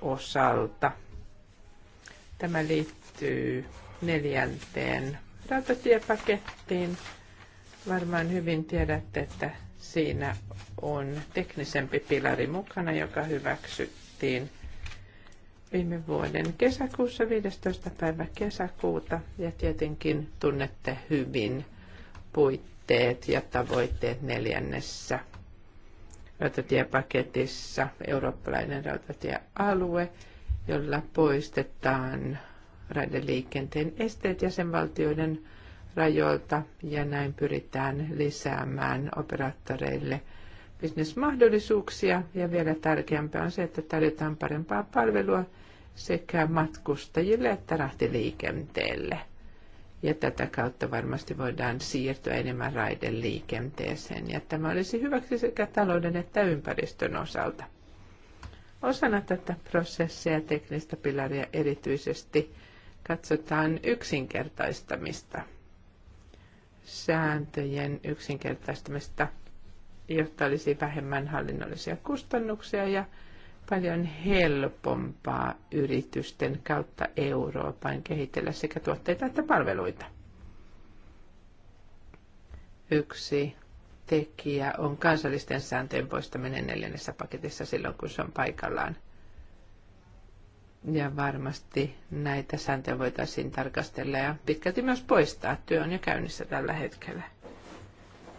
osalta. Tämä liittyy neljänteen rautatiepakettiin. Varmaan hyvin tiedätte, että siinä on teknisempi pilari mukana, joka hyväksyttiin viime vuoden kesäkuussa, 15. päivä kesäkuuta. Ja tietenkin tunnette hyvin puitteet ja tavoitteet neljännessä rautatiepaketissa, eurooppalainen rautatiealue, jolla poistetaan raideliikenteen esteet jäsenvaltioiden rajoilta ja näin pyritään lisäämään operaattoreille bisnesmahdollisuuksia ja vielä tärkeämpää on se, että tarjotaan parempaa palvelua sekä matkustajille että rahtiliikenteelle. Ja tätä kautta varmasti voidaan siirtyä enemmän raideliikenteeseen ja tämä olisi hyväksi sekä talouden että ympäristön osalta. Osana tätä prosessia ja teknistä pilaria erityisesti katsotaan yksinkertaistamista, sääntöjen yksinkertaistamista, jotta olisi vähemmän hallinnollisia kustannuksia ja paljon helpompaa yritysten kautta Euroopan kehitellä sekä tuotteita että palveluita. Yksi tekijä on kansallisten sääntöjen poistaminen neljännessä paketissa silloin, kun se on paikallaan – ja varmasti näitä sääntöjä voitaisiin tarkastella ja pitkälti myös poistaa. Työ on jo käynnissä tällä hetkellä.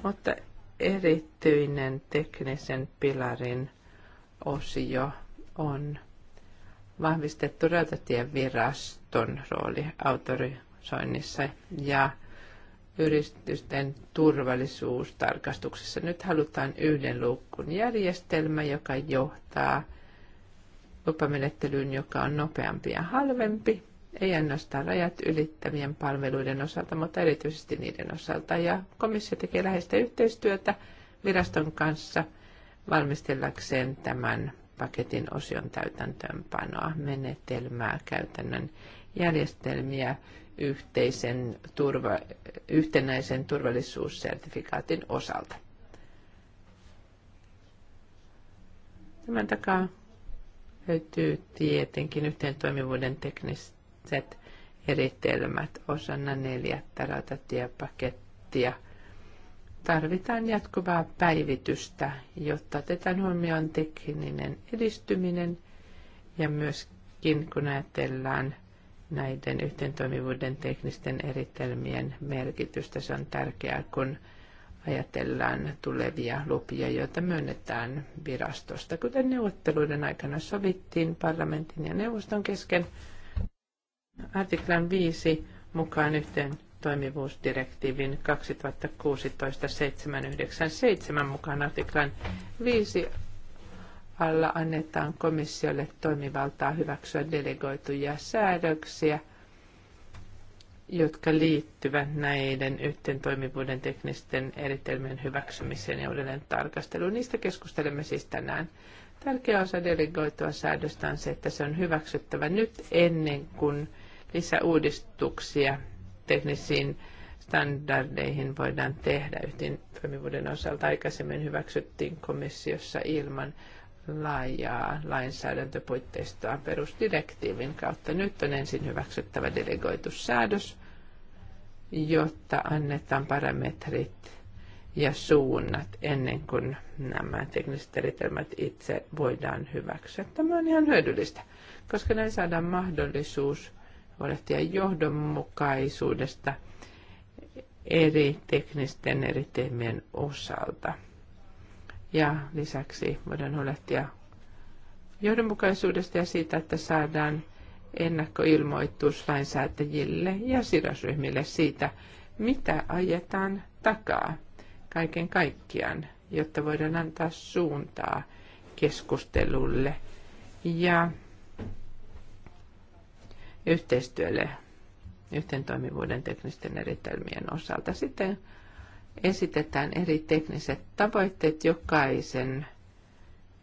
Mutta erityinen teknisen pilarin osio on vahvistettu rautatieviraston rooli autorisoinnissa ja yritysten turvallisuustarkastuksessa. Nyt halutaan yhden luukun järjestelmä, joka johtaa lupamenettelyyn, joka on nopeampi ja halvempi, ei ainoastaan rajat ylittävien palveluiden osalta, mutta erityisesti niiden osalta. Ja komissio tekee läheistä yhteistyötä viraston kanssa valmistellakseen tämän paketin osion täytäntöönpanoa, menetelmää, käytännön järjestelmiä, yhteisen turva, yhtenäisen turvallisuussertifikaatin osalta. Tämän takaa löytyy tietenkin yhteen toimivuuden tekniset eritelmät osana neljättä rautatiepakettia. Tarvitaan jatkuvaa päivitystä, jotta otetaan huomioon tekninen edistyminen ja myöskin kun ajatellaan näiden toimivuuden teknisten eritelmien merkitystä. Se on tärkeää, kun ajatellaan tulevia lupia, joita myönnetään virastosta. Kuten neuvotteluiden aikana sovittiin parlamentin ja neuvoston kesken, artiklan 5 mukaan yhteen toimivuusdirektiivin 2016-797 mukaan artiklan 5 alla annetaan komissiolle toimivaltaa hyväksyä delegoituja säädöksiä – jotka liittyvät näiden yhteen toimivuuden teknisten eritelmien hyväksymiseen ja uudelleen tarkasteluun. Niistä keskustelemme siis tänään. Tärkeä osa delegoitua säädöstä on se, että se on hyväksyttävä nyt ennen kuin lisäuudistuksia teknisiin standardeihin voidaan tehdä. Yhteen toimivuuden osalta aikaisemmin hyväksyttiin komissiossa ilman laajaa lainsäädäntöpuitteistoa perusdirektiivin kautta. Nyt on ensin hyväksyttävä delegoitussäädös, jotta annetaan parametrit ja suunnat ennen kuin nämä tekniset eritelmät itse voidaan hyväksyä. Tämä on ihan hyödyllistä, koska näin saadaan mahdollisuus huolehtia johdonmukaisuudesta eri teknisten eritelmien osalta – ja lisäksi voidaan huolehtia johdonmukaisuudesta ja siitä, että saadaan ennakkoilmoitus lainsäätäjille ja sidosryhmille siitä, mitä ajetaan takaa kaiken kaikkiaan, jotta voidaan antaa suuntaa keskustelulle ja yhteistyölle toimivuuden teknisten eritelmien osalta. Sitten esitetään eri tekniset tavoitteet jokaisen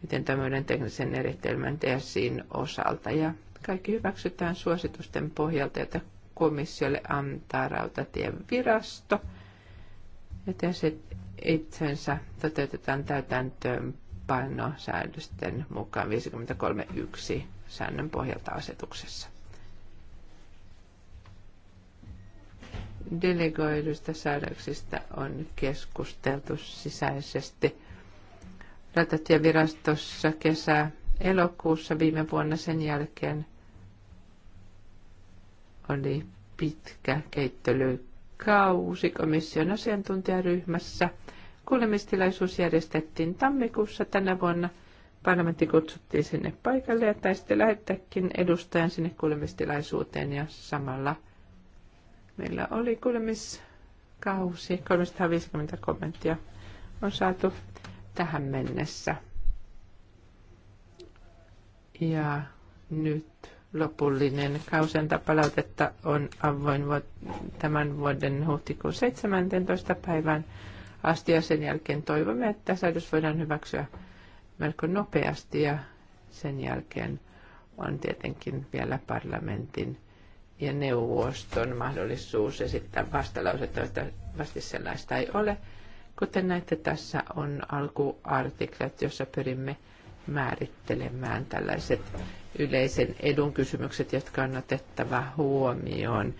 miten tämmöinen teknisen erittelmän DSIin osalta. Ja kaikki hyväksytään suositusten pohjalta, että komissiolle antaa rautatien virasto. Ja se itsensä toteutetaan täytäntöön painosäädösten mukaan 53.1 säännön pohjalta asetuksessa. delegoiduista säädöksistä on keskusteltu sisäisesti virastossa kesä elokuussa viime vuonna sen jälkeen oli pitkä keittelykausi komission asiantuntijaryhmässä. Kuulemistilaisuus järjestettiin tammikuussa tänä vuonna. Parlamentti kutsuttiin sinne paikalle ja taisi lähettääkin edustajan sinne kuulemistilaisuuteen ja samalla – Meillä oli kuulemiskausi, 350 kommenttia on saatu tähän mennessä. Ja nyt lopullinen kausenta palautetta on avoin tämän vuoden huhtikuun 17. päivän asti ja sen jälkeen toivomme, että säädös voidaan hyväksyä melko nopeasti ja sen jälkeen on tietenkin vielä parlamentin ja neuvoston mahdollisuus esittää vastalause. toivottavasti sellaista ei ole. Kuten näette, tässä on alkuartiklat, jossa pyrimme määrittelemään tällaiset yleisen edun kysymykset, jotka on otettava huomioon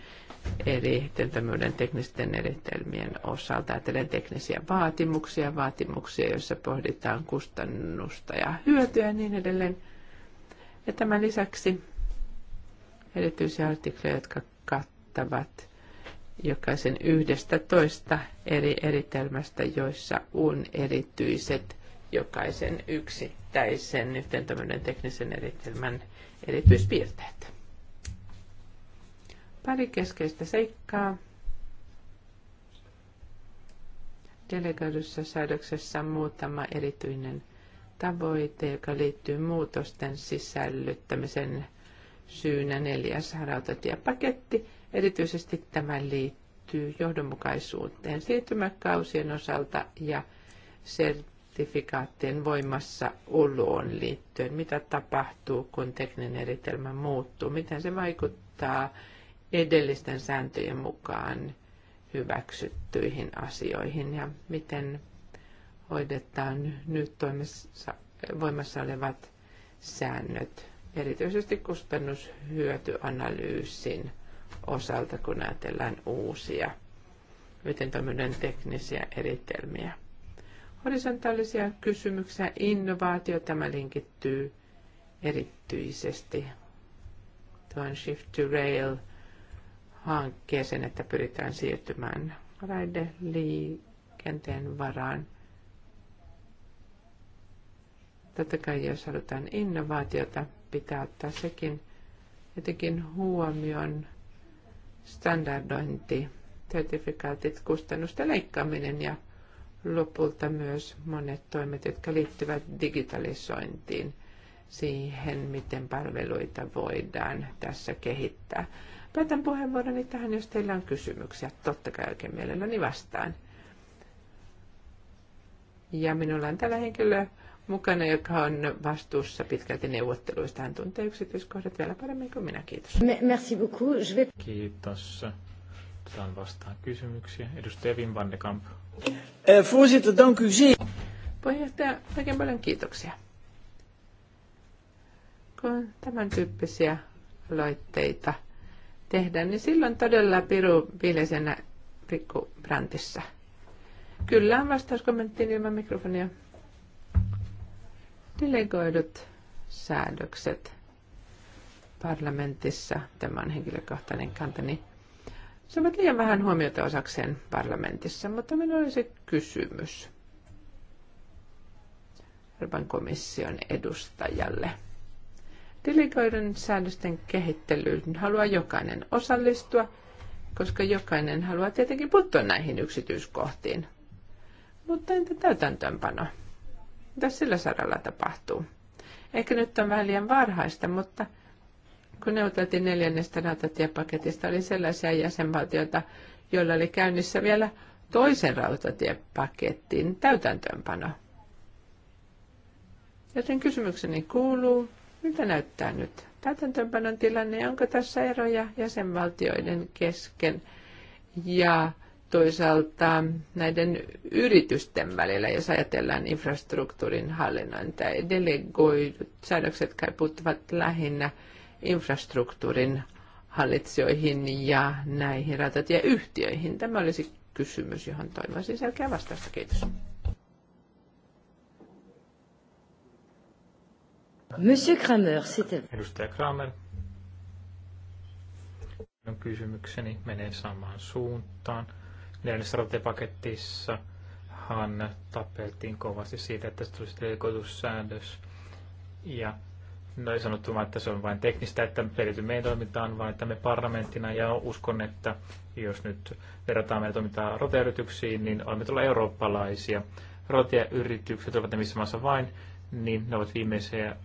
eri tämmöiden teknisten eritelmien osalta Ajattelen teknisiä vaatimuksia, vaatimuksia, joissa pohditaan kustannusta ja hyötyä ja niin edelleen. Ja tämän lisäksi erityisiä artikloja, jotka kattavat jokaisen yhdestä toista eri eritelmästä, joissa on erityiset jokaisen yksittäisen yhteen tämmöinen teknisen eritelmän erityispiirteet. Pari keskeistä seikkaa. Delegoidussa säädöksessä on muutama erityinen tavoite, joka liittyy muutosten sisällyttämisen syynä neljäs rautatiepaketti. Erityisesti tämä liittyy johdonmukaisuuteen siirtymäkausien osalta ja sertifikaattien oloon liittyen. Mitä tapahtuu, kun tekninen eritelmä muuttuu? Miten se vaikuttaa edellisten sääntöjen mukaan hyväksyttyihin asioihin ja miten hoidetaan nyt voimassa olevat säännöt erityisesti kustannushyötyanalyysin osalta, kun ajatellaan uusia tämmöinen teknisiä eritelmiä. Horisontaalisia kysymyksiä, innovaatio, tämä linkittyy erityisesti tuon Shift to Rail hankkeeseen, että pyritään siirtymään raideliikenteen varaan. Totta kai jos halutaan innovaatiota, pitää ottaa sekin jotenkin huomioon standardointi, sertifikaatit, kustannusten leikkaaminen ja lopulta myös monet toimet, jotka liittyvät digitalisointiin, siihen, miten palveluita voidaan tässä kehittää. Päätän puheenvuoroni tähän, jos teillä on kysymyksiä. Totta kai oikein mielelläni vastaan. Ja minulla on tällä henkilöllä mukana, joka on vastuussa pitkälti neuvotteluista. Hän tuntee yksityiskohdat vielä paremmin kuin minä. Kiitos. Merci beaucoup. Je vais... Kiitos. Otetaan vastaan kysymyksiä. Edustaja Wim van de Kamp. Eh, Puheenjohtaja, oikein paljon kiitoksia. Kun tämän tyyppisiä loitteita tehdään, niin silloin todella piru viileisenä brändissä. Kyllä, vastauskommenttiin ilman mikrofonia. Delegoidut säädökset parlamentissa, tämä on henkilökohtainen kantani, saavat liian vähän huomiota osakseen parlamentissa, mutta minulla se kysymys Euroopan komission edustajalle. Delegoidun säädösten kehittelyyn haluaa jokainen osallistua, koska jokainen haluaa tietenkin puuttua näihin yksityiskohtiin. Mutta entä täytäntöönpano? Mitä sillä saralla tapahtuu? Ehkä nyt on vähän liian varhaista, mutta kun neuvoteltiin neljännestä rautatiepaketista, oli sellaisia jäsenvaltioita, joilla oli käynnissä vielä toisen rautatiepaketin täytäntöönpano. Joten kysymykseni kuuluu, mitä näyttää nyt täytäntöönpanon tilanne, onko tässä eroja jäsenvaltioiden kesken ja toisaalta näiden yritysten välillä, jos ajatellaan infrastruktuurin hallinnointia. Delegoidut säädökset kai puuttuvat lähinnä infrastruktuurin hallitsijoihin ja näihin rautatieyhtiöihin. Tämä olisi kysymys, johon toivoisin selkeä vastausta. Kiitos. Monsieur Kramer, sitten. Edustaja Kramer. kysymykseni menee samaan suuntaan neljännessä hän tapeltiin kovasti siitä, että se tulisi delegoitussäädös. Ja no ei sanottu vaan, että se on vain teknistä, että perity meidän toimintaan, vaan että me parlamenttina ja uskon, että jos nyt verrataan meidän toimintaa roteyrityksiin, niin olemme tulla eurooppalaisia. Roteyritykset ovat ne missä maassa vain, niin ne ovat viimeisiä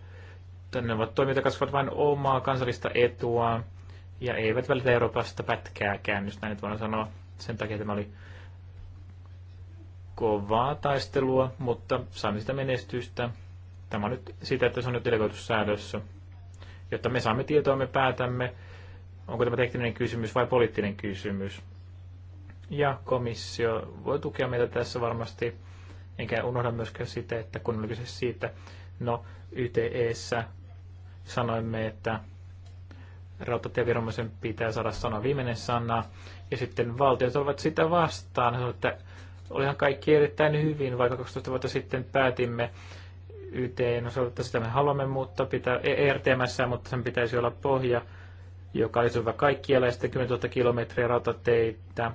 ne ovat toimijoita, kasvavat vain omaa kansallista etua ja eivät välitä Euroopasta pätkääkään, jos näin nyt voidaan sanoa. Sen takia tämä oli kovaa taistelua, mutta saimme sitä menestystä. Tämä on nyt sitä, että se on nyt delegoitu säädössä. Jotta me saamme tietoa, me päätämme, onko tämä tekninen kysymys vai poliittinen kysymys. Ja komissio voi tukea meitä tässä varmasti. Enkä unohda myöskään sitä, että kun oli kyse siitä, no YTEssä sanoimme, että rautatieviranomaisen pitää saada sanoa viimeinen sana. Ja sitten valtiot ovat sitä vastaan. että olihan kaikki erittäin hyvin, vaikka 12 vuotta sitten päätimme no se että sitä me haluamme muuttaa pitää ERTMS, e mutta sen pitäisi olla pohja, joka olisi hyvä kaikkialla, ja sitten 10 000 kilometriä rautateitä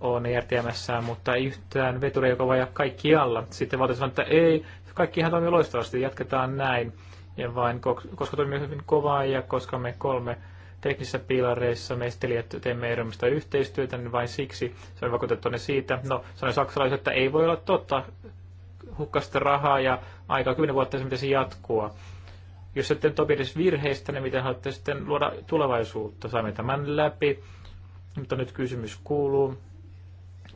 on ERTMS, mutta ei yhtään veturia, joka voi ajaa kaikkialla. Sitten valtio sanoo, että ei, kaikki ihan toimii loistavasti, jatketaan näin. Ja vain koska toimii hyvin kovaa ja koska me kolme teknisissä pilareissa mestelijät teemme eroamista yhteistyötä, niin vain siksi se on vakuutettu siitä. No, sanoin saksalaiset, että ei voi olla totta hukkasta rahaa ja aikaa kymmenen vuotta se pitäisi jatkua. Jos sitten topi edes virheistä, niin miten haluatte sitten luoda tulevaisuutta? Saimme tämän läpi, mutta nyt kysymys kuuluu,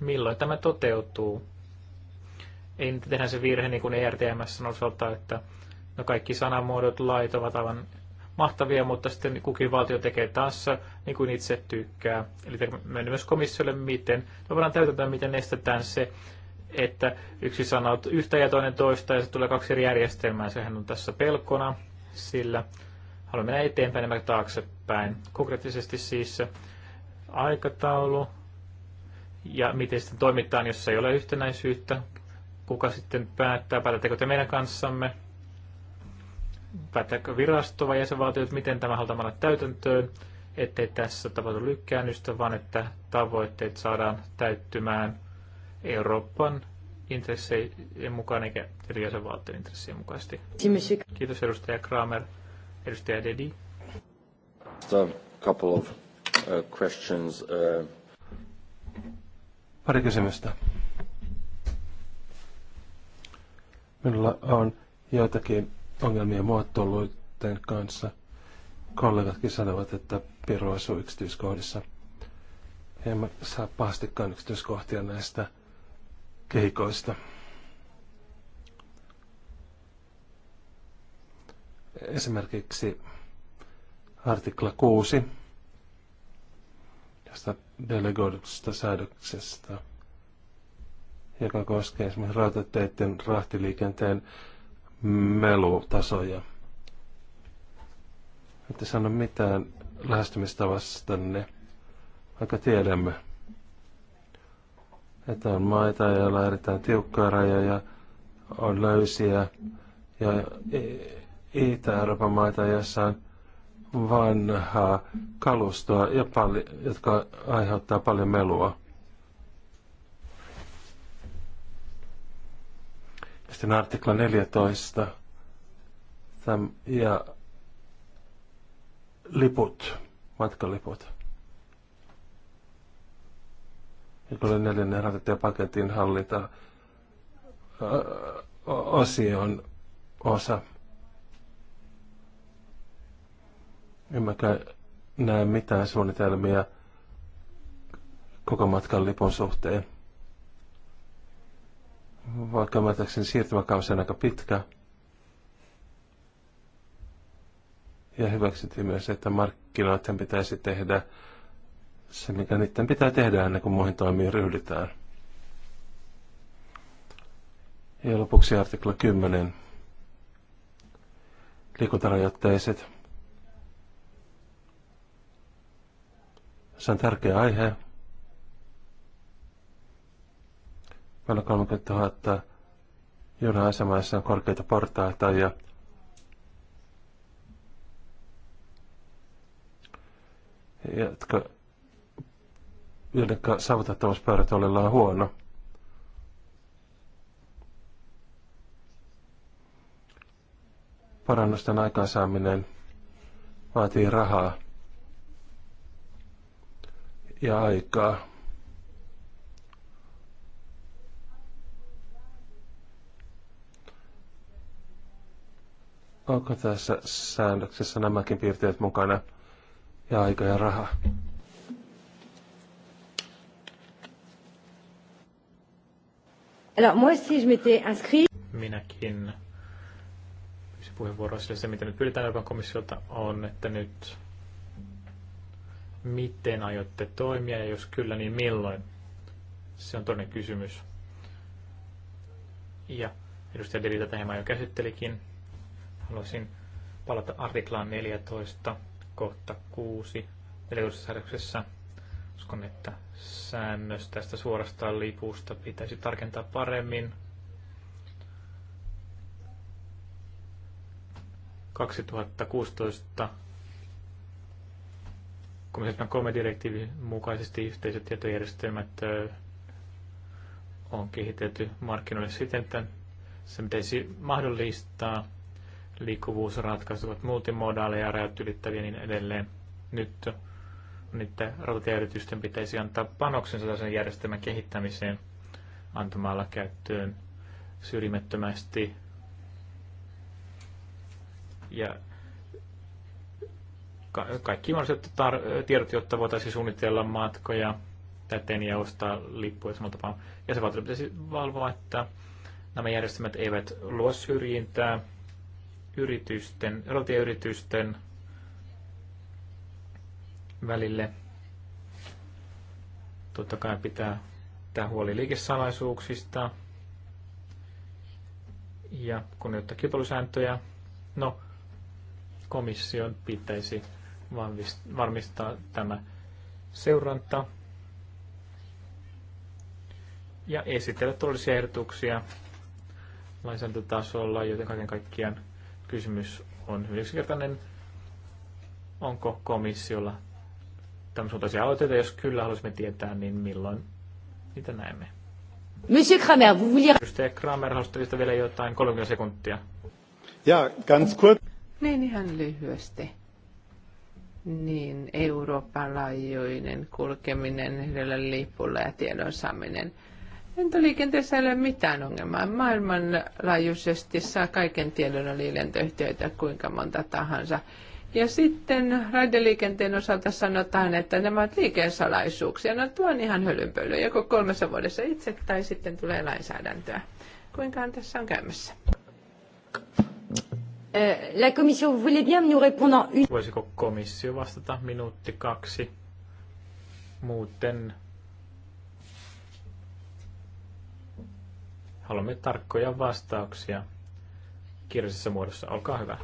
milloin tämä toteutuu? Ei nyt tehdä se virhe, niin kuin ERTMS sanoi että No kaikki sanamuodot, lait ovat aivan mahtavia, mutta sitten kukin valtio tekee taas niin kuin itse tykkää. Eli mennään myös komissiolle, miten me voidaan täytetään, miten estetään se, että yksi sanoo yhtä ja toinen toista ja se tulee kaksi eri järjestelmää. Sehän on tässä pelkona, sillä haluan mennä eteenpäin ja taaksepäin. Konkreettisesti siis se aikataulu ja miten sitten toimitaan, jos ei ole yhtenäisyyttä. Kuka sitten päättää, päätättekö te meidän kanssamme päättääkö virasto vai jäsenvaltiot, miten tämä halutaan panna täytäntöön, ettei tässä tapahdu lykkäännystä, vaan että tavoitteet saadaan täyttymään Euroopan intressejen mukaan eikä eri jäsenvaltion intressien mukaisesti. Kiitos edustaja Kramer. Edustaja Dedi. A couple of uh, questions. Uh, Pari kysymystä. Minulla on joitakin ongelmia muotoiluiden kanssa. Kollegatkin sanovat, että Piru asuu yksityiskohdissa. Emme saa pahastikaan yksityiskohtia näistä kehikoista. Esimerkiksi artikla 6 tästä delegoidusta säädöksestä, joka koskee esimerkiksi rautateiden rahtiliikenteen melutasoja. Ette sano mitään lähestymistavastanne, vaikka tiedämme, että on maita, joilla erittäin tiukkaa rajoja, on löysiä ja Itä-Euroopan maita, joissa on vanhaa kalustoa, jotka aiheuttaa paljon melua. tekstin artikla 14 täm, ja liput, matkaliput. Ja kun neljännen paketin hallinta osion osa. En mä näe mitään suunnitelmia koko matkan lipun suhteen vaikka ymmärtääkseni siirtymäkausi on aika pitkä. Ja hyväksyttiin myös, että markkinoiden pitäisi tehdä se, mikä niiden pitää tehdä ennen kuin muihin toimiin ryhdytään. Ja lopuksi artikla 10. Liikuntarajoitteiset. Se on tärkeä aihe. Meillä on 30 000 juna asemaissa on korkeita portaita ja jotka, joiden saavutettavuuspyörätuolilla on huono. Parannusten aikaansaaminen vaatii rahaa ja aikaa. Onko tässä säännöksessä nämäkin piirteet mukana ja aika ja raha? Minäkin pyysin puheenvuoroa sille. se, mitä nyt pyydetään Euroopan komissiolta on, että nyt miten aiotte toimia ja jos kyllä, niin milloin? Se on toinen kysymys. Ja edustaja Deli tätä jo käsittelikin. Haluaisin palata artiklaan 14, kohta 6 perussäädöksessä. Uskon, että säännös tästä suorastaan lipusta pitäisi tarkentaa paremmin. 2016 komission kolme direktiivin mukaisesti yhteiset tietojärjestelmät on kehitetty markkinoille siten, että se pitäisi mahdollistaa liikkuvuusratkaisut, multimodaaleja, rajat ylittäviä niin edelleen. Nyt niiden rautatieyritysten pitäisi antaa panoksensa tällaisen järjestelmän kehittämiseen antamalla käyttöön syrjimättömästi ja kaikki mahdolliset tar- tiedot, jotta voitaisiin suunnitella matkoja täten ja ostaa lippuja samalla tapaa. Jäsenvaltioiden pitäisi valvoa, että nämä järjestelmät eivät luo syrjintää yritysten, rotiyritysten välille. Totta kai pitää tämä huoli liikesalaisuuksista ja kunnioittaa kilpailusääntöjä. No, komission pitäisi varmistaa tämä seuranta ja esitellä todellisia ehdotuksia lainsäädäntötasolla, joten kaiken kaikkiaan Kysymys on hyvin yksinkertainen. Onko komissiolla tämmöisiä aloitteita? Jos kyllä haluaisimme tietää, niin milloin niitä näemme? Monsieur Kramer, vous vouliez... Edustaja Kramer, haluaisitte vielä jotain 30 sekuntia? Ja, ganz kurz. Niin ihan lyhyesti. Niin, Euroopan laajuinen kulkeminen yhdellä lipulla ja tiedon saaminen – Lentoliikenteessä ei ole mitään ongelmaa. Maailmanlaajuisesti saa kaiken tiedon oli lentoyhtiöitä kuinka monta tahansa. Ja sitten raideliikenteen osalta sanotaan, että nämä ovat liikesalaisuuksia. No tuo on ihan hölynpölyä, joko kolmessa vuodessa itse tai sitten tulee lainsäädäntöä. Kuinkaan tässä on käymässä? Eh, la commission, voulait bien nous répondre Voisiko komissio vastata minuutti kaksi? Muuten Haluamme tarkkoja vastauksia kirjallisessa muodossa. Olkaa hyvä.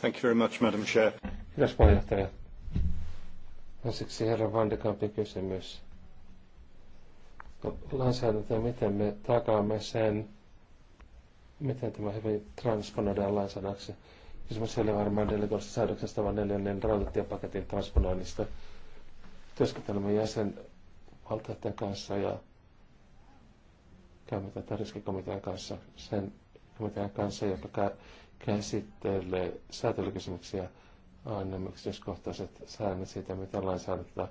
Thank you very much, Madam Chair. Kiitos puheenjohtaja. Ensiksi herra Van de Kampin kysymys. Lainsäädäntö, miten me takaamme sen, miten tämä hyvin transponoidaan lainsäädäksi? Kysymys oli varmaan delegoista säädöksestä, vaan neljännen rautatiepaketin transponoinnista. Työskentelemme jäsenvaltioiden kanssa ja käymme tätä riskikomitean kanssa, sen komitean kanssa, joka käsittelee säätelykysymyksiä annamme yksityiskohtaiset säännöt siitä, mitä lainsäädäntöä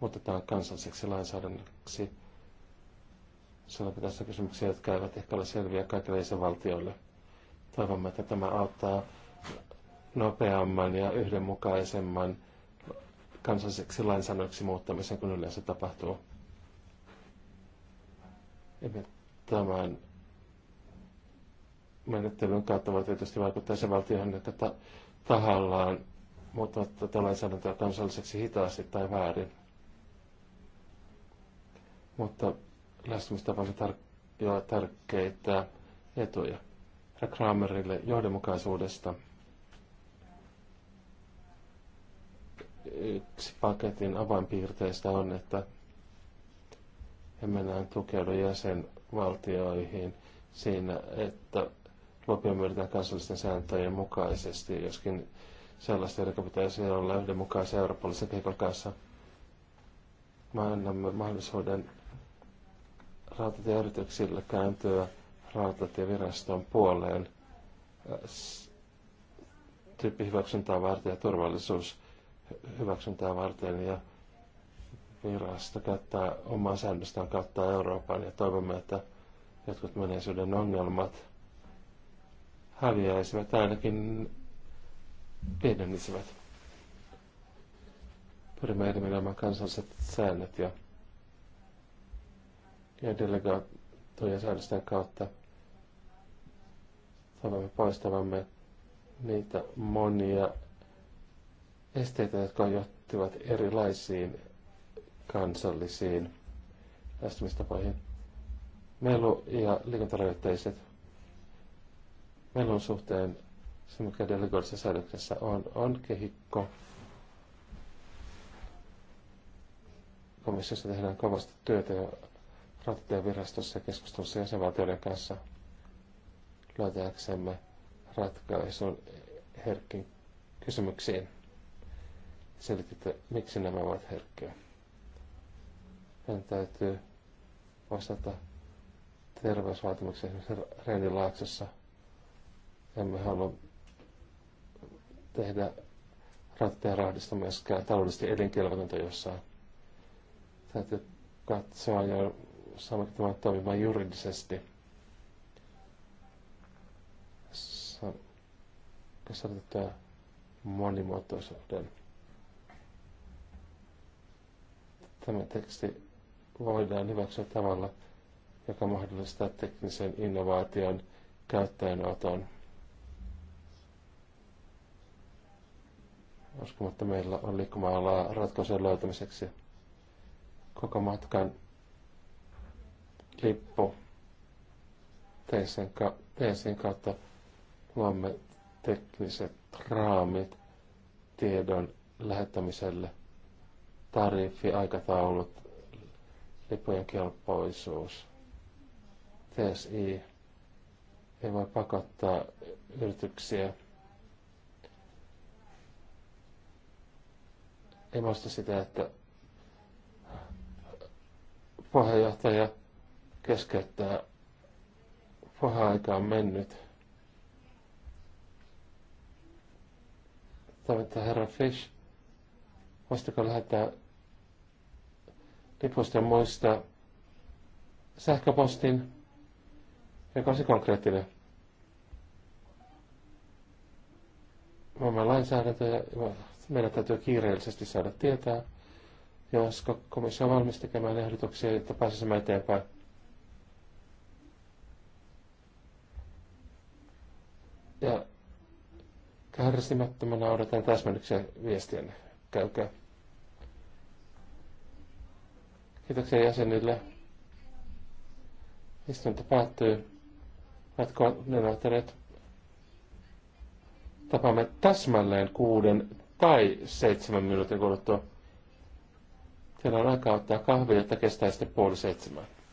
muutetaan kansalliseksi lainsäädännöksi. Sanoipa tässä kysymyksiä, jotka eivät ehkä ole selviä kaikille jäsenvaltioille. Toivomme, että tämä auttaa nopeamman ja yhdenmukaisemman kansalliseksi lainsäädännöksi muuttamisen, kun yleensä tapahtuu. Emme tämän menettelyn kautta voi tietysti vaikuttaa se valtiohan, että ta- tahallaan muuttavat tätä lainsäädäntöä kansalliseksi hitaasti tai väärin. Mutta on tar- tärkeitä etuja. Herra Kramerille johdonmukaisuudesta. Yksi paketin avainpiirteistä on, että emme enää tukeudu jäsen valtioihin siinä, että lupia myönnetään kansallisten sääntöjen mukaisesti, joskin sellaista, joka pitäisi olla yhdenmukaisen eurooppalaisen kehikon kanssa. Mä annamme mahdollisuuden rautatieyrityksille kääntyä rautatieviraston puoleen äh, tyyppihyväksyntää varten ja turvallisuushyväksyntää varten ja virasto käyttää omaa säännöstään kautta Euroopan ja toivomme, että jotkut menneisyyden ongelmat häviäisivät tai ainakin pienenisivät. Pyrimme edelleen kansalliset säännöt ja, ja delegaattujen säännösten kautta toivomme poistavamme niitä monia esteitä, jotka johtivat erilaisiin kansallisiin lähestymistapoihin. Melu- ja liikuntarajoitteiset melun suhteen se, mikä delegoidissa säädöksessä on, on kehikko. Komissiossa tehdään kovasti työtä ja rautatievirastossa ja keskustelussa jäsenvaltioiden kanssa löytääksemme ratkaisun herkkiin kysymyksiin. Selititte, miksi nämä ovat herkkiä. Meidän täytyy vastata terveysvaatimuksia esimerkiksi Reinilaaksossa. Emme halua tehdä rahdista myöskään taloudellisesti elinkelvotonta jossain. Täytyy katsoa ja saada tämä toimimaan juridisesti. Kasvatetaan monimuotoisuuden. Tämä teksti voidaan hyväksyä tavalla, joka mahdollistaa teknisen innovaation käyttäjänoton. Uskomatta meillä on liikkumaa ratkaisujen löytämiseksi koko matkan lippu teisen, ka- teisen kautta luomme tekniset raamit tiedon lähettämiselle, tariffi, aikataulut, lipujen kelpoisuus. TSI ei voi pakottaa yrityksiä. Ei muista sitä, että puheenjohtaja keskeyttää. Puheaika on mennyt. Tavoittaa herra Fish. Voisitko lähettää Lipusta muista sähköpostin, joka on se konkreettinen. Maailman lainsäädäntö ja meidän täytyy kiireellisesti saada tietää, josko komissio on valmis tekemään ehdotuksia, jotta pääsisimme eteenpäin. Ja kärsimättömänä odotan täsmennyksiä viestien. Käykää. Kiitoksia jäsenille. Istunto päättyy. Hyvät tapaamme täsmälleen kuuden tai seitsemän minuutin kuluttua. Teillä on aikaa ottaa kahvia että kestää sitten puoli seitsemän.